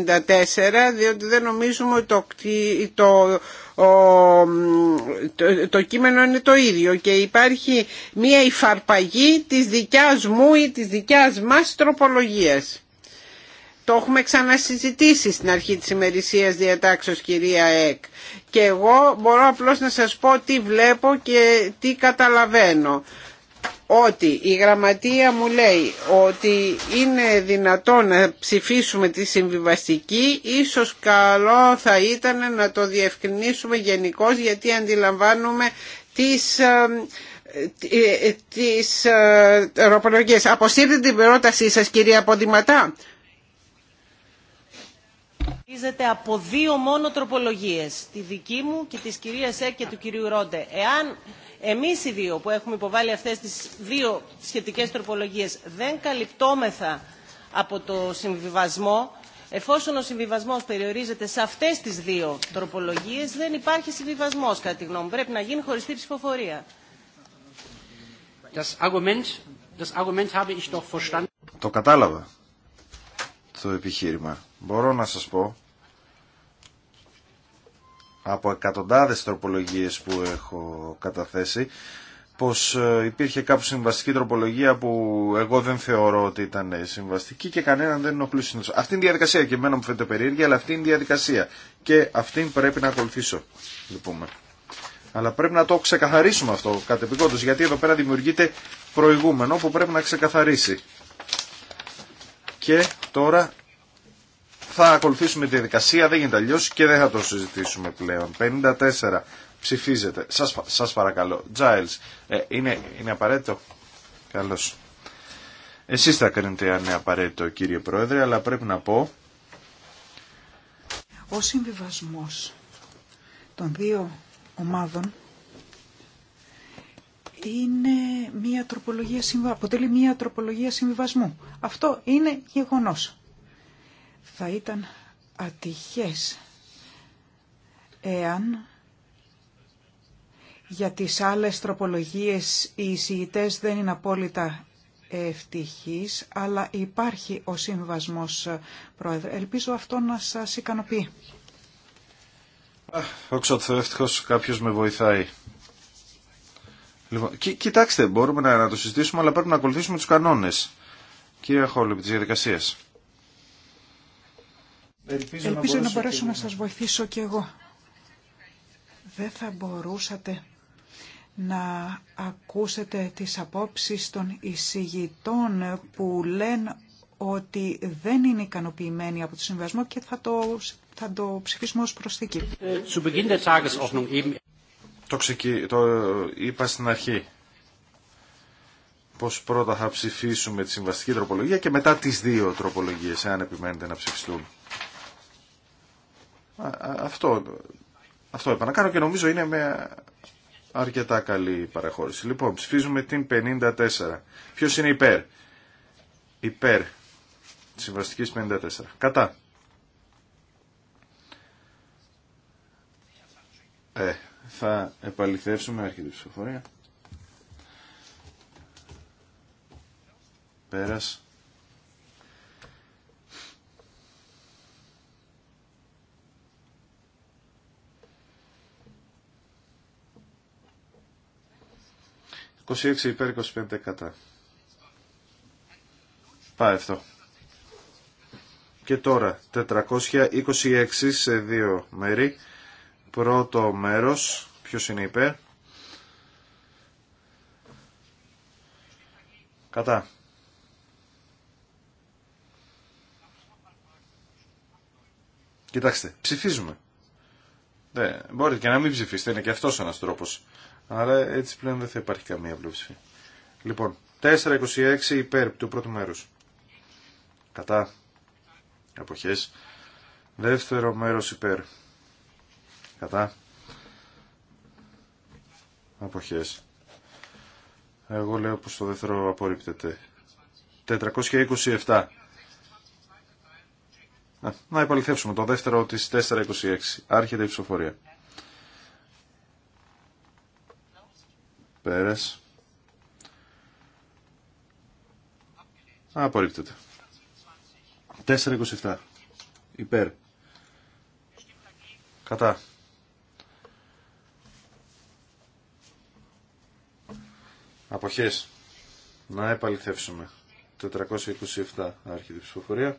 διότι δεν νομίζουμε ότι το, το, το, κείμενο είναι το ίδιο και υπάρχει μία υφαρπαγή της δικιάς μου ή της δικιάς μας τροπολογίας. Το έχουμε ξανασυζητήσει στην αρχή της ημερησίας διατάξεως κυρία Εκ και εγώ μπορώ απλώς να σας πω τι βλέπω και τι καταλαβαίνω ότι η γραμματεία μου λέει ότι είναι δυνατόν να ψηφίσουμε τη συμβιβαστική, ίσως καλό θα ήταν να το διευκρινίσουμε γενικώ γιατί αντιλαμβάνουμε τις ε, ε, ε, τις ροπολογίες. Αποσύρετε την πρότασή σας κυρία Ποντιματά. Είστε από δύο μόνο τροπολογίες, τη δική μου και της κυρίας Έκ και του κυρίου Ρόντε. Εάν εμείς οι δύο που έχουμε υποβάλει αυτές τις δύο σχετικές τροπολογίες δεν καλυπτόμεθα από το συμβιβασμό. Εφόσον ο συμβιβασμός περιορίζεται σε αυτές τις δύο τροπολογίες, δεν υπάρχει συμβιβασμός κατά τη γνώμη μου. Πρέπει να γίνει χωριστή ψηφοφορία. Το κατάλαβα το επιχείρημα. Μπορώ να σας πω από εκατοντάδες τροπολογίες που έχω καταθέσει πως ε, υπήρχε κάπου συμβαστική τροπολογία που εγώ δεν θεωρώ ότι ήταν συμβαστική και κανέναν δεν είναι ενοχλούσε. Αυτή είναι η διαδικασία και εμένα μου φαίνεται περίεργη, αλλά αυτή είναι η διαδικασία. Και αυτή πρέπει να ακολουθήσω, λοιπόν. Αλλά πρέπει να το ξεκαθαρίσουμε αυτό κατεπικόντως, γιατί εδώ πέρα δημιουργείται προηγούμενο που πρέπει να ξεκαθαρίσει. Και τώρα θα ακολουθήσουμε τη διαδικασία, δεν γίνεται αλλιώ και δεν θα το συζητήσουμε πλέον. 54 ψηφίζετε. Σας, σας παρακαλώ. Giles, ε, είναι, είναι απαραίτητο. Καλώς. Εσείς θα κρίνετε αν είναι απαραίτητο κύριε Πρόεδρε, αλλά πρέπει να πω... Ο συμβιβασμός των δύο ομάδων είναι μια τροπολογία, αποτελεί μια τροπολογία συμβιβασμού. Αυτό είναι γεγονός. Θα ήταν ατυχές εάν για τις άλλες τροπολογίες οι εισηγητές δεν είναι απόλυτα ευτυχείς, αλλά υπάρχει ο συμβασμός, Πρόεδρε. Ελπίζω αυτό να σας ικανοποιεί. Όξω όχι. ευτυχώς κάποιος με βοηθάει. Λοιπόν, κοιτάξτε, μπορούμε να, να, το συζητήσουμε, αλλά πρέπει να ακολουθήσουμε τους κανόνες. Κύριε Χόλου, της διαδικασίας. Ελπίζω, να, μπορέσω να σας βοηθήσω κι εγώ. Δεν θα μπορούσατε να ακούσετε τις απόψεις των εισηγητών που λένε ότι δεν είναι ικανοποιημένοι από το συμβασμό και θα το, θα το ψηφίσουμε ως προσθήκη. Το, ξεκι... το είπα στην αρχή πως πρώτα θα ψηφίσουμε τη συμβαστική τροπολογία και μετά τις δύο τροπολογίες, αν επιμένετε να ψηφιστούν. Αυτό, αυτό είπα να κάνω και νομίζω είναι με αρκετά καλή παραχώρηση. Λοιπόν, ψηφίζουμε την 54. Ποιος είναι υπέρ. Υπέρ της συμβαστικής 54. Κατά. Ε, θα επαληθεύσουμε αρχή ψηφοφορία. Πέρας. 26 υπέρ 25 κατά. Πάει αυτό. Και τώρα 426 σε δύο μέρη. Πρώτο μέρος, ποιος είναι υπέρ. Κατά. Κοιτάξτε, ψηφίζουμε. Ναι, μπορείτε και να μην ψηφίσετε, είναι και αυτός ένας τρόπος. Αλλά έτσι πλέον δεν θα υπάρχει καμία πλούσια. Λοιπόν, 4.26 υπέρ του πρώτου μέρους. Κατά. Αποχές. Δεύτερο μέρος υπέρ. Κατά. Αποχές. Εγώ λέω πως το δεύτερο απορρίπτεται. 427. Να, να υπαλληθεύσουμε το δεύτερο της 426. Άρχεται η ψηφοφορία. Πέρας. Απορρίπτεται. 4.27. Υπέρ. Κατά. Αποχές. Να επαληθεύσουμε. 427 άρχιδη ψηφοφορία.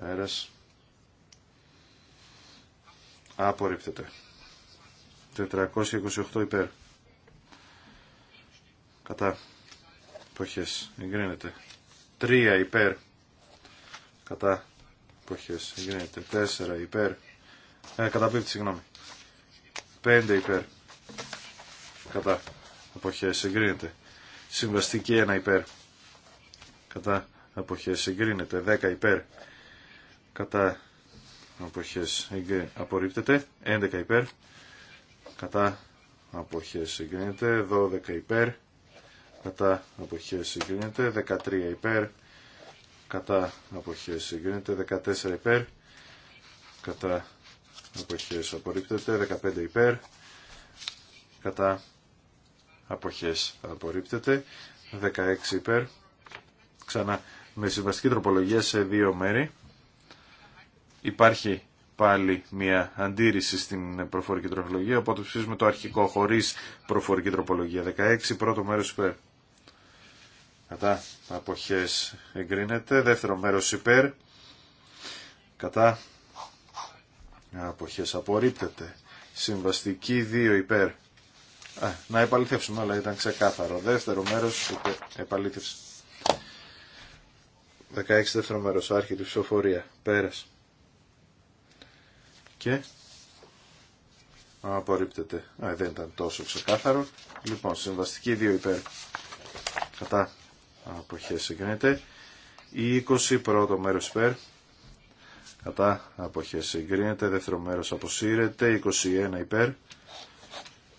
Πέρας. Απορρίπτεται. 428 υπέρ. Κατά. Εποχές. Εγκρίνεται. 3 υπέρ. Κατά. Εποχές. Εγκρίνεται. 4 υπέρ. Ε, καταπίπτει, συγγνώμη. 5 υπέρ. Κατά. Εποχές. Εγκρίνεται. Συμβαστική 1 υπέρ. Κατά. Εποχές. Εγκρίνεται. 10 υπέρ. Κατά. εποχές εγκρίνεται. απορρίπτεται. 11 υπέρ κατά αποχές συγκρίνεται 12 υπέρ κατά αποχές συγκρίνεται 13 υπέρ κατά αποχές συγκρίνεται 14 υπέρ κατά αποχές απορρίπτεται 15 υπέρ κατά αποχές απορρίπτεται 16 υπέρ ξανά με συμβαστική τροπολογία σε δύο μέρη υπάρχει πάλι μια αντίρρηση στην προφορική τροπολογία, οπότε ψηφίζουμε το αρχικό χωρίς προφορική τροπολογία. 16, πρώτο μέρος υπέρ. Κατά αποχέ. εγκρίνεται. Δεύτερο μέρος υπέρ. Κατά απόχε. απορρίπτεται. Συμβαστική 2 υπέρ. Α, να επαληθεύσουμε, αλλά ήταν ξεκάθαρο. Δεύτερο μέρος υπέρ. επαλήθευση. 16 δεύτερο μέρος, άρχη ψηφοφορία. Πέρας και απορρίπτεται. Α, δεν ήταν τόσο ξεκάθαρο. Λοιπόν, συμβαστική 2 υπέρ κατά αποχές εγκρίνεται. Η 21ο μέρος υπέρ κατά αποχές εγκρίνεται. Δεύτερο μέρος αποσύρεται. 21 πρώτο μερος υπερ κατα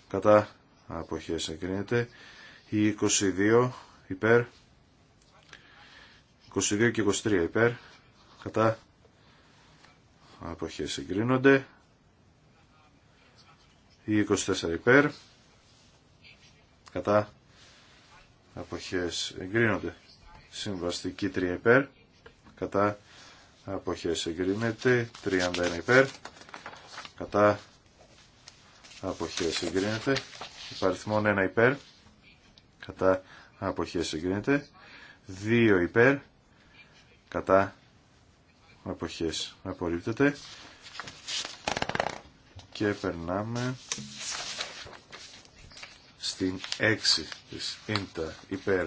κατά αποχές εγκρίνεται. Η 22 υπέρ 22 και 23 υπέρ κατά αποχές εγκρίνονται. Η 24 υπέρ. Κατά αποχές εγκρίνονται. Συμβαστική 3 υπέρ. Κατά αποχές εγκρίνεται. 31 υπέρ. Κατά αποχές εγκρίνεται. Υπαριθμόν 1 υπέρ. Κατά αποχές εγκρίνεται. 2 υπέρ. Κατά αποχές απορρίπτεται και περνάμε στην 6 της ίντα υπέρ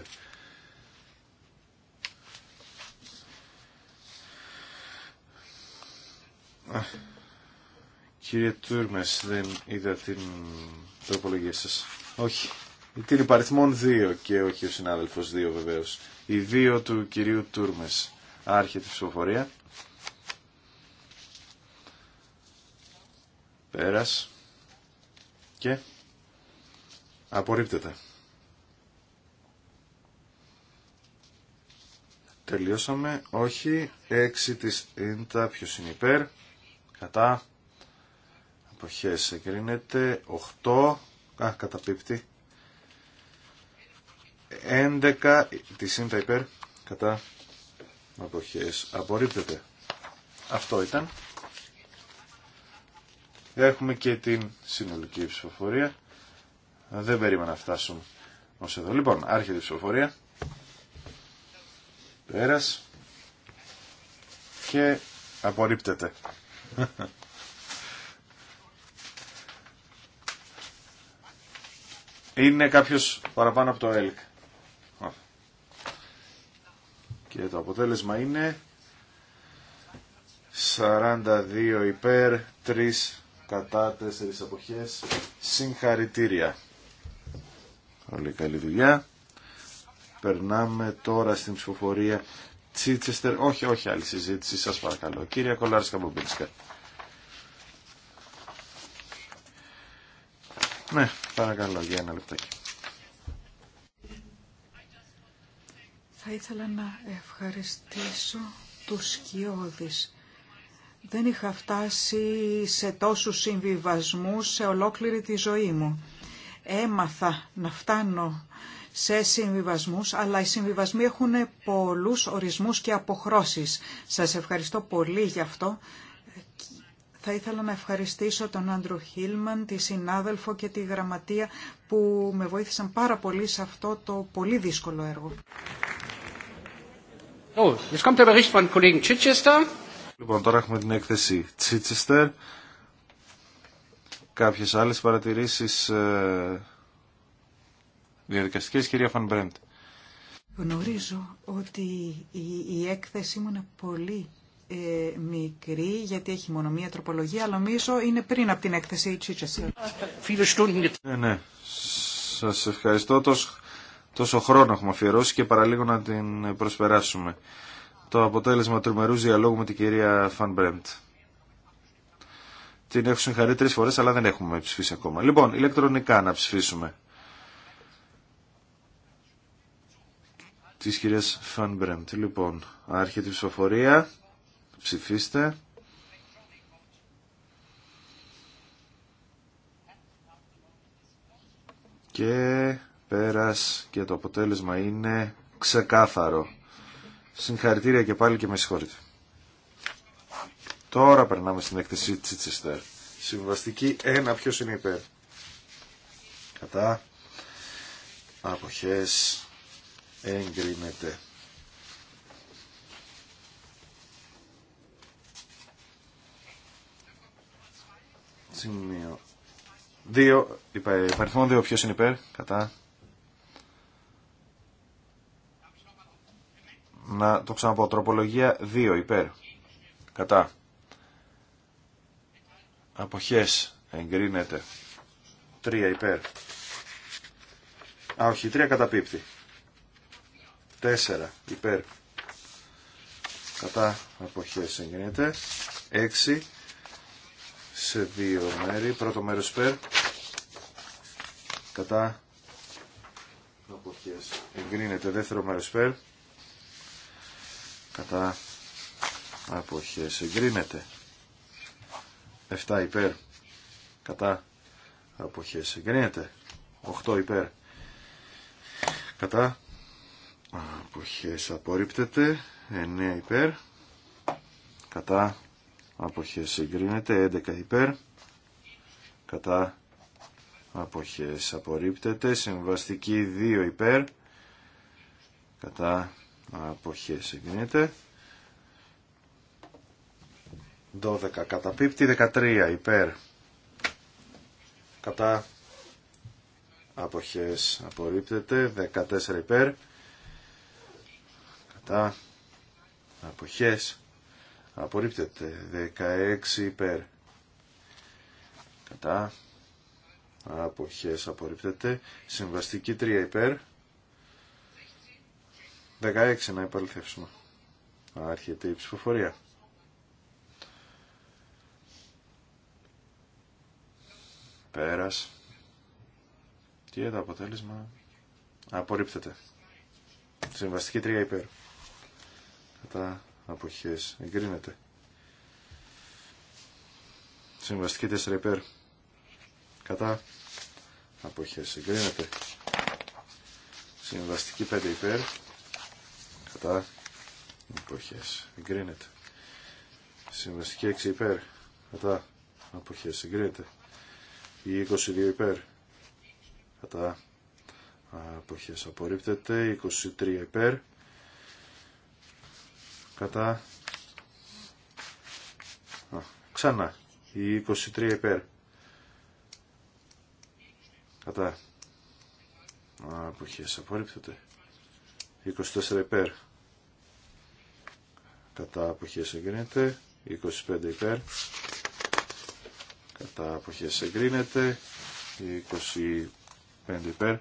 Κύριε Τούρμες, δεν είδα την τροπολογία σας. Όχι. Την υπαριθμόν 2 και όχι ο συνάδελφος 2 βεβαίως. Η 2 του κυρίου Τούρμες. Άρχεται η ψηφοφορία. Πέρας. Και απορρίπτεται. Τελειώσαμε. Όχι. 6 της ίντα. Ποιος είναι υπέρ. Κατά. Αποχές εγκρίνεται. 8. Α, καταπίπτει. 11 της ίντα υπέρ. Κατά. Αποχές απορρίπτεται. Αυτό ήταν έχουμε και την συνολική ψηφοφορία. Δεν περίμενα να φτάσουν ως εδώ. Λοιπόν, άρχεται η ψηφοφορία. Πέρας. Και απορρίπτεται. Είναι κάποιος παραπάνω από το ΕΛΚ. Και το αποτέλεσμα είναι 42 υπέρ, 3 κατά, τέσσερις εποχές, Συγχαρητήρια. Όλη καλή δουλειά. Περνάμε τώρα στην ψηφοφορία Τσίτσεστερ. Όχι, όχι άλλη συζήτηση, σας παρακαλώ. Κύριε Κολάρσκα Μπομπίνσκα. Ναι, παρακαλώ για ένα λεπτάκι. Θα ήθελα να ευχαριστήσω τους σκιώδεις δεν είχα φτάσει σε τόσους συμβιβασμούς σε ολόκληρη τη ζωή μου. Έμαθα να φτάνω σε συμβιβασμούς, αλλά οι συμβιβασμοί έχουν πολλούς ορισμούς και αποχρώσεις. Σας ευχαριστώ πολύ γι' αυτό. Θα ήθελα να ευχαριστήσω τον Άντρου Χίλμαν, τη συνάδελφο και τη γραμματεία που με βοήθησαν πάρα πολύ σε αυτό το πολύ δύσκολο έργο. Oh, Λοιπόν, τώρα έχουμε την έκθεση Τσίτσεστερ. Κάποιες άλλες παρατηρήσεις ε, διαδικαστικές, κυρία Φανμπρέντ. Γνωρίζω ότι η, η έκθεση μου είναι πολύ ε, μικρή, γιατί έχει μόνο μία τροπολογία, αλλά νομίζω είναι πριν από την έκθεση Τσίτσεστερ. Ναι, ναι. Σας ευχαριστώ. Τόσο, τόσο χρόνο έχουμε αφιερώσει και παραλίγο να την προσπεράσουμε το αποτέλεσμα του ημερούς διαλόγου με την κυρία Φαν Την έχω συγχαρεί τρεις φορές, αλλά δεν έχουμε ψηφίσει ακόμα. Λοιπόν, ηλεκτρονικά να ψηφίσουμε. Τη κυρία Φαν Λοιπόν, άρχεται η ψηφοφορία. Ψηφίστε. Και πέρας και το αποτέλεσμα είναι ξεκάθαρο. Συγχαρητήρια και πάλι και με συγχωρείτε. Τώρα περνάμε στην έκθεση Τσίτσεστερ. Συμβαστική 1. Ποιος είναι υπέρ. Κατά. Αποχές. Εγκρίνεται. Σημείο. 2. Υπαριθμόν 2. Ποιος είναι υπέρ. Κατά. να το ξαναπώ. Τροπολογία 2 υπέρ. Κατά. Αποχές εγκρίνεται. 3 υπέρ. Α, όχι, 3 καταπίπτει. 4 υπέρ. Κατά αποχές εγκρίνεται. 6 σε 2 μέρη. Πρώτο μέρος υπέρ. Κατά αποχές εγκρίνεται. Δεύτερο μέρος υπέρ κατά απόχε εγκρίνεται 7 υπέρ κατά αποχέ εγκρίνεται 8 υπέρ κατά αποχέ απορρίπτεται 9 υπέρ κατά αποχέ εγκρίνεται 11 υπέρ κατά απόχέ απορρίπτεται συμβαστική 2 υπέρ κατά αποχές συγκρίνεται. 12 καταπίπτει 13 υπέρ κατά αποχέ, απορρίπτεται 14 υπέρ κατά αποχέ, απορρίπτεται 16 υπέρ κατά αποχέ, απορρίπτεται συμβαστική 3 υπέρ 16 να επαληθεύσουμε. Άρχεται η ψηφοφορία. Πέρας. Και το αποτέλεσμα απορρίπτεται. Συμβαστική 3 υπέρ. Κατά αποχές εγκρίνεται. Συμβαστική 4 υπέρ. Κατά αποχές εγκρίνεται. Συμβαστική 5 υπέρ κατά αποχές εγκρίνεται συμβαστική 6 υπέρ κατά αποχές εγκρίνεται η 22 υπέρ κατά αποχές απορρίπτεται 23 υπέρ κατά Α, ξανά η 23 υπέρ κατά αποχές απορρίπτεται 24 υπέρ κατά αποχές εγκρίνεται 25 υπέρ κατά αποχές εγκρίνεται 25 υπέρ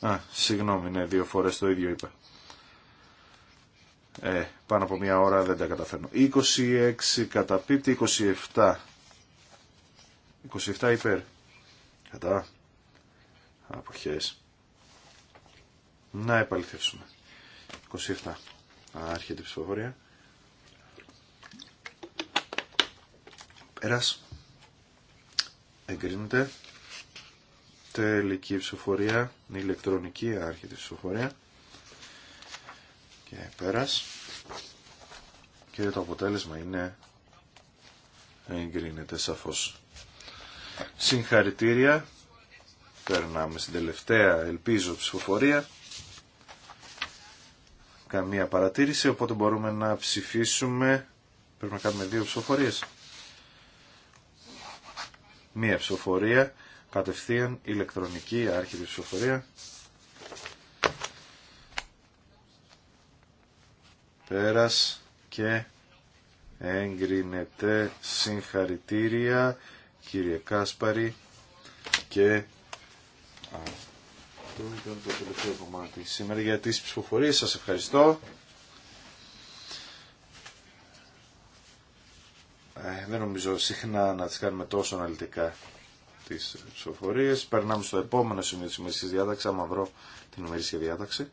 Α, συγγνώμη, ναι, δύο φορές το ίδιο είπα. Ε, πάνω από μία ώρα δεν τα καταφέρνω. 26 καταπίπτει, 27. 27 υπέρ. Κατά. Αποχές. Να επαληθεύσουμε. 27. Άρχεται η ψηφοφορία. Πέρας. Εγκρίνεται. Τελική ψηφοφορία. Ηλεκτρονική. Άρχεται η ψηφοφορία. Και πέρας. Και το αποτέλεσμα είναι εγκρίνεται σαφώς. Συγχαρητήρια. Περνάμε στην τελευταία ελπίζω ψηφοφορία καμία παρατήρηση, οπότε μπορούμε να ψηφίσουμε... Πρέπει να κάνουμε δύο ψηφοφορίε. Μία ψηφοφορία, κατευθείαν ηλεκτρονική, άρχιτη ψηφοφορία. Πέρας και εγκρίνεται συγχαρητήρια κύριε Κάσπαρη και αυτό το τελευταίο κομμάτι σήμερα για τις ψηφοφορίες. Σας ευχαριστώ. Ε, δεν νομίζω συχνά να τις κάνουμε τόσο αναλυτικά τις ψηφοφορίες. Περνάμε στο επόμενο σημείο της ημερήσιας διάταξη, άμα βρω την ημερήσια διάταξη.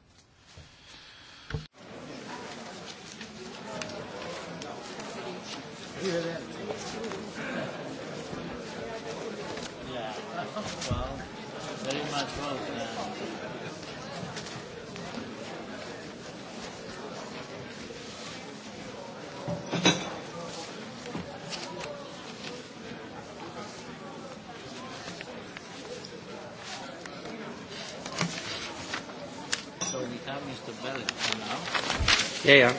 Ja, ja.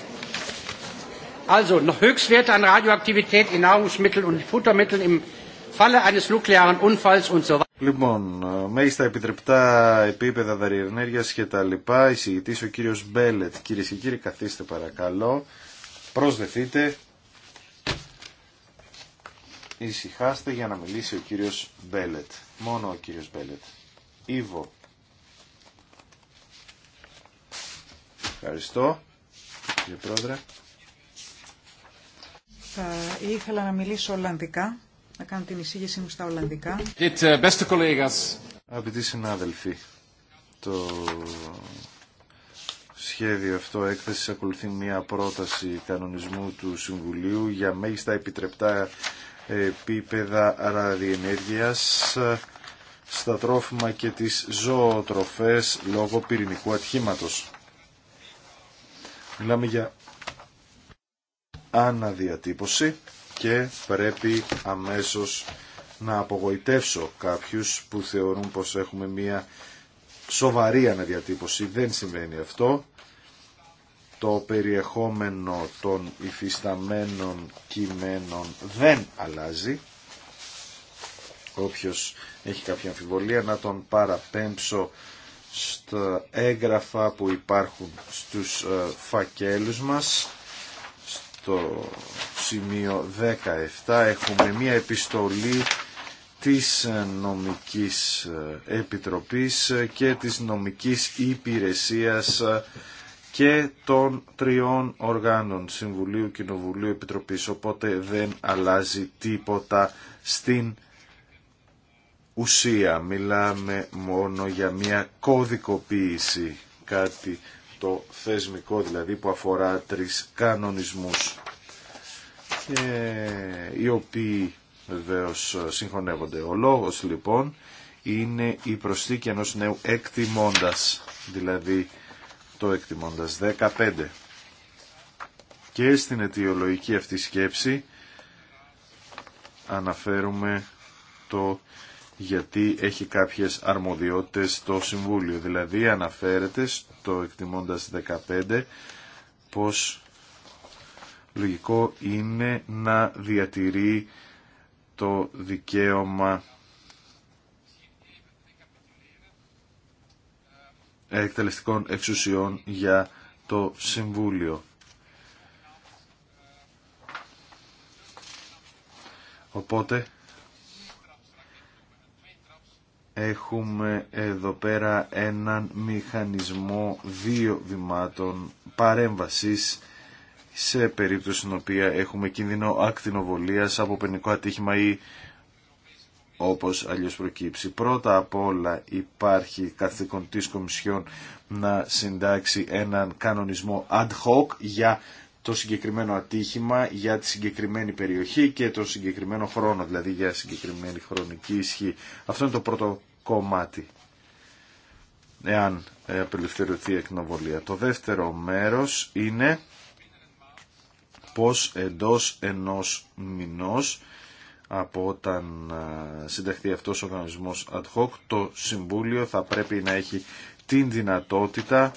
Also, noch Höchstwerte an Radioaktivität in Nahrungsmitteln und Futtermitteln im Falle eines nuklearen Unfalls und so weiter. Λοιπόν, ε, μέγιστα επιτρεπτά επίπεδα δαριενέργεια και τα λοιπά. Εισηγητή ο κύριο Μπέλετ. Κυρίε και κύριοι, καθίστε παρακαλώ. Προσδεθείτε. Ησυχάστε για να μιλήσει ο κύριο Μπέλετ. Μόνο ο κύριο Μπέλετ. Ήβο. Ευχαριστώ κύριε Πρόεδρε. Θα ήθελα να μιλήσω Ολλανδικά, να κάνω την εισήγησή μου στα Ολλανδικά. Uh, Αγαπητοί συνάδελφοι, το σχέδιο αυτό έκθεση ακολουθεί μια πρόταση κανονισμού του Συμβουλίου για μέγιστα επιτρεπτά επίπεδα ραδιενέργειας στα τρόφιμα και τις ζωοτροφές λόγω πυρηνικού ατχήματος. Μιλάμε για αναδιατύπωση και πρέπει αμέσως να απογοητεύσω κάποιους που θεωρούν πως έχουμε μία σοβαρή αναδιατύπωση. Δεν συμβαίνει αυτό. Το περιεχόμενο των υφισταμένων κειμένων δεν αλλάζει. Όποιος έχει κάποια αμφιβολία να τον παραπέμψω στα έγγραφα που υπάρχουν στους ε, φακέλους μας. Στο σημείο 17 έχουμε μία επιστολή της ε, Νομικής ε, Επιτροπής και της Νομικής Υπηρεσίας και των τριών οργάνων Συμβουλίου, Κοινοβουλίου, Επιτροπής, οπότε δεν αλλάζει τίποτα στην ουσία. Μιλάμε μόνο για μια κωδικοποίηση, κάτι το θεσμικό δηλαδή που αφορά τρεις κανονισμούς και οι οποίοι βεβαίω συγχωνεύονται. Ο λόγος λοιπόν είναι η προσθήκη ενός νέου εκτιμώντας, δηλαδή το εκτιμώντας 15. Και στην αιτιολογική αυτή σκέψη αναφέρουμε το γιατί έχει κάποιες αρμοδιότητες το Συμβούλιο. Δηλαδή αναφέρεται στο εκτιμώντας 15 πως λογικό είναι να διατηρεί το δικαίωμα εκτελεστικών εξουσιών για το Συμβούλιο. Οπότε έχουμε εδώ πέρα έναν μηχανισμό δύο βημάτων παρέμβασης σε περίπτωση στην οποία έχουμε κίνδυνο ακτινοβολίας από πενικό ατύχημα ή όπως αλλιώς προκύψει. Πρώτα απ' όλα υπάρχει καθήκον Κομισιόν να συντάξει έναν κανονισμό ad hoc για το συγκεκριμένο ατύχημα για τη συγκεκριμένη περιοχή και το συγκεκριμένο χρόνο, δηλαδή για συγκεκριμένη χρονική ισχύ. Αυτό είναι το πρώτο κομμάτι, εάν ε, απελευθερωθεί η εκνοβολία. Το δεύτερο μέρος είναι πως εντός ενός μηνός από όταν ε, συνταχθεί αυτός ο οργανισμός ad hoc, το Συμβούλιο θα πρέπει να έχει την δυνατότητα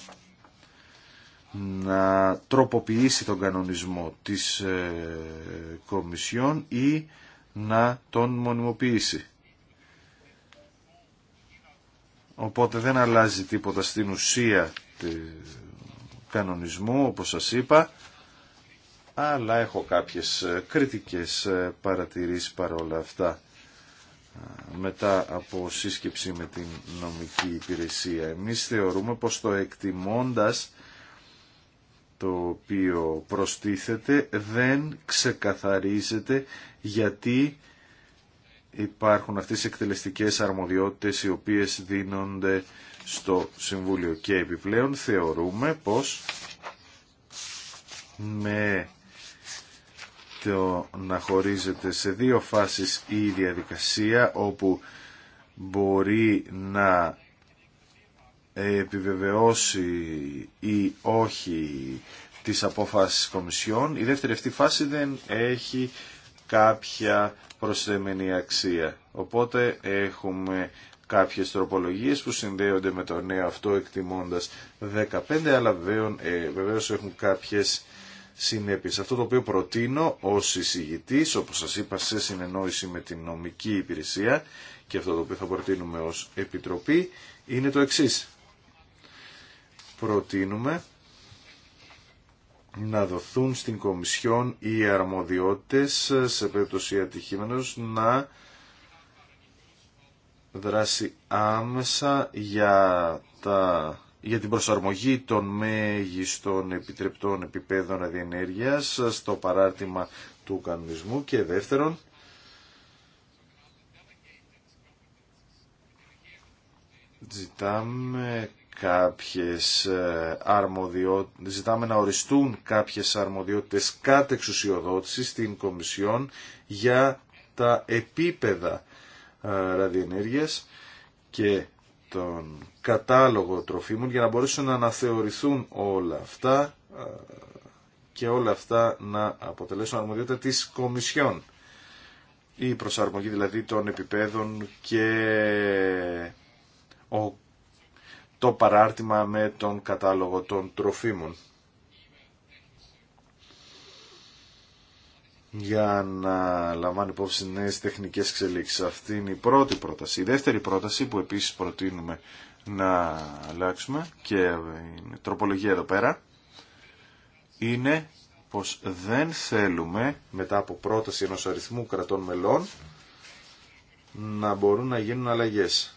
να τροποποιήσει τον κανονισμό της ε, Κομισιόν ή να τον μονιμοποιήσει. Οπότε δεν αλλάζει τίποτα στην ουσία του κανονισμού, όπως σας είπα, αλλά έχω κάποιες ε, κριτικές ε, παρατηρήσεις παρόλα αυτά μετά από σύσκεψη με την νομική υπηρεσία. Εμείς θεωρούμε πως το εκτιμώντας το οποίο προστίθεται δεν ξεκαθαρίζεται γιατί υπάρχουν αυτές οι εκτελεστικές αρμοδιότητες οι οποίες δίνονται στο Συμβούλιο και επιπλέον θεωρούμε πως με το να χωρίζεται σε δύο φάσεις η διαδικασία όπου μπορεί να επιβεβαιώσει ή όχι τις απόφασεις Κομισιόν. Η δεύτερη αυτή φάση δεν έχει κάποια προσθέμενη αξία. Οπότε έχουμε κάποιες τροπολογίες που συνδέονται με το νέο αυτό εκτιμώντας 15, αλλά ε, βεβαίως έχουν κάποιες συνέπειες. Αυτό το οποίο προτείνω ως εισηγητής, όπως σας είπα σε συνεννόηση με την νομική υπηρεσία και αυτό το οποίο θα προτείνουμε ως Επιτροπή, είναι το εξής προτείνουμε να δοθούν στην Κομισιόν οι αρμοδιότητες σε περίπτωση ατυχήμενος να δράσει άμεσα για, τα, για την προσαρμογή των μέγιστων επιτρεπτών επιπέδων αδιενέργειας στο παράρτημα του κανονισμού και δεύτερον ζητάμε κάποιες ε, αρμοδιότητες, ζητάμε να οριστούν κάποιες αρμοδιότητες κάτω εξουσιοδότησης στην Κομισιόν για τα επίπεδα ε, ραδιενέργειας και τον κατάλογο τροφίμων για να μπορέσουν να αναθεωρηθούν όλα αυτά ε, και όλα αυτά να αποτελέσουν αρμοδιότητα της Κομισιόν. Η προσαρμογή δηλαδή των επιπέδων και ο το παράρτημα με τον κατάλογο των τροφίμων. για να λαμβάνει υπόψη νέες τεχνικές εξελίξεις. Αυτή είναι η πρώτη πρόταση. Η δεύτερη πρόταση που επίσης προτείνουμε να αλλάξουμε και η τροπολογία εδώ πέρα είναι πως δεν θέλουμε μετά από πρόταση ενός αριθμού κρατών μελών να μπορούν να γίνουν αλλαγές.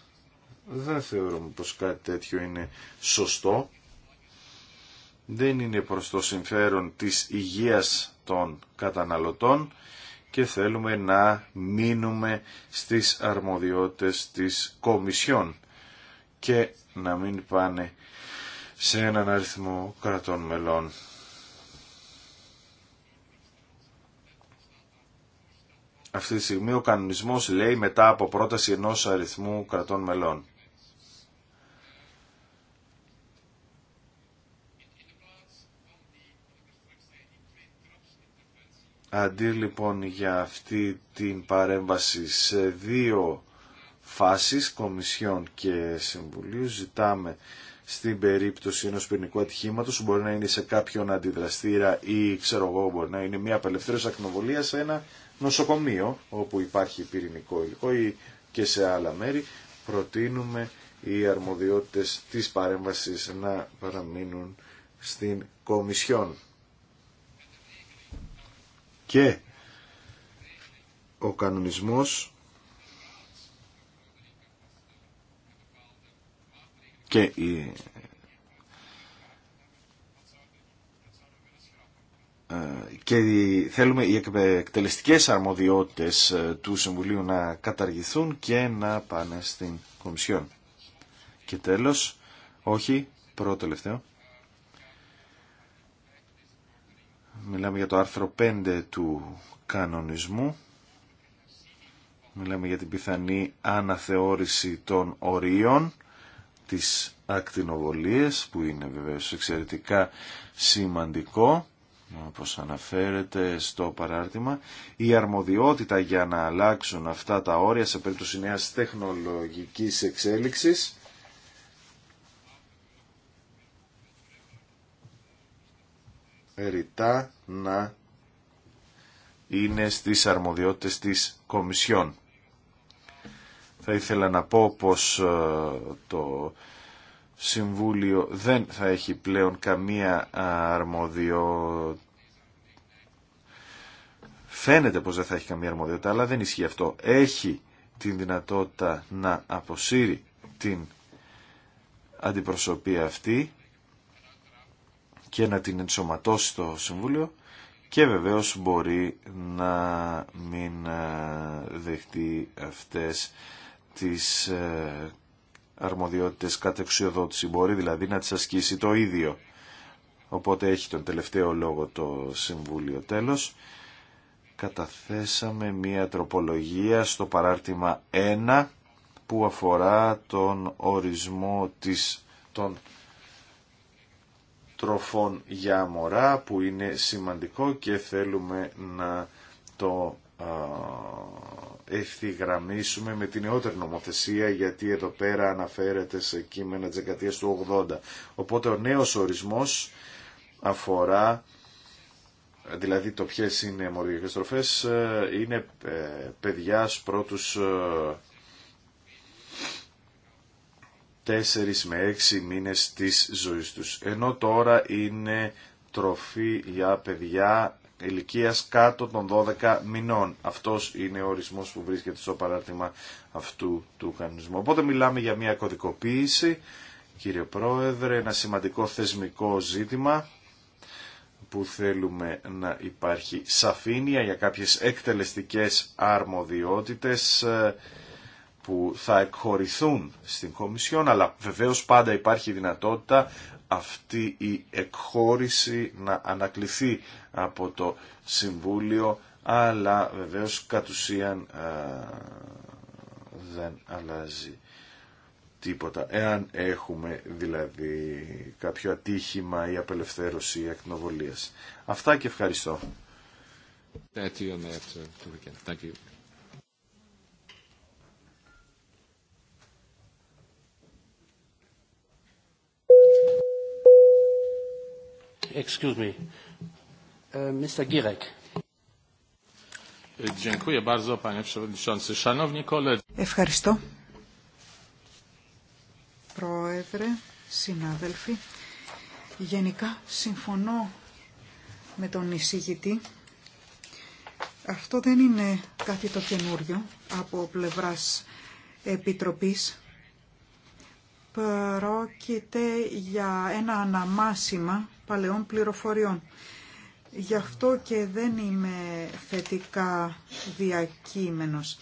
Δεν θεωρούμε πως κάτι τέτοιο είναι σωστό. Δεν είναι προς το συμφέρον της υγείας των καταναλωτών και θέλουμε να μείνουμε στις αρμοδιότητες της Κομισιόν και να μην πάνε σε έναν αριθμό κρατών μελών. Αυτή τη στιγμή ο κανονισμός λέει μετά από πρόταση ενός αριθμού κρατών μελών. Αντί λοιπόν για αυτή την παρέμβαση σε δύο φάσεις, Κομισιόν και Συμβουλίου, ζητάμε στην περίπτωση ενός ποινικού ατυχήματος που μπορεί να είναι σε κάποιον αντιδραστήρα ή ξέρω εγώ μπορεί να είναι μια απελευθέρωση ακνοβολία σε ένα νοσοκομείο όπου υπάρχει πυρηνικό υλικό ή και σε άλλα μέρη προτείνουμε οι αρμοδιότητες της παρέμβασης να παραμείνουν στην Κομισιόν και ο κανονισμός και η ε, και θέλουμε οι εκτελεστικές αρμοδιότητες ε, του Συμβουλίου να καταργηθούν και να πάνε στην Κομισιόν. Και τέλος, όχι, πρώτο τελευταίο, Μιλάμε για το άρθρο 5 του κανονισμού. Μιλάμε για την πιθανή αναθεώρηση των ορίων της ακτινοβολίας, που είναι βεβαίως εξαιρετικά σημαντικό όπως αναφέρεται στο παράρτημα, η αρμοδιότητα για να αλλάξουν αυτά τα όρια σε περίπτωση νέας τεχνολογικής εξέλιξης ρητά να είναι στις αρμοδιότητες της Κομισιόν. Θα ήθελα να πω πως ε, το Συμβούλιο δεν θα έχει πλέον καμία αρμοδιότητα. Φαίνεται πως δεν θα έχει καμία αρμοδιότητα, αλλά δεν ισχύει αυτό. Έχει την δυνατότητα να αποσύρει την αντιπροσωπεία αυτή και να την ενσωματώσει στο Συμβούλιο και βεβαίως μπορεί να μην ε, δεχτεί αυτές τις ε, αρμοδιότητες κατεξοδότηση. Μπορεί δηλαδή να τις ασκήσει το ίδιο. Οπότε έχει τον τελευταίο λόγο το Συμβούλιο. Τέλος, καταθέσαμε μία τροπολογία στο παράρτημα 1 που αφορά τον ορισμό της, των τροφών για μωρά που είναι σημαντικό και θέλουμε να το ευθυγραμμίσουμε με την νεότερη νομοθεσία γιατί εδώ πέρα αναφέρεται σε κείμενα της του 80. Οπότε ο νέος ορισμός αφορά δηλαδή το ποιες είναι μοριακές τροφές ε, είναι ε, παιδιά πρώτους ε, 4 με 6 μήνες της ζωής τους. Ενώ τώρα είναι τροφή για παιδιά ηλικίας κάτω των 12 μηνών. Αυτός είναι ο ορισμός που βρίσκεται στο παράρτημα αυτού του κανονισμού. Οπότε μιλάμε για μια κωδικοποίηση, κύριε Πρόεδρε, ένα σημαντικό θεσμικό ζήτημα που θέλουμε να υπάρχει σαφήνεια για κάποιες εκτελεστικές αρμοδιότητες που θα εκχωρηθούν στην Κομισιόν, αλλά βεβαίως πάντα υπάρχει δυνατότητα αυτή η εκχώρηση να ανακληθεί από το Συμβούλιο, αλλά βεβαίως κατ' ουσίαν δεν αλλάζει τίποτα. Εάν έχουμε δηλαδή κάποιο ατύχημα ή απελευθέρωση ή ακτινοβολίας. Αυτά και ευχαριστώ. Thank you. excuse me. Uh, Mr. Girek. Dziękuję bardzo, panie przewodniczący. Szanowni koledzy. Ευχαριστώ. Πρόεδρε, συνάδελφοι, γενικά συμφωνώ με τον εισηγητή. Αυτό δεν είναι κάτι το καινούριο από πλευράς Επιτροπής πρόκειται για ένα αναμάσιμα παλαιών πληροφοριών. Γι' αυτό και δεν είμαι θετικά διακείμενος.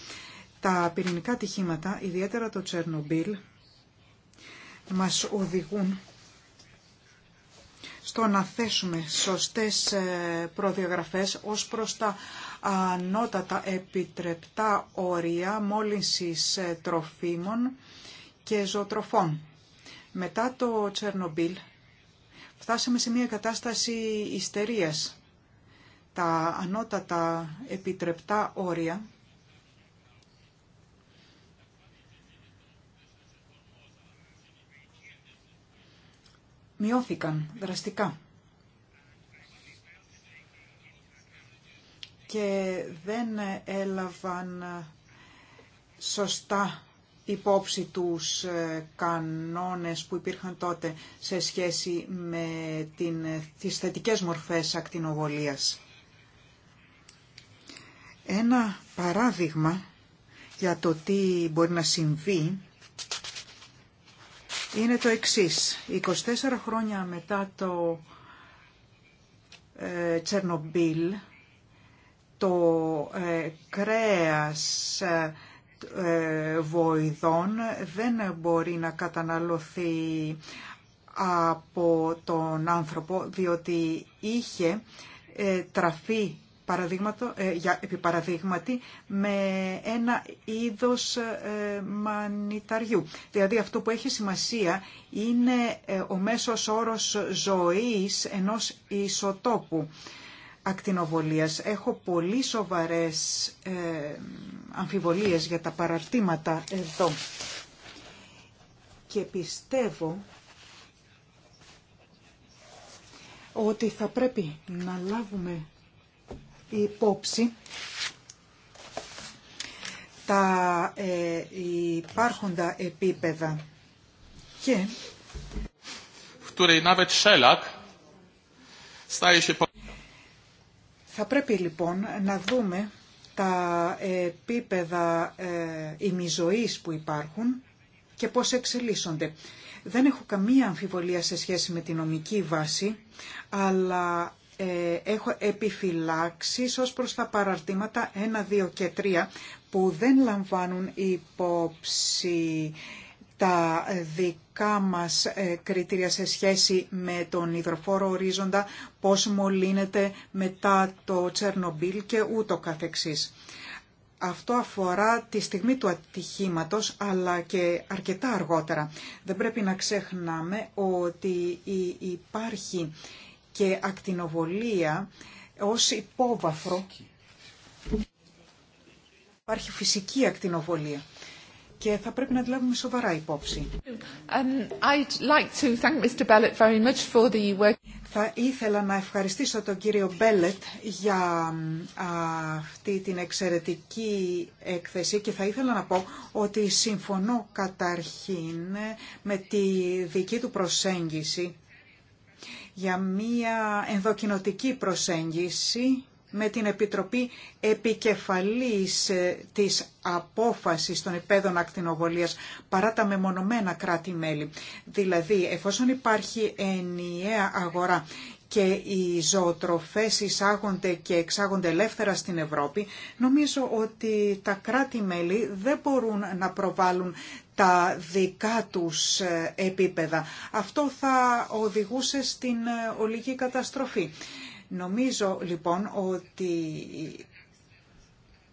Τα πυρηνικά τυχήματα, ιδιαίτερα το Τσερνομπίλ, μας οδηγούν στο να θέσουμε σωστές ε, προδιαγραφές ως προς τα ανώτατα επιτρεπτά όρια μόλυνσης ε, τροφίμων και Μετά το Τσερνομπίλ φτάσαμε σε μια κατάσταση ιστερίας. Τα ανώτατα επιτρεπτά όρια μειώθηκαν δραστικά. Και δεν έλαβαν σωστά υπόψη τους ε, κανόνες που υπήρχαν τότε σε σχέση με την, τις θετικές μορφές ακτινοβολίας. Ένα παράδειγμα για το τι μπορεί να συμβεί είναι το εξής. 24 χρόνια μετά το ε, Τσερνομπίλ, το ε, κρέας ε, βοηδών δεν μπορεί να καταναλωθεί από τον άνθρωπο διότι είχε ε, τραφεί παραδείγματο, ε, για, επί παραδείγματι με ένα είδος ε, μανιταριού. Δηλαδή αυτό που έχει σημασία είναι ο μέσος όρος ζωής ενός ισοτόπου ακτινοβολίας. Έχω πολύ σοβαρές ε, αμφιβολίες για τα παραρτήματα εδώ. Και πιστεύω ότι θα πρέπει να λάβουμε υπόψη τα ε, υπάρχοντα επίπεδα. Και... Θα πρέπει λοιπόν να δούμε τα επίπεδα ε, ημιζωής που υπάρχουν και πώς εξελίσσονται. Δεν έχω καμία αμφιβολία σε σχέση με την νομική βάση, αλλά ε, έχω επιφυλάξει ως προς τα παραρτήματα 1, 2 και 3 που δεν λαμβάνουν υπόψη τα δικά μας ε, κριτήρια σε σχέση με τον υδροφόρο ορίζοντα, πώς μολύνεται μετά το Τσερνομπίλ και ούτω καθεξής. Αυτό αφορά τη στιγμή του ατυχήματος, αλλά και αρκετά αργότερα. Δεν πρέπει να ξεχνάμε ότι υπάρχει και ακτινοβολία ως υπόβαθρο. Υπάρχει φυσική ακτινοβολία και θα πρέπει να τη λάβουμε σοβαρά υπόψη. Θα ήθελα να ευχαριστήσω τον κύριο Μπέλετ για αυτή την εξαιρετική έκθεση και θα ήθελα να πω ότι συμφωνώ καταρχήν με τη δική του προσέγγιση για μία ενδοκινοτική προσέγγιση με την Επιτροπή Επικεφαλής ε, της Απόφασης των Επέδων Ακτινοβολίας παρά τα μεμονωμένα κράτη-μέλη. Δηλαδή, εφόσον υπάρχει ενιαία αγορά και οι ζωοτροφές εισάγονται και εξάγονται ελεύθερα στην Ευρώπη, νομίζω ότι τα κράτη-μέλη δεν μπορούν να προβάλλουν τα δικά τους ε, επίπεδα. Αυτό θα οδηγούσε στην ε, ολική καταστροφή. Νομίζω λοιπόν ότι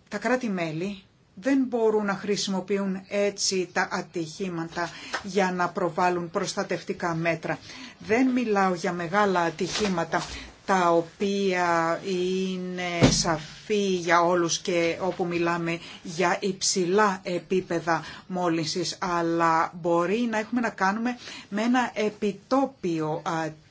τα κράτη-μέλη δεν μπορούν να χρησιμοποιούν έτσι τα ατυχήματα για να προβάλλουν προστατευτικά μέτρα. Δεν μιλάω για μεγάλα ατυχήματα τα οποία είναι σαφή για όλους και όπου μιλάμε για υψηλά επίπεδα μόλυνσης, αλλά μπορεί να έχουμε να κάνουμε με ένα επιτόπιο ατύχημα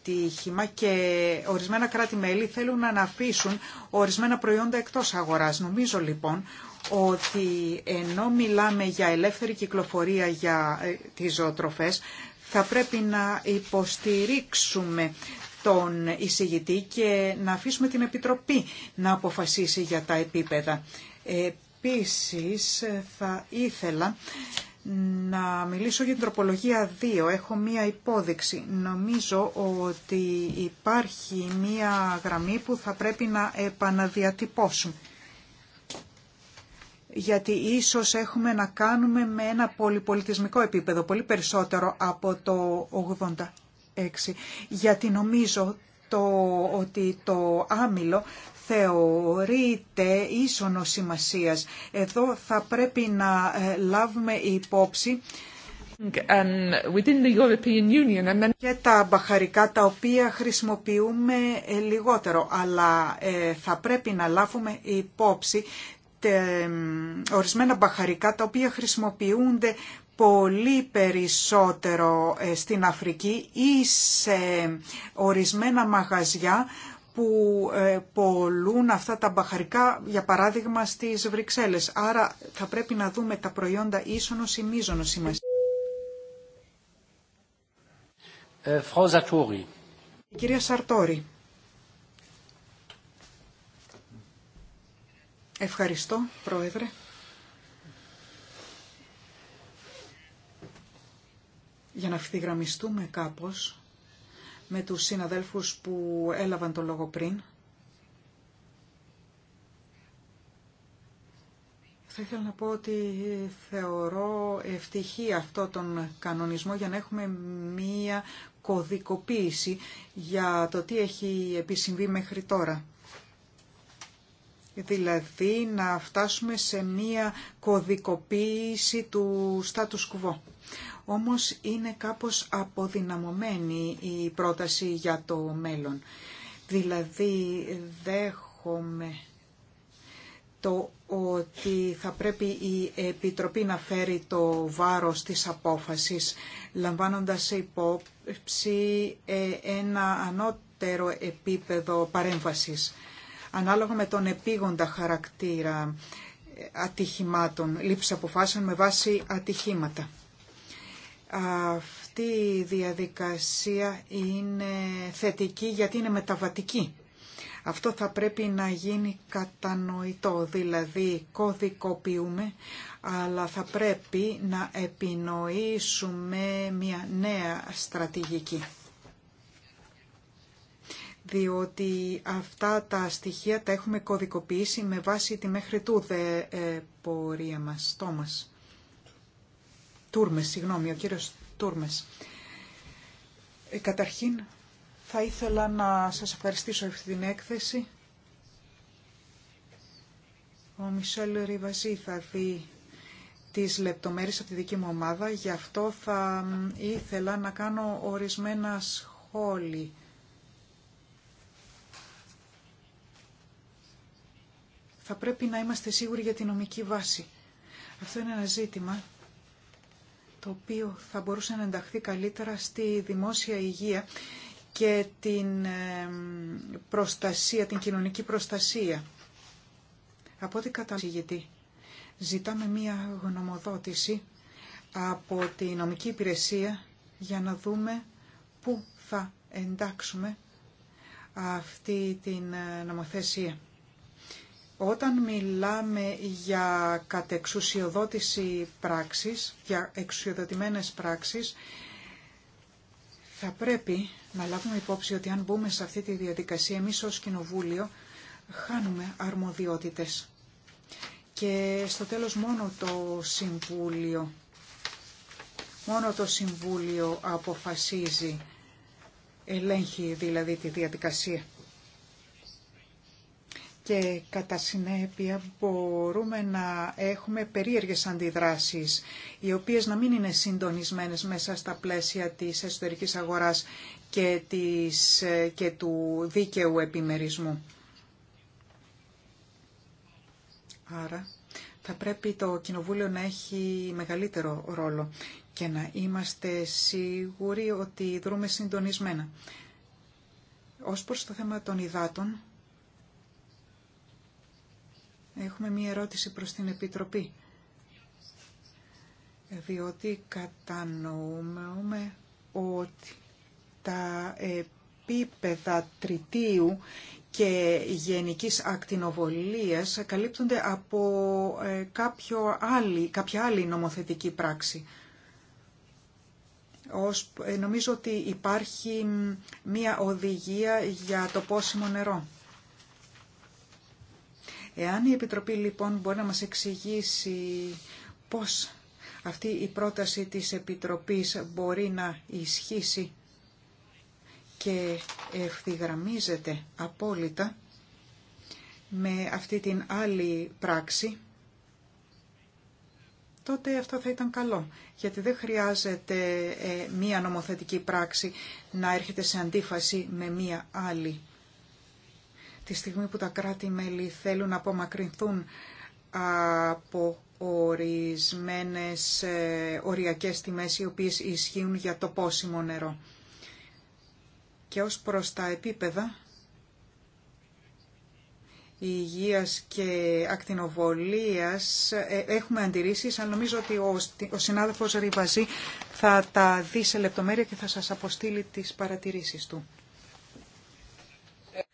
και ορισμένα κράτη-μέλη θέλουν να αφήσουν ορισμένα προϊόντα εκτός αγοράς. Νομίζω λοιπόν ότι ενώ μιλάμε για ελεύθερη κυκλοφορία για ε, τις ζωοτροφές, θα πρέπει να υποστηρίξουμε τον εισηγητή και να αφήσουμε την Επιτροπή να αποφασίσει για τα επίπεδα. Επίσης ε, θα ήθελα να μιλήσω για την τροπολογία 2. Έχω μία υπόδειξη. Νομίζω ότι υπάρχει μία γραμμή που θα πρέπει να επαναδιατυπώσουμε. Γιατί ίσως έχουμε να κάνουμε με ένα πολυπολιτισμικό επίπεδο, πολύ περισσότερο από το 86. Γιατί νομίζω το, ότι το άμυλο θεωρείται ίσονο σημασία. Εδώ θα πρέπει να ε, λάβουμε υπόψη και τα μπαχαρικά τα οποία χρησιμοποιούμε ε, λιγότερο, αλλά ε, θα πρέπει να λάβουμε υπόψη ορισμένα μπαχαρικά τα οποία χρησιμοποιούνται πολύ περισσότερο στην Αφρική ή σε ορισμένα μαγαζιά που ε, πολλούν αυτά τα μπαχαρικά, για παράδειγμα, στις Βρυξέλλες. Άρα θα πρέπει να δούμε τα προϊόντα ίσονος ή μίζωνος σημασία. Ε, κυρία Σαρτόρη. Ευχαριστώ, Πρόεδρε. Για να φθηγραμμιστούμε κάπως, με τους συναδέλφους που έλαβαν τον λόγο πριν. Θα ήθελα να πω ότι θεωρώ ευτυχή αυτό τον κανονισμό για να έχουμε μία κωδικοποίηση για το τι έχει επισυμβεί μέχρι τώρα. Δηλαδή να φτάσουμε σε μία κωδικοποίηση του status quo όμως είναι κάπως αποδυναμωμένη η πρόταση για το μέλλον. Δηλαδή δέχομαι το ότι θα πρέπει η Επιτροπή να φέρει το βάρος της απόφασης, λαμβάνοντας σε υπόψη ε, ένα ανώτερο επίπεδο παρέμβασης, ανάλογα με τον επίγοντα χαρακτήρα ατυχημάτων, λήψη αποφάσεων με βάση ατυχήματα. Αυτή η διαδικασία είναι θετική γιατί είναι μεταβατική. Αυτό θα πρέπει να γίνει κατανοητό, δηλαδή κωδικοποιούμε, αλλά θα πρέπει να επινοήσουμε μια νέα στρατηγική. Διότι αυτά τα στοιχεία τα έχουμε κωδικοποιήσει με βάση τη μέχρι τούδε ε, πορεία μας, τόμας. Τούρμες, συγγνώμη, ο κύριος Τούρμες. Ε, καταρχήν, θα ήθελα να σας ευχαριστήσω για αυτή την έκθεση. Ο Μισελ Ριβαζή θα δει τις λεπτομέρειες από τη δική μου ομάδα, γι' αυτό θα ήθελα να κάνω ορισμένα σχόλια. Θα πρέπει να είμαστε σίγουροι για την νομική βάση. Αυτό είναι ένα ζήτημα το οποίο θα μπορούσε να ενταχθεί καλύτερα στη δημόσια υγεία και την προστασία, την κοινωνική προστασία. Από ό,τι γιατί ζητάμε μία γνωμοδότηση από τη νομική υπηρεσία για να δούμε πού θα εντάξουμε αυτή την ε, νομοθεσία. Όταν μιλάμε για κατεξουσιοδότηση πράξης, για εξουσιοδοτημένες πράξεις, θα πρέπει να λάβουμε υπόψη ότι αν μπούμε σε αυτή τη διαδικασία εμείς ως Κοινοβούλιο χάνουμε αρμοδιότητες. Και στο τέλος μόνο το Συμβούλιο, μόνο το Συμβούλιο αποφασίζει, ελέγχει δηλαδή τη διαδικασία και κατά συνέπεια μπορούμε να έχουμε περίεργες αντιδράσεις, οι οποίες να μην είναι συντονισμένες μέσα στα πλαίσια της εσωτερικής αγοράς και, και του δίκαιου επιμερισμού. Άρα θα πρέπει το Κοινοβούλιο να έχει μεγαλύτερο ρόλο και να είμαστε σίγουροι ότι δρούμε συντονισμένα. Ως προς το θέμα των υδάτων, Έχουμε μία ερώτηση προς την Επιτροπή. Διότι κατανοούμε ότι τα επίπεδα τριτίου και γενικής ακτινοβολίας καλύπτονται από ε, κάποιο άλλη, κάποια άλλη νομοθετική πράξη. Ως, ε, νομίζω ότι υπάρχει μία οδηγία για το πόσιμο νερό. Εάν η Επιτροπή λοιπόν μπορεί να μας εξηγήσει πώς αυτή η πρόταση της Επιτροπής μπορεί να ισχύσει και ευθυγραμμίζεται απόλυτα με αυτή την άλλη πράξη, τότε αυτό θα ήταν καλό. Γιατί δεν χρειάζεται ε, μία νομοθετική πράξη να έρχεται σε αντίφαση με μία άλλη τη στιγμή που τα κράτη-μέλη θέλουν να απομακρυνθούν από ορισμένες ε, οριακές τιμές οι οποίες ισχύουν για το πόσιμο νερό. Και ως προς τα επίπεδα υγείας και ακτινοβολίας ε, έχουμε αντιρρήσεις, αλλά νομίζω ότι ο συνάδελφος Ριβαζή θα τα δει σε λεπτομέρεια και θα σας αποστείλει τις παρατηρήσεις του.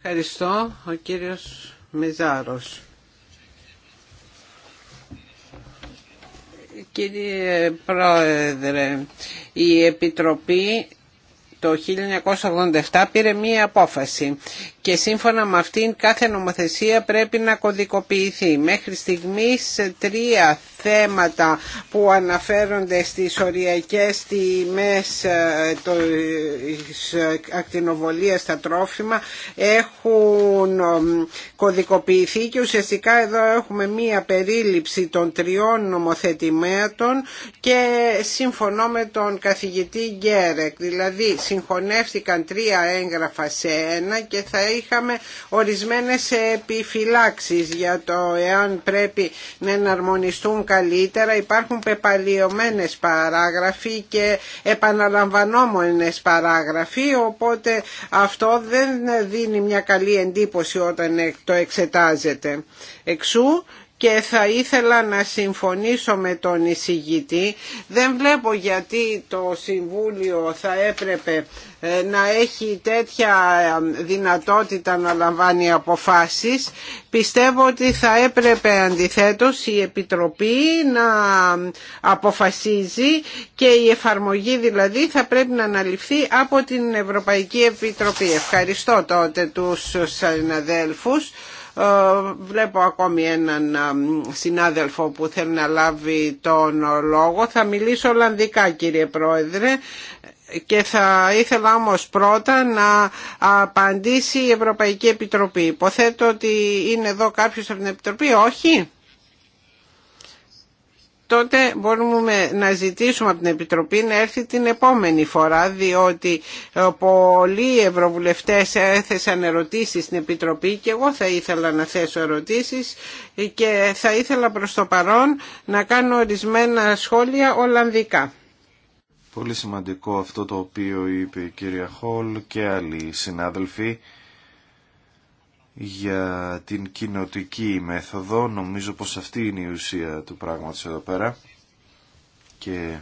Ευχαριστώ. Ο κύριος Μιζάρος. Κύριε Πρόεδρε, η Επιτροπή το 1987 πήρε μία απόφαση και σύμφωνα με αυτήν κάθε νομοθεσία πρέπει να κωδικοποιηθεί. Μέχρι στιγμής τρία θέματα που αναφέρονται στις οριακές τιμές ε, της ε, ακτινοβολίας στα τρόφιμα έχουν κωδικοποιηθεί και ουσιαστικά εδώ έχουμε μία περίληψη των τριών νομοθετημάτων και συμφωνώ με τον καθηγητή Γκέρεκ, δηλαδή συγχωνεύτηκαν τρία έγγραφα σε ένα και θα είχαμε ορισμένες επιφυλάξεις για το εάν πρέπει να εναρμονιστούν καλύτερα. Υπάρχουν πεπαλιωμένες παράγραφοι και επαναλαμβανόμενες παράγραφοι, οπότε αυτό δεν δίνει μια καλή εντύπωση όταν το εξετάζεται. Εξού και θα ήθελα να συμφωνήσω με τον εισηγητή. Δεν βλέπω γιατί το Συμβούλιο θα έπρεπε ε, να έχει τέτοια ε, δυνατότητα να λαμβάνει αποφάσεις. Πιστεύω ότι θα έπρεπε αντιθέτως η Επιτροπή να αποφασίζει και η εφαρμογή δηλαδή θα πρέπει να αναλυφθεί από την Ευρωπαϊκή Επιτροπή. Ευχαριστώ τότε τους συναδέλφους. Ε, βλέπω ακόμη έναν ε, συνάδελφο που θέλει να λάβει τον λόγο. Θα μιλήσω Ολλανδικά κύριε Πρόεδρε και θα ήθελα όμως πρώτα να απαντήσει η Ευρωπαϊκή Επιτροπή. Υποθέτω ότι είναι εδώ κάποιος από την Επιτροπή, όχι τότε μπορούμε να ζητήσουμε από την Επιτροπή να έρθει την επόμενη φορά διότι ε, πολλοί ευρωβουλευτές έθεσαν ερωτήσεις στην Επιτροπή και εγώ θα ήθελα να θέσω ερωτήσεις και θα ήθελα προς το παρόν να κάνω ορισμένα σχόλια Ολλανδικά. Πολύ σημαντικό αυτό το οποίο είπε η κυρία Χολ και άλλοι συνάδελφοι για την κοινοτική μέθοδο. Νομίζω πως αυτή είναι η ουσία του πράγματος εδώ πέρα. Και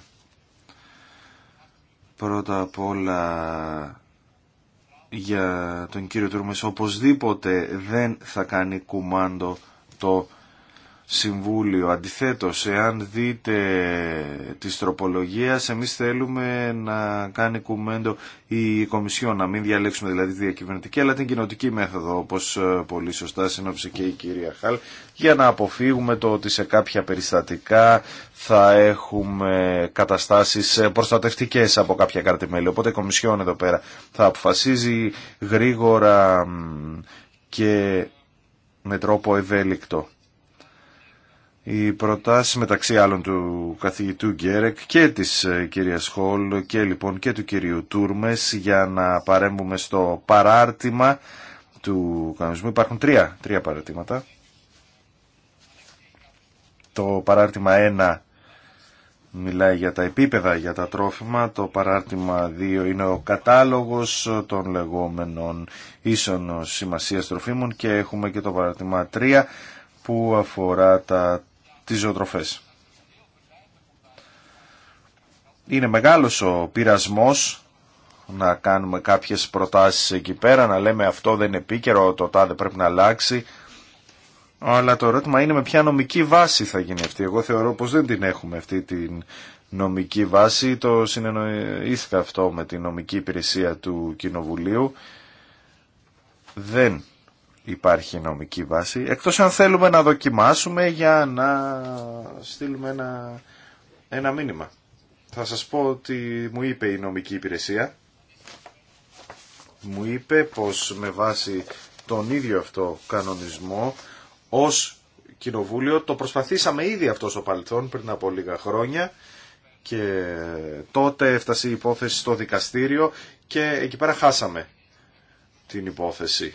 πρώτα απ' όλα για τον κύριο Τούρμες οπωσδήποτε δεν θα κάνει κουμάντο το Συμβούλιο. Αντιθέτως, εάν δείτε τη τροπολογία, εμείς θέλουμε να κάνει κουμέντο η Κομισιόν, να μην διαλέξουμε δηλαδή τη διακυβερνητική, αλλά την κοινοτική μέθοδο, όπως ε, πολύ σωστά σύνοψε και η κυρία Χαλ, για να αποφύγουμε το ότι σε κάποια περιστατικά θα έχουμε καταστάσεις ε, προστατευτικές από κάποια Οπότε η Κομισιόν εδώ πέρα θα αποφασίζει γρήγορα και με τρόπο ευέλικτο οι προτάσει μεταξύ άλλων του καθηγητού Γκέρεκ και της ε, κυρίας Χολ και λοιπόν και του κυρίου Τούρμες για να παρέμβουμε στο παράρτημα του κανονισμού. Υπάρχουν τρία, τρία παράρτηματα. Το παράρτημα 1 μιλάει για τα επίπεδα για τα τρόφιμα, το παράρτημα 2 είναι ο κατάλογος των λεγόμενων ίσων σημασίας τροφίμων και έχουμε και το παράρτημα 3 που αφορά τα τις ζωοτροφές. Είναι μεγάλος ο πειρασμός να κάνουμε κάποιες προτάσεις εκεί πέρα, να λέμε αυτό δεν είναι επίκαιρο, το τάδε πρέπει να αλλάξει. Αλλά το ερώτημα είναι με ποια νομική βάση θα γίνει αυτή. Εγώ θεωρώ πως δεν την έχουμε αυτή την νομική βάση. Το συνεννοήθηκα αυτό με την νομική υπηρεσία του Κοινοβουλίου. Δεν υπάρχει νομική βάση, εκτός αν θέλουμε να δοκιμάσουμε για να στείλουμε ένα, ένα μήνυμα. Θα σας πω ότι μου είπε η νομική υπηρεσία, μου είπε πως με βάση τον ίδιο αυτό κανονισμό, ως κοινοβούλιο, το προσπαθήσαμε ήδη αυτό στο παρελθόν πριν από λίγα χρόνια και τότε έφτασε η υπόθεση στο δικαστήριο και εκεί πέρα χάσαμε την υπόθεση.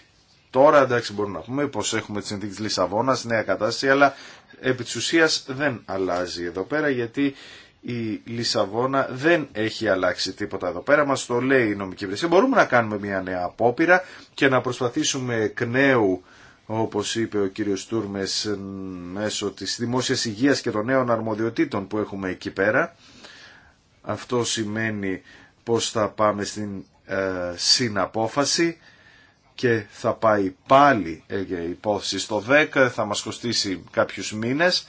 Τώρα εντάξει μπορούμε να πούμε πως έχουμε τη συνθήκη της Λισαβόνας, νέα κατάσταση, αλλά επί της ουσίας δεν αλλάζει εδώ πέρα γιατί η Λισαβόνα δεν έχει αλλάξει τίποτα εδώ πέρα, μας το λέει η νομική υπηρεσία. Μπορούμε να κάνουμε μια νέα απόπειρα και να προσπαθήσουμε εκ νέου, όπως είπε ο κύριος Τούρμες, μέσω της δημόσιας υγείας και των νέων αρμοδιοτήτων που έχουμε εκεί πέρα. Αυτό σημαίνει πως θα πάμε στην ε, συναπόφαση και θα πάει πάλι η υπόθεση στο 10, θα μας κοστίσει κάποιους μήνες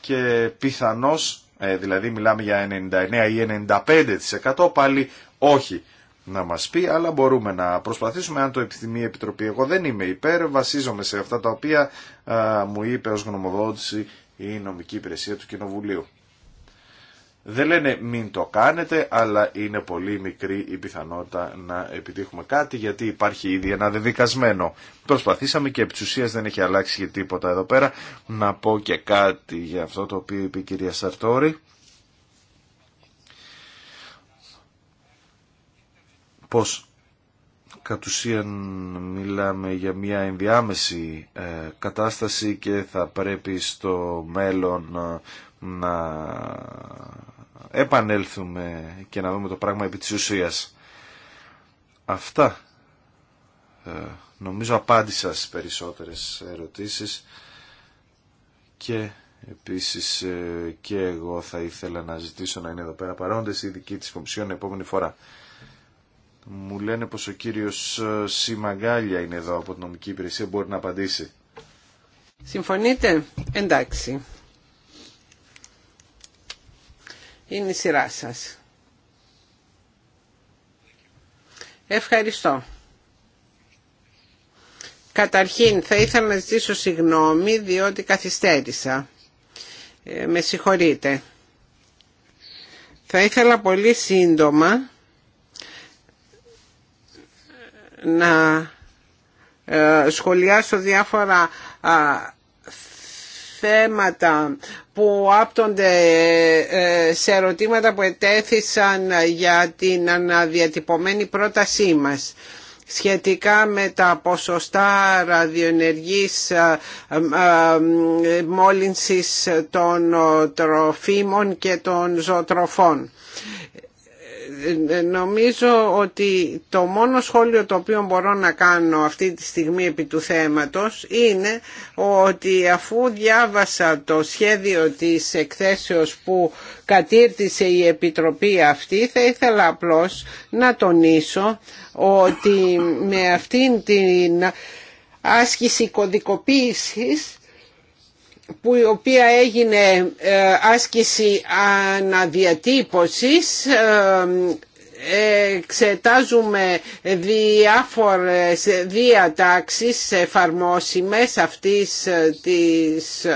και πιθανώς, ε, δηλαδή μιλάμε για 99 ή 95% πάλι όχι να μας πει, αλλά μπορούμε να προσπαθήσουμε αν το επιθυμεί η Επιτροπή. Εγώ δεν είμαι υπέρ, βασίζομαι σε αυτά τα οποία μου είπε ως γνωμοδότηση η νομική υπηρεσία του Κοινοβουλίου. Δεν λένε μην το κάνετε, αλλά είναι πολύ μικρή η πιθανότητα να επιτύχουμε κάτι, γιατί υπάρχει ήδη ένα δεδικασμένο. Προσπαθήσαμε και επί δεν έχει αλλάξει τίποτα εδώ πέρα. Να πω και κάτι για αυτό το οποίο είπε η κυρία Σαρτόρη. Πώς κατ' ουσίαν μιλάμε για μια ενδιάμεση ε, κατάσταση και θα πρέπει στο μέλλον ε, να επανέλθουμε και να δούμε το πράγμα επί της ουσίας. Αυτά. Ε, νομίζω απάντησα στις περισσότερες ερωτήσεις και επίσης ε, και εγώ θα ήθελα να ζητήσω να είναι εδώ πέρα παρόντες οι της Κομισιόν επόμενη φορά. Μου λένε πως ο κύριος ε, Σιμαγκάλια είναι εδώ από την νομική υπηρεσία, μπορεί να απαντήσει. Συμφωνείτε? Εντάξει. είναι η σειρά σας. Ευχαριστώ. Καταρχήν θα ήθελα να ζητήσω συγγνώμη διότι καθυστέρησα. Ε, με συγχωρείτε. Θα ήθελα πολύ σύντομα να ε, σχολιάσω διάφορα θέματα που άπτονται ε, σε ερωτήματα που ετέθησαν για την αναδιατυπωμένη πρότασή μας σχετικά με τα ποσοστά ραδιοενεργής ε, ε, μόλυνσης των τροφίμων και των ζωοτροφών νομίζω ότι το μόνο σχόλιο το οποίο μπορώ να κάνω αυτή τη στιγμή επί του θέματος είναι ότι αφού διάβασα το σχέδιο της εκθέσεως που κατήρτισε η Επιτροπή αυτή θα ήθελα απλώς να τονίσω ότι με αυτήν την άσκηση κωδικοποίησης που η οποία έγινε ε, άσκηση αναδιατύπωσης ε, εξετάζουμε διάφορες διατάξεις εφαρμόσιμες αυτής ε, της,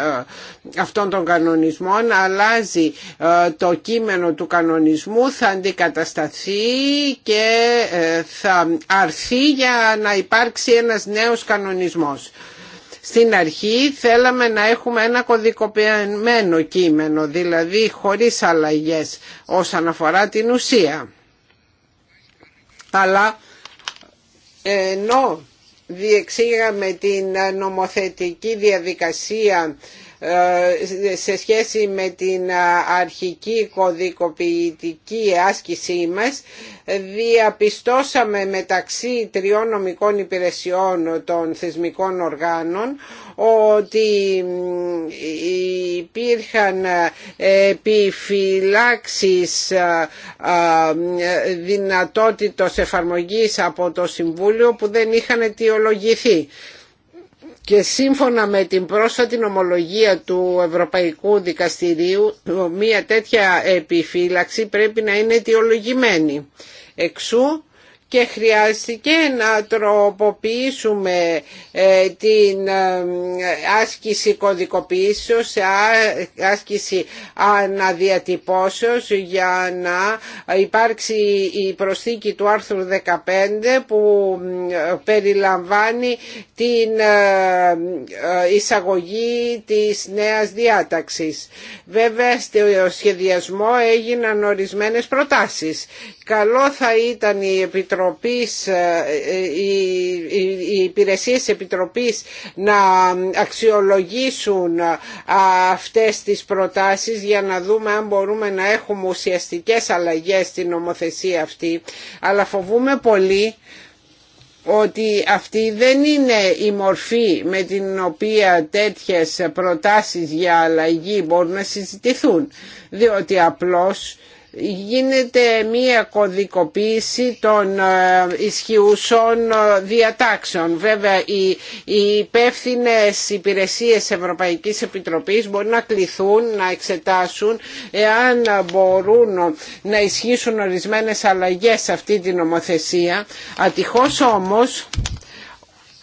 αυτών των κανονισμών αλλάζει το κείμενο του κανονισμού θα αντικατασταθεί και θα αρθεί για να υπάρξει ένας νέος κανονισμός. Στην αρχή θέλαμε να έχουμε ένα κωδικοποιημένο κείμενο, δηλαδή χωρίς αλλαγές όσον αφορά την ουσία. Αλλά ενώ διεξήγαμε την νομοθετική διαδικασία ε, σε σχέση με την αρχική κωδικοποιητική άσκησή μας διαπιστώσαμε μεταξύ τριών νομικών υπηρεσιών των θεσμικών οργάνων ότι υπήρχαν επιφυλάξεις δυνατότητος εφαρμογής από το Συμβούλιο που δεν είχαν αιτιολογηθεί και σύμφωνα με την πρόσφατη νομολογία του Ευρωπαϊκού Δικαστηρίου μια τέτοια επιφύλαξη πρέπει να είναι αιτιολογημένη. Εξού και χρειάστηκε να τροποποιήσουμε ε, την ε, άσκηση κωδικοποίησεως σε άσκηση αναδιατυπώσεως για να υπάρξει η προσθήκη του άρθρου 15 που ε, περιλαμβάνει την εισαγωγή της νέας διάταξης. Βέβαια στο σχεδιασμό έγιναν ορισμένες προτάσεις. Καλό θα ήταν η Επιτροπή Επιτροπής, ε, ε, οι υπηρεσίες Επιτροπής να αξιολογήσουν ε, αυτές τις προτάσεις για να δούμε αν μπορούμε να έχουμε ουσιαστικές αλλαγές στην νομοθεσία αυτή. Αλλά φοβούμε πολύ ότι αυτή δεν είναι η μορφή με την οποία τέτοιες προτάσεις για αλλαγή μπορούν να συζητηθούν, διότι απλώς γίνεται μία κωδικοποίηση των ε, ισχυουσών ε, διατάξεων. Βέβαια, οι, οι υπεύθυνε υπηρεσίες Ευρωπαϊκής Επιτροπής μπορούν να κληθούν, να εξετάσουν εάν μπορούν να ισχύσουν ορισμένες αλλαγές σε αυτή την νομοθεσία. Ατυχώς όμως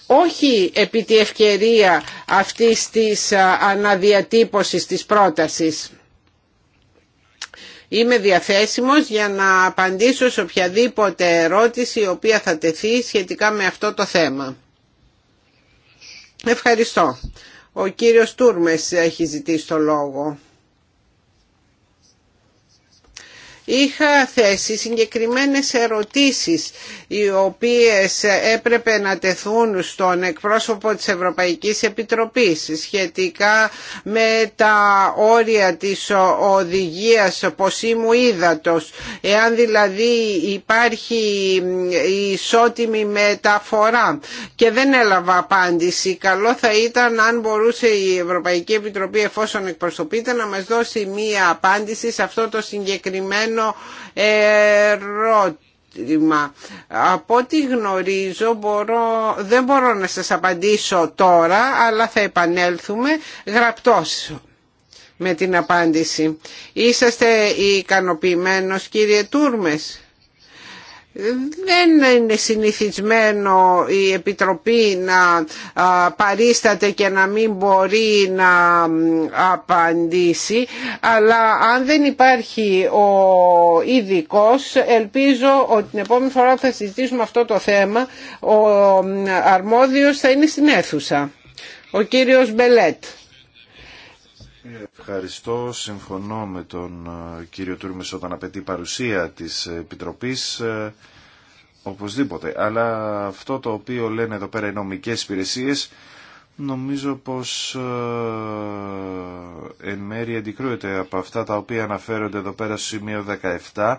όχι επί τη ευκαιρία αυτής της ε, αναδιατύπωσης της πρότασης. Είμαι διαθέσιμος για να απαντήσω σε οποιαδήποτε ερώτηση η οποία θα τεθεί σχετικά με αυτό το θέμα. Ευχαριστώ. Ο κύριος Τούρμες έχει ζητήσει το λόγο. είχα θέσει συγκεκριμένες ερωτήσεις οι οποίες έπρεπε να τεθούν στον εκπρόσωπο της Ευρωπαϊκής Επιτροπής σχετικά με τα όρια της οδηγίας ποσίμου ύδατος εάν δηλαδή υπάρχει ισότιμη μεταφορά και δεν έλαβα απάντηση καλό θα ήταν αν μπορούσε η Ευρωπαϊκή Επιτροπή εφόσον εκπροσωπείται να μας δώσει μία απάντηση σε αυτό το συγκεκριμένο ερώτημα. Από ό,τι γνωρίζω μπορώ, δεν μπορώ να σας απαντήσω τώρα αλλά θα επανέλθουμε γραπτός με την απάντηση. Είσαστε ικανοποιημένος κύριε Τούρμες δεν είναι συνηθισμένο η Επιτροπή να παρίσταται και να μην μπορεί να απαντήσει αλλά αν δεν υπάρχει ο ειδικό, ελπίζω ότι την επόμενη φορά που θα συζητήσουμε αυτό το θέμα ο αρμόδιος θα είναι στην αίθουσα. Ο κύριος Μπελέτ. Ευχαριστώ. Συμφωνώ με τον ε, κύριο Τούρμες όταν απαιτεί παρουσία της Επιτροπής. Ε, οπωσδήποτε. Αλλά αυτό το οποίο λένε εδώ πέρα οι νομικές υπηρεσίες νομίζω πως ε, εν μέρει αντικρούεται από αυτά τα οποία αναφέρονται εδώ πέρα στο σημείο 17.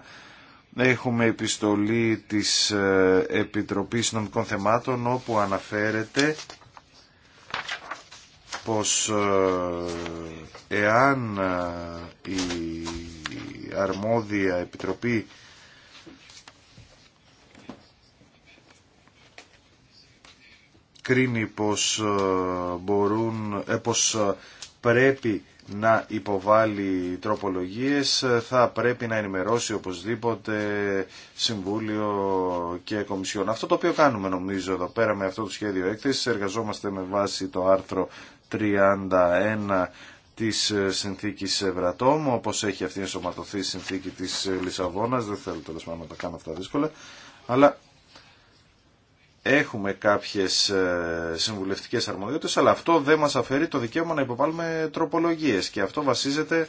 Έχουμε επιστολή της Επιτροπής Νομικών Θεμάτων όπου αναφέρεται πως ε, εάν ε, η αρμόδια επιτροπή κρίνει πως ε, μπορούν, πως πρέπει να υποβάλει τροπολογίες θα πρέπει να ενημερώσει οπωσδήποτε Συμβούλιο και Κομισιόν. Αυτό το οποίο κάνουμε νομίζω εδώ πέρα με αυτό το σχέδιο έκθεσης εργαζόμαστε με βάση το άρθρο 31 της ε, συνθήκης Ευρατόμ, όπως έχει αυτή ενσωματωθεί η συνθήκη της ε, Λισαβόνας, δεν θέλω τέλος πάντων να τα κάνω αυτά δύσκολα, αλλά έχουμε κάποιες ε, συμβουλευτικές αρμοδιότητες, αλλά αυτό δεν μας αφαιρεί το δικαίωμα να υποβάλουμε τροπολογίες και αυτό βασίζεται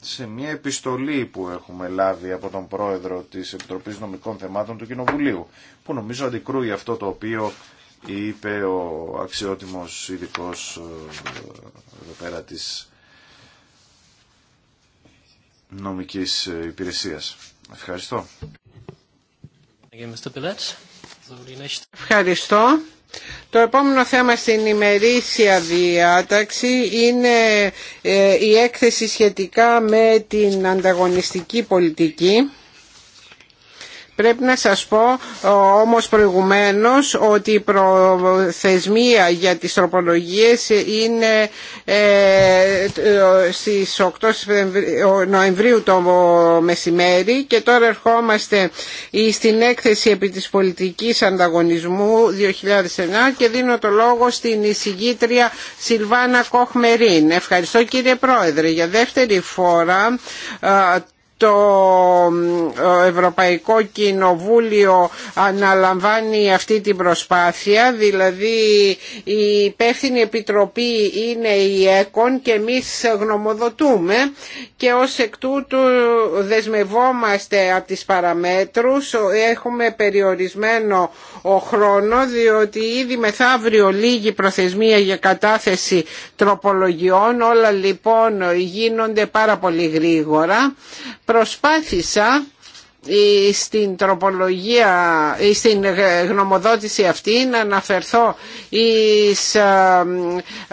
σε μια επιστολή που έχουμε λάβει από τον πρόεδρο της Επιτροπής Νομικών Θεμάτων του Κοινοβουλίου, που νομίζω αντικρούει αυτό το οποίο είπε ο αξιότιμος ειδικό ε, εδώ πέρα της νομικής υπηρεσίας. Ευχαριστώ. Ευχαριστώ. Το επόμενο θέμα στην ημερήσια διάταξη είναι ε, η έκθεση σχετικά με την ανταγωνιστική πολιτική. Πρέπει να σας πω όμως προηγουμένως ότι η προθεσμία για τις τροπολογίες είναι ε, στις 8 Νοεμβρίου το μεσημέρι και τώρα ερχόμαστε στην έκθεση επί της πολιτικής ανταγωνισμού 2009 και δίνω το λόγο στην εισηγήτρια Σιλβάνα Κοχμερίν. Ευχαριστώ κύριε Πρόεδρε. Για δεύτερη φορά ε, το Ευρωπαϊκό Κοινοβούλιο αναλαμβάνει αυτή την προσπάθεια δηλαδή η υπεύθυνη επιτροπή είναι η ΕΚΟΝ και εμείς γνωμοδοτούμε και ως εκ τούτου δεσμευόμαστε από τις παραμέτρους έχουμε περιορισμένο χρόνο διότι ήδη μεθαύριο λίγη προθεσμία για κατάθεση τροπολογιών όλα λοιπόν γίνονται πάρα πολύ γρήγορα Προσπάθησα ε, στην τροπολογία, ε, στην γνωμοδότηση αυτή να αναφερθώ εις ε,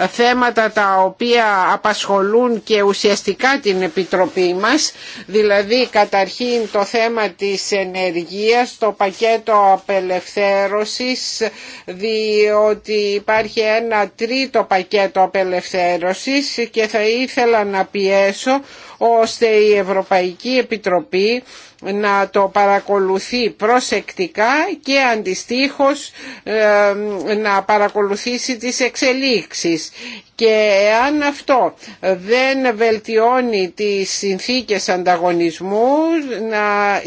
θέματα τα οποία απασχολούν και ουσιαστικά την Επιτροπή μας δηλαδή καταρχήν το θέμα της ενεργείας, το πακέτο απελευθέρωσης διότι υπάρχει ένα τρίτο πακέτο απελευθέρωσης και θα ήθελα να πιέσω ώστε η Ευρωπαϊκή Επιτροπή να το παρακολουθεί προσεκτικά και αντιστοίχως ε, να παρακολουθήσει τις εξελίξεις και αν αυτό δεν βελτιώνει τις συνθήκες ανταγωνισμού να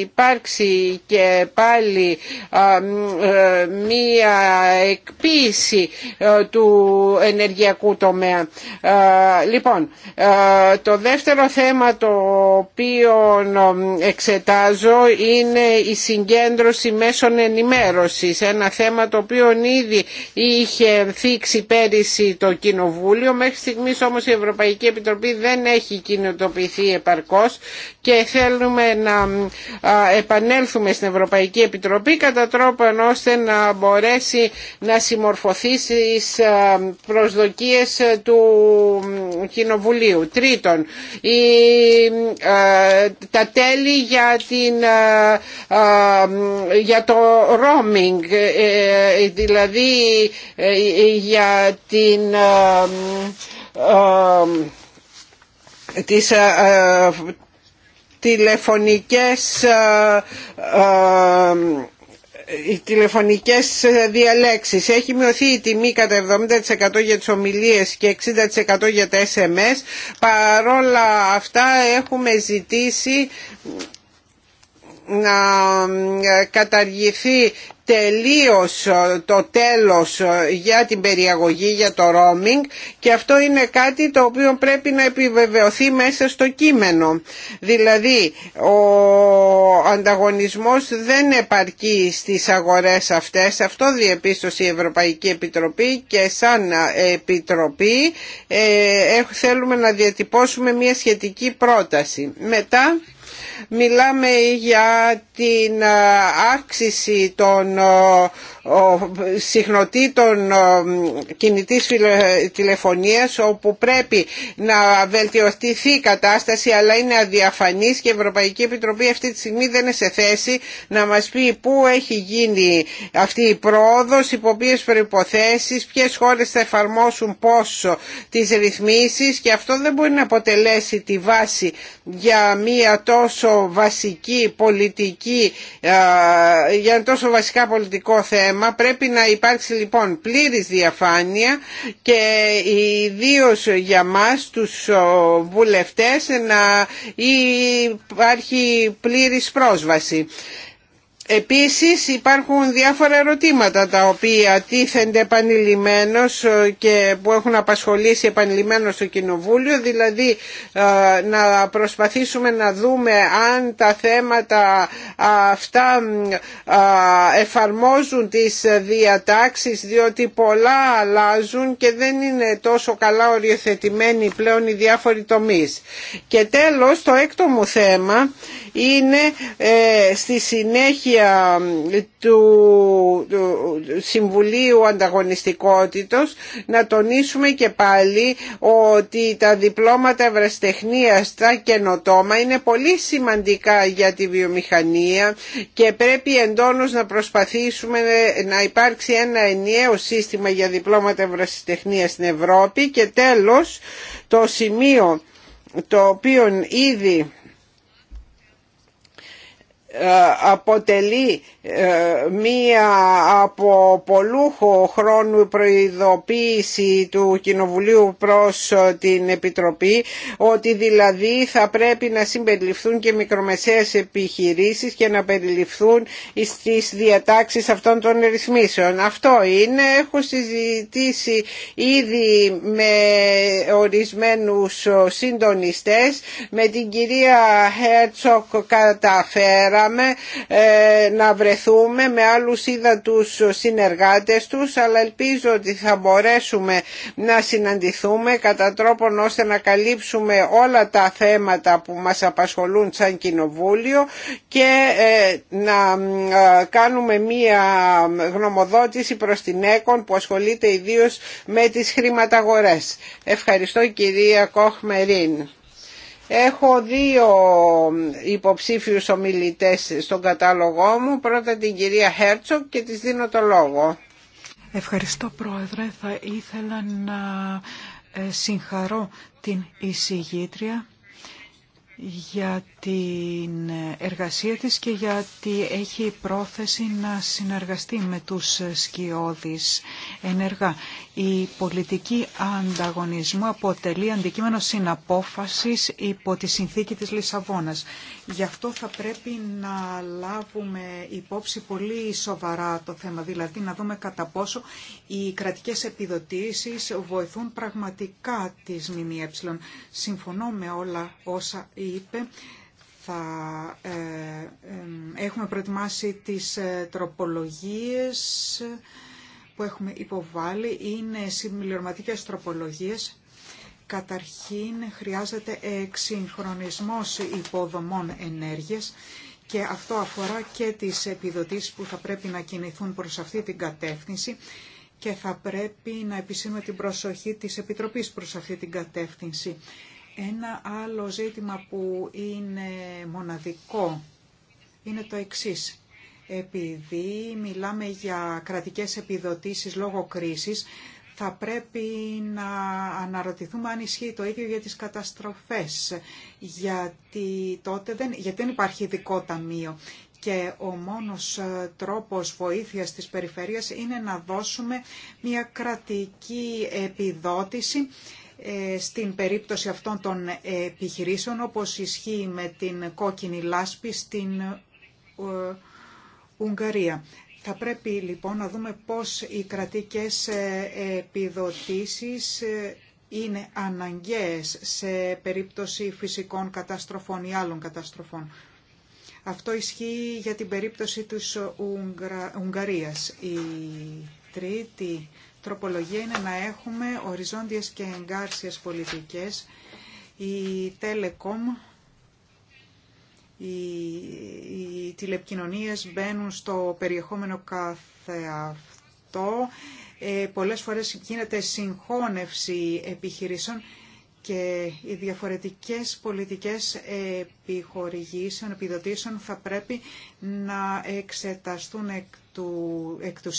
υπάρξει και πάλι ε, μία εκποίηση ε, του ενεργειακού τομέα. Λοιπόν, το δεύτερο θέμα το οποίο εξετάζω είναι η συγκέντρωση μέσων ενημέρωσης. Ένα θέμα το οποίο ήδη είχε θίξει πέρυσι το κοινοβούλιο Κοινοβούλιο. Μέχρι στιγμής όμως η Ευρωπαϊκή Επιτροπή δεν έχει κοινοτοποιηθεί επαρκώς και θέλουμε να επανέλθουμε στην Ευρωπαϊκή Επιτροπή κατά τρόπο ώστε να μπορέσει να συμμορφωθεί στις προσδοκίες του Κοινοβουλίου. Τρίτον, η, τα τέλη για, την, για το roaming, ε, ε, δηλαδή ε, για την ε, ε, τις ε, τηλεφωνικές οι τηλεφωνικές διαλέξεις. Έχει μειωθεί η τιμή κατά 70% για τις ομιλίες και 60% για τα SMS. Παρόλα αυτά έχουμε ζητήσει να καταργηθεί τελείως ε, το τέλος ε, για την περιαγωγή, για το roaming και αυτό είναι κάτι το οποίο πρέπει να επιβεβαιωθεί μέσα στο κείμενο. Δηλαδή ο ανταγωνισμός δεν επαρκεί στις αγορές αυτές. Αυτό διεπίστωσε η Ευρωπαϊκή Επιτροπή και σαν Επιτροπή ε, ε θέλουμε να διατυπώσουμε μια σχετική πρόταση. Μετά Μιλάμε για την ε, αύξηση των ε, συχνοτήτων ε, κινητής τηλεφωνίας όπου πρέπει να βελτιωθεί η κατάσταση αλλά είναι αδιαφανής και η Ευρωπαϊκή Επιτροπή αυτή τη στιγμή δεν είναι σε θέση να μας πει πού έχει γίνει αυτή η πρόοδος, υπό ποιες προϋποθέσεις, ποιες χώρες θα εφαρμόσουν πόσο τις ρυθμίσεις και αυτό δεν μπορεί να αποτελέσει τη βάση για μία τόσο βασική πολιτική, για τόσο βασικά πολιτικό θέμα. Πρέπει να υπάρξει λοιπόν πλήρης διαφάνεια και ιδίω για μας τους βουλευτές να υπάρχει πλήρης πρόσβαση. Επίσης υπάρχουν διάφορα ερωτήματα τα οποία τίθενται επανειλημμένως ε, και που έχουν απασχολήσει επανειλημμένως το Κοινοβούλιο, δηλαδή ε, να προσπαθήσουμε να δούμε αν τα θέματα αυτά ε, εφαρμόζουν τις διατάξεις διότι πολλά αλλάζουν και δεν είναι τόσο καλά οριοθετημένοι πλέον οι διάφοροι τομείς. Και τέλος το έκτο μου θέμα είναι ε, στη συνέχεια του Συμβουλίου Ανταγωνιστικότητος να τονίσουμε και πάλι ότι τα διπλώματα ευραστεχνίας τα καινοτόμα είναι πολύ σημαντικά για τη βιομηχανία και πρέπει εντόνως να προσπαθήσουμε να υπάρξει ένα ενιαίο σύστημα για διπλώματα ευρασιτεχνίας στην Ευρώπη και τέλος το σημείο το οποίο ήδη ε, αποτελεί ε, μία από πολλού χρόνου προειδοποίηση του Κοινοβουλίου προς ε, την Επιτροπή ότι δηλαδή θα πρέπει να συμπεριληφθούν και μικρομεσαίες επιχειρήσεις και να περιληφθούν στις διατάξεις αυτών των ρυθμίσεων. Αυτό είναι, έχω συζητήσει ήδη με ορισμένους ε, συντονιστές, με την κυρία Χέρτσοκ καταφέραμε να βρεθούμε βρεθούμε με άλλους είδα τους συνεργάτες τους αλλά ελπίζω ότι θα μπορέσουμε να συναντηθούμε κατά τρόπον ώστε να καλύψουμε όλα τα θέματα που μας απασχολούν σαν κοινοβούλιο και ε, να ε, κάνουμε μία γνωμοδότηση προς την ΕΚΟΝ που ασχολείται ιδίως με τις χρηματαγορές. Ευχαριστώ κυρία Κοχμερίν. Έχω δύο υποψήφιους ομιλητές στον κατάλογό μου. Πρώτα την κυρία Χέρτσοκ και της δίνω το λόγο. Ευχαριστώ Πρόεδρε. Θα ήθελα να ε, συγχαρώ την εισηγήτρια για την εργασία της και γιατί έχει πρόθεση να συνεργαστεί με τους σκιώδεις ενεργά. Η πολιτική ανταγωνισμού αποτελεί αντικείμενο συναπόφασης υπό τη συνθήκη της Λισαβόνας. Γι' αυτό θα πρέπει να λάβουμε υπόψη πολύ σοβαρά το θέμα, δηλαδή να δούμε κατά πόσο οι κρατικές επιδοτήσεις βοηθούν πραγματικά τις ΜΜΕ. Συμφωνώ με όλα όσα είπε θα ε, ε, ε, έχουμε προετοιμάσει τις ε, τροπολογίες που έχουμε υποβάλει είναι συμπληρωματικές τροπολογίες. Καταρχήν χρειάζεται εξυγχρονισμός υποδομών ενέργειας και αυτό αφορά και τις επιδοτήσεις που θα πρέπει να κινηθούν προς αυτή την κατεύθυνση και θα πρέπει να επισύρουμε την προσοχή της Επιτροπής προς αυτή την κατεύθυνση. Ένα άλλο ζήτημα που είναι μοναδικό είναι το εξής. Επειδή μιλάμε για κρατικές επιδοτήσεις λόγω κρίσης, θα πρέπει να αναρωτηθούμε αν ισχύει το ίδιο για τις καταστροφές, γιατί τότε δεν, γιατί δεν υπάρχει ειδικό ταμείο και ο μόνος ε, τρόπος βοήθειας της περιφέρειας είναι να δώσουμε μια κρατική επιδότηση ε, στην περίπτωση αυτών των επιχειρήσεων, όπως ισχύει με την κόκκινη λάσπη στην ε, θα πρέπει λοιπόν να δούμε πώς οι κρατικές ε, επιδοτήσεις ε, είναι αναγκαίες σε περίπτωση φυσικών καταστροφών ή άλλων καταστροφών. Αυτό ισχύει για την περίπτωση της Ουγγρα... Ουγγαρίας. Η τρίτη τροπολογία είναι να έχουμε οριζόντιες και εγκάρσιες πολιτικές. Η Telecom οι, οι τηλεπικοινωνίες μπαίνουν στο περιεχόμενο κάθε αυτό. Ε, πολλές φορές γίνεται συγχώνευση επιχειρήσεων και οι διαφορετικές πολιτικές επιχορηγήσεων, επιδοτήσεων θα πρέπει να εξεταστούν εκ του, εκ του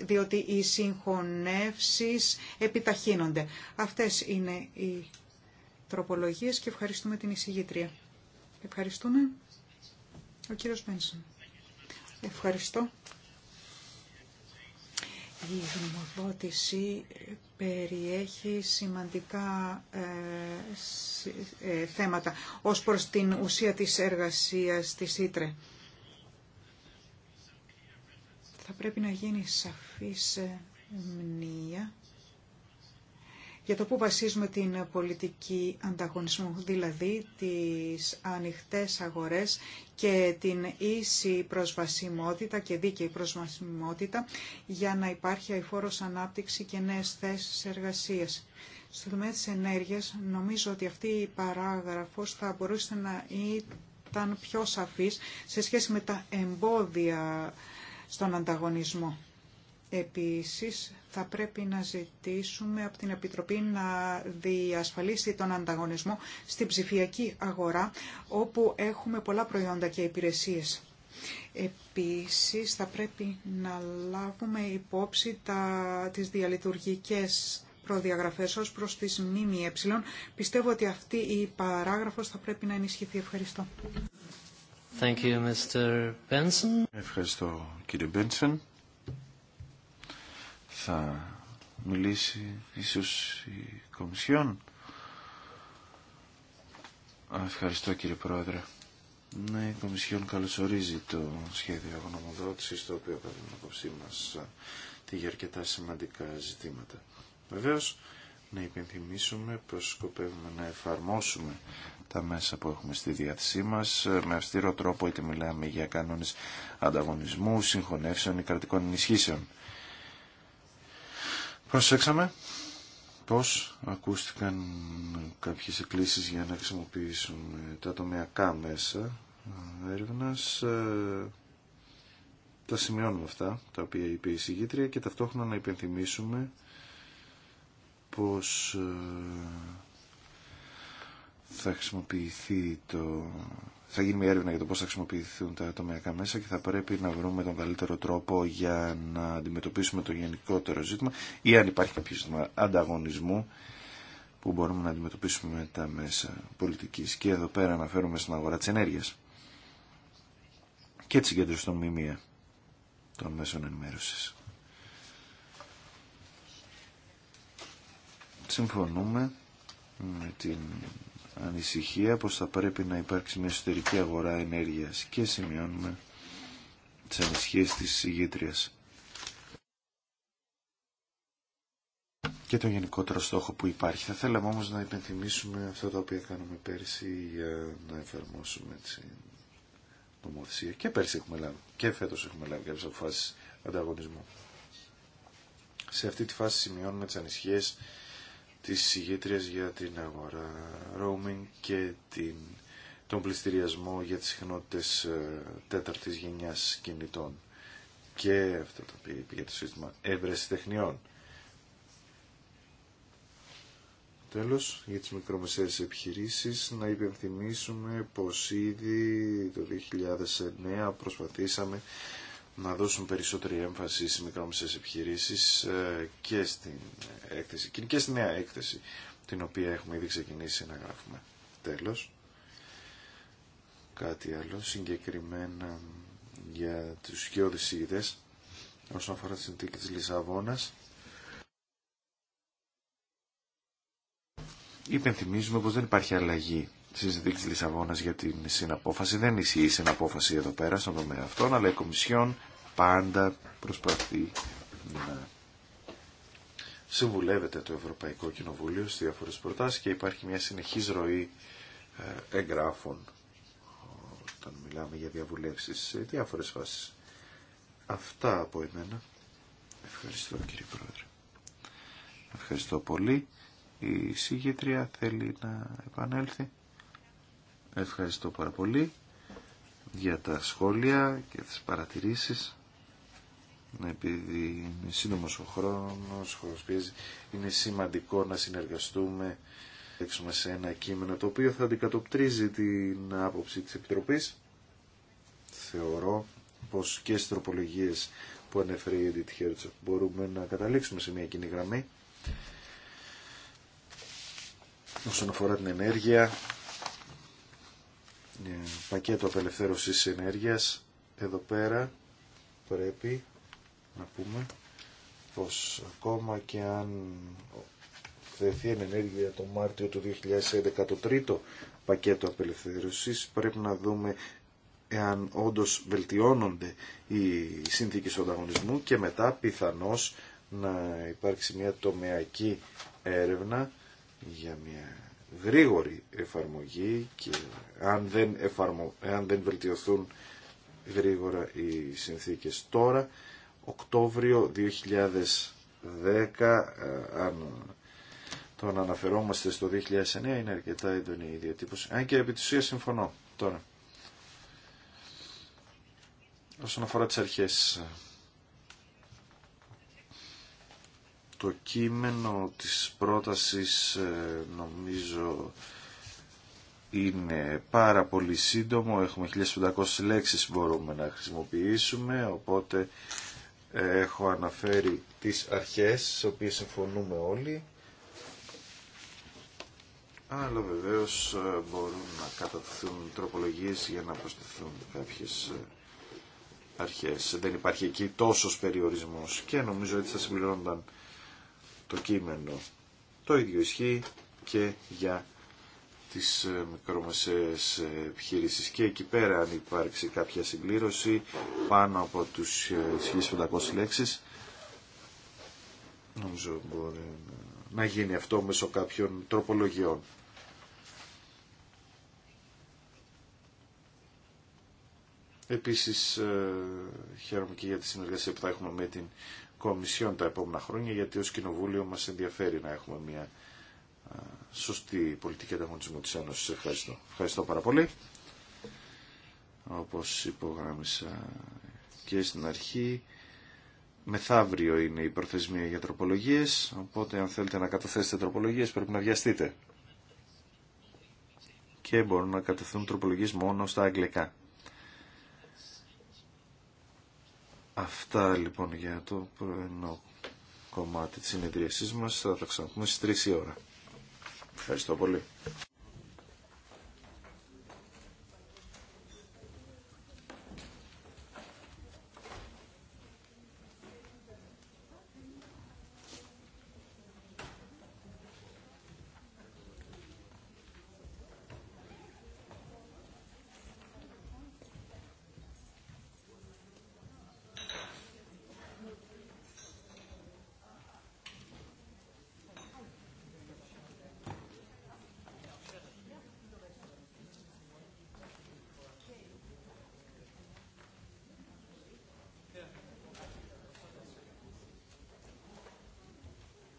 διότι οι συγχωνεύσεις επιταχύνονται. Αυτές είναι οι τροπολογίες και ευχαριστούμε την εισηγήτρια. Ευχαριστούμε. Ο κύριος Μπένσον. Ευχαριστώ. Η γνωμοδότηση περιέχει σημαντικά ε, ε, θέματα ως προς την ουσία της εργασίας της Ήτρε. Θα πρέπει να γίνει σαφής ε, μνήα για το που βασίζουμε την πολιτική ανταγωνισμού, δηλαδή τις ανοιχτές αγορές και την ίση προσβασιμότητα και δίκαιη προσβασιμότητα για να υπάρχει αηφόρος ανάπτυξη και νέες θέσεις εργασίας. Στο τομέα της ενέργειας νομίζω ότι αυτή η παράγραφος θα μπορούσε να ήταν πιο σαφής σε σχέση με τα εμπόδια στον ανταγωνισμό. Επίσης, θα πρέπει να ζητήσουμε από την Επιτροπή να διασφαλίσει τον ανταγωνισμό στην ψηφιακή αγορά, όπου έχουμε πολλά προϊόντα και υπηρεσίες. Επίσης, θα πρέπει να λάβουμε υπόψη τα, τις διαλειτουργικές προδιαγραφές ως προς τις ε. Πιστεύω ότι αυτή η παράγραφος θα πρέπει να ενισχυθεί. Ευχαριστώ. Thank you, Mr. Ευχαριστώ κύριε θα μιλήσει ίσως η Κομισιόν. Ευχαριστώ κύριε Πρόεδρε. Ναι, η Κομισιόν καλωσορίζει το σχέδιο γνωμοδότησης, το οποίο κατά την απόψή μας για αρκετά σημαντικά ζητήματα. Βεβαίως, να υπενθυμίσουμε πως σκοπεύουμε να εφαρμόσουμε τα μέσα που έχουμε στη διάθεσή μας ε, με αυστηρό τρόπο είτε μιλάμε για κανόνες ανταγωνισμού, συγχωνεύσεων ή κρατικών ενισχύσεων. Προσέξαμε πως ακούστηκαν κάποιες εκκλήσεις για να χρησιμοποιήσουμε τα τομεακά μέσα έρευνας. Ε, τα σημειώνουμε αυτά, τα οποία είπε η συγγήτρια και ταυτόχρονα να υπενθυμίσουμε πως ε, θα χρησιμοποιηθεί το θα γίνει μια έρευνα για το πώς θα χρησιμοποιηθούν τα ατομιακά μέσα και θα πρέπει να βρούμε τον καλύτερο τρόπο για να αντιμετωπίσουμε το γενικότερο ζήτημα ή αν υπάρχει κάποιο ζήτημα ανταγωνισμού που μπορούμε να αντιμετωπίσουμε τα μέσα πολιτικής. Και εδώ πέρα αναφέρουμε στην αγορά της ενέργειας και τη συγκέντρωση των μημία των μέσων ενημέρωσης. Συμφωνούμε με την ανησυχία πως θα πρέπει να υπάρξει μια εσωτερική αγορά ενέργειας και σημειώνουμε τις ανησυχίες της συγγήτριας και τον γενικότερο στόχο που υπάρχει. Θα θέλαμε όμως να υπενθυμίσουμε αυτά τα οποία κάναμε πέρσι για να εφαρμόσουμε την νομοθεσία. Και πέρσι έχουμε λάβει και φέτος έχουμε λάβει κάποιες αποφάσεις ανταγωνισμού. Σε αυτή τη φάση σημειώνουμε τις ανησυχίες της ηγέτριας για την αγορά roaming και την, τον πληστηριασμό για τις συχνότητες ε, τέταρτης γενιάς κινητών και αυτό το οποίο είπε για το σύστημα έβρεση τεχνιών. Τέλος, για τις μικρομεσαίες επιχειρήσεις, να υπενθυμίσουμε πως ήδη το 2009 προσπαθήσαμε να δώσουν περισσότερη έμφαση στις μικρόμεσες επιχειρήσεις ε, και στην έκθεση και νέα έκθεση την οποία έχουμε ήδη ξεκινήσει να γράφουμε. Τέλος, κάτι άλλο συγκεκριμένα για τους σκιώδεις ηγητές όσον αφορά τη συνθήκη της Λισαβόνας. Υπενθυμίζουμε πως δεν υπάρχει αλλαγή Συζητή τη Λισαβόνας για την συναπόφαση. Δεν ισχύει η συναπόφαση εδώ πέρα στον τομέα αυτόν, αλλά η Κομισιόν πάντα προσπαθεί να συμβουλεύεται το Ευρωπαϊκό Κοινοβούλιο στις διάφορες προτάσεις και υπάρχει μια συνεχής ροή ε, εγγράφων όταν μιλάμε για διαβουλεύσεις σε διάφορες φάσεις. Αυτά από εμένα. Ευχαριστώ κύριε Πρόεδρε. Ευχαριστώ πολύ. Η συγγήτρια θέλει να επανέλθει. Ευχαριστώ πάρα πολύ για τα σχόλια και τις παρατηρήσεις. Ναι, επειδή είναι σύντομος ο χρόνος, πιέζει. είναι σημαντικό να συνεργαστούμε έξουμε σε ένα κείμενο το οποίο θα αντικατοπτρίζει την άποψη της Επιτροπής. Θεωρώ πως και στις τροπολογίες που ανέφερε η Edith μπορούμε να καταλήξουμε σε μια κοινή γραμμή όσον αφορά την ενέργεια πακέτο απελευθέρωσης ενέργειας. Εδώ πέρα πρέπει να πούμε πως ακόμα και αν θεθεί εν ενέργεια το Μάρτιο του 2011 το τρίτο πακέτο απελευθέρωσης πρέπει να δούμε εάν όντως βελτιώνονται οι συνθήκες του ανταγωνισμού και μετά πιθανώς να υπάρξει μια τομεακή έρευνα για μια γρήγορη εφαρμογή και αν δεν, εφαρμο... αν δεν βελτιωθούν γρήγορα οι συνθήκες τώρα, Οκτώβριο 2010, ε, αν το αναφερόμαστε στο 2009, είναι αρκετά έντονη η διατύπωση. Αν και επί της ουσίας συμφωνώ τώρα. Όσον αφορά τις αρχές, το κείμενο της πρότασης ε, νομίζω είναι πάρα πολύ σύντομο. Έχουμε 1500 λέξεις μπορούμε να χρησιμοποιήσουμε, οπότε ε, έχω αναφέρει τις αρχές στις οποίες συμφωνούμε όλοι. Αλλά βεβαίως ε, μπορούν να κατατεθούν τροπολογίες για να προσθεθούν κάποιες αρχές. Δεν υπάρχει εκεί τόσος περιορισμός και νομίζω έτσι θα συμπληρώνονταν το κείμενο. Το ίδιο ισχύει και για τις ε, μικρομεσαίες ε, επιχείρησεις και εκεί πέρα αν υπάρξει κάποια συγκλήρωση πάνω από τους 1500 ε, λέξεις νομίζω μπορεί να γίνει αυτό μέσω κάποιων τροπολογιών. Επίσης χαίρομαι και για τη συνεργασία που θα έχουμε με την Κομισιόν τα επόμενα χρόνια, γιατί ως Κοινοβούλιο μας ενδιαφέρει να έχουμε μια σωστή πολιτική ανταγωνισμού της Ένωσης. Ευχαριστώ. Ευχαριστώ πάρα πολύ. Όπως υπογράμμισα και στην αρχή, μεθαύριο είναι η προθεσμία για τροπολογίες, οπότε αν θέλετε να καταθέσετε τροπολογίες πρέπει να βιαστείτε. Και μπορούν να κατευθούν τροπολογίες μόνο στα αγγλικά. Αυτά λοιπόν για το πρωινό κομμάτι της συνεδρίασής μας. Θα τα ξαναπούμε στις 3 η ώρα. Ευχαριστώ πολύ.